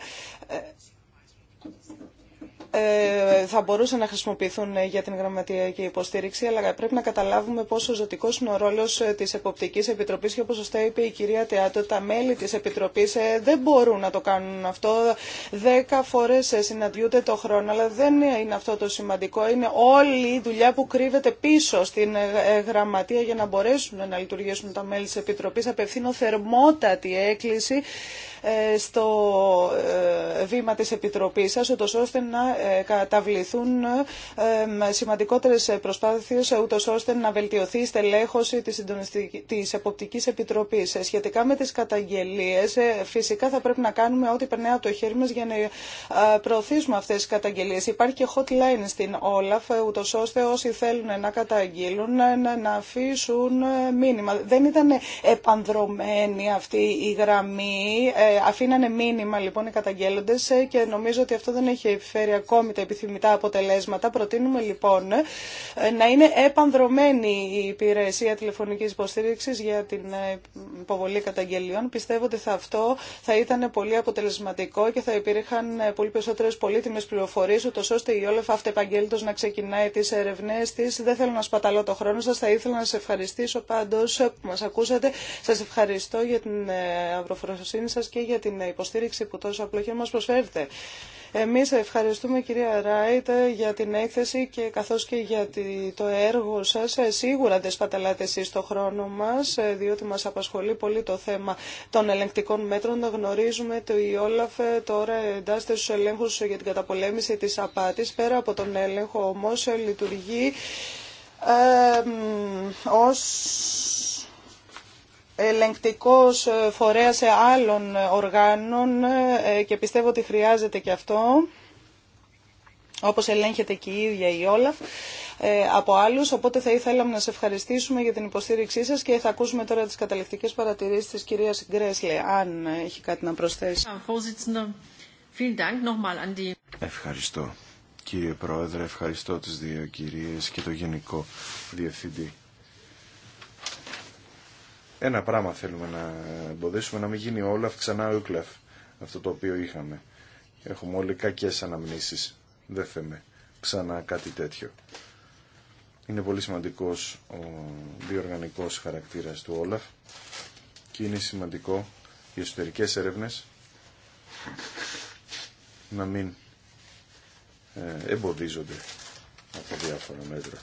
ε, θα μπορούσαν να χρησιμοποιηθούν για την γραμματιακή υποστήριξη, αλλά πρέπει να καταλάβουμε πόσο ζωτικό είναι ο ρόλο ε, τη Εποπτική Επιτροπή και όπω σωστά είπε η κυρία Τεάτο, τα μέλη τη Επιτροπή ε, δεν μπορούν να το κάνουν αυτό. Δέκα φορέ συναντιούνται το χρόνο, αλλά δεν είναι αυτό το σημαντικό. Είναι όλη η δουλειά που κρύβεται πίσω στην γραμματεία για να μπορέσουν να λειτουργήσουν τα μέλη τη Επιτροπή. Απευθύνω θερμότατη έκκληση ε, στο ε, βήμα της Επιτροπής σας, ούτως ώστε να ε, καταβληθούν σημαντικότερες προσπάθειες, ούτως ώστε να βελτιωθεί η στελέχωση της, της Εποπτικής Επιτροπής. Σχετικά με τις καταγγελίες, φυσικά θα πρέπει να κάνουμε ό,τι περνάει από το χέρι μας για να προωθήσουμε αυτές τις καταγγελίες. Υπάρχει και hotline στην Όλαφ, ούτως ώστε όσοι θέλουν να καταγγείλουν να αφήσουν μήνυμα. Δεν ήταν επανδρομένη αυτή η γραμμή αφήνανε μήνυμα λοιπόν οι καταγγέλλοντε και νομίζω ότι αυτό δεν έχει φέρει ακόμη τα επιθυμητά αποτελέσματα. Προτείνουμε λοιπόν να είναι επανδρομένη η υπηρεσία τηλεφωνική υποστήριξη για την ε, υποβολή καταγγελιών. Πιστεύω ότι θα αυτό θα ήταν πολύ αποτελεσματικό και θα υπήρχαν ε, πολύ περισσότερε πολύτιμέ πληροφορίε, ούτω ώστε η Όλεφ αυτεπαγγέλτο να ξεκινάει τι ερευνές τη. Δεν θέλω να σπαταλώ το χρόνο σα, Θα ήθελα να σα ευχαριστήσω πάντω που μα ακούσατε. Σα ευχαριστώ για την ε, αυροφροσύνη σα και για την υποστήριξη που τόσο απλοχή μας προσφέρετε. Εμείς ευχαριστούμε κυρία Ράιτ για την έκθεση και καθώς και για το έργο σας. Σίγουρα δεν σπαταλάτε εσείς το χρόνο μας, διότι μας απασχολεί πολύ το θέμα των ελεγκτικών μέτρων. Να γνωρίζουμε το η τώρα εντάσσεται στους ελέγχους για την καταπολέμηση της απάτης. Πέρα από τον έλεγχο όμως λειτουργεί ε, ως ελεγκτικός ε, φορέας σε άλλων οργάνων ε, ε, και πιστεύω ότι χρειάζεται και αυτό όπως ελέγχεται και η ίδια η Όλαφ, από άλλους. Οπότε θα ήθελα να σε ευχαριστήσουμε για την υποστήριξή σας και θα ακούσουμε τώρα τις καταληκτικές παρατηρήσεις της κυρίας Γκρέσλε, αν έχει κάτι να προσθέσει. Ευχαριστώ. Κύριε Πρόεδρε, ευχαριστώ τις δύο κυρίες και το Γενικό Διευθυντή. Ένα πράγμα θέλουμε να εμποδίσουμε, να μην γίνει όλα ξανά ο αυτό το οποίο είχαμε. Έχουμε όλοι κακές αναμνήσεις. Δεν θέμε ξανά κάτι τέτοιο. Είναι πολύ σημαντικός ο διοργανικός χαρακτήρας του Όλαφ και είναι σημαντικό οι εσωτερικές έρευνες να μην ε, εμποδίζονται από διάφορα μέτρα.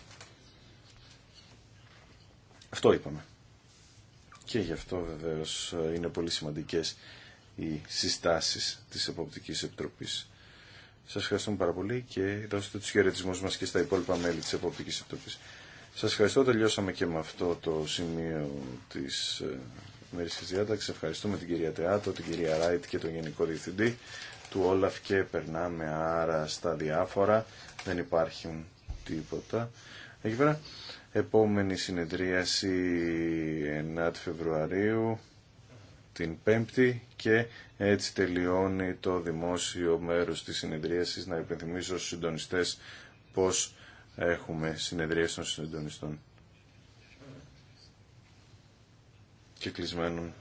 Αυτό είπαμε και γι' αυτό βεβαίως είναι πολύ σημαντικές οι συστάσεις της Εποπτικής Επιτροπής. Σας ευχαριστούμε πάρα πολύ και δώστε τους χαιρετισμού μας και στα υπόλοιπα μέλη της Εποπτικής Επιτροπής. Σας ευχαριστώ, τελειώσαμε και με αυτό το σημείο της ε, μέρης διάταξης. Ευχαριστούμε την κυρία Τεάτο, την κυρία Ράιτ και τον Γενικό Διευθυντή του Όλαφ και περνάμε άρα στα διάφορα. Δεν υπάρχουν τίποτα. Εκεί πέρα. Επόμενη συνεδρίαση 9 Φεβρουαρίου την Πέμπτη και έτσι τελειώνει το δημόσιο μέρος της συνεδρίασης. Να υπενθυμίσω στους συντονιστές πώς έχουμε συνεδρίαση των συντονιστών και κλεισμένων.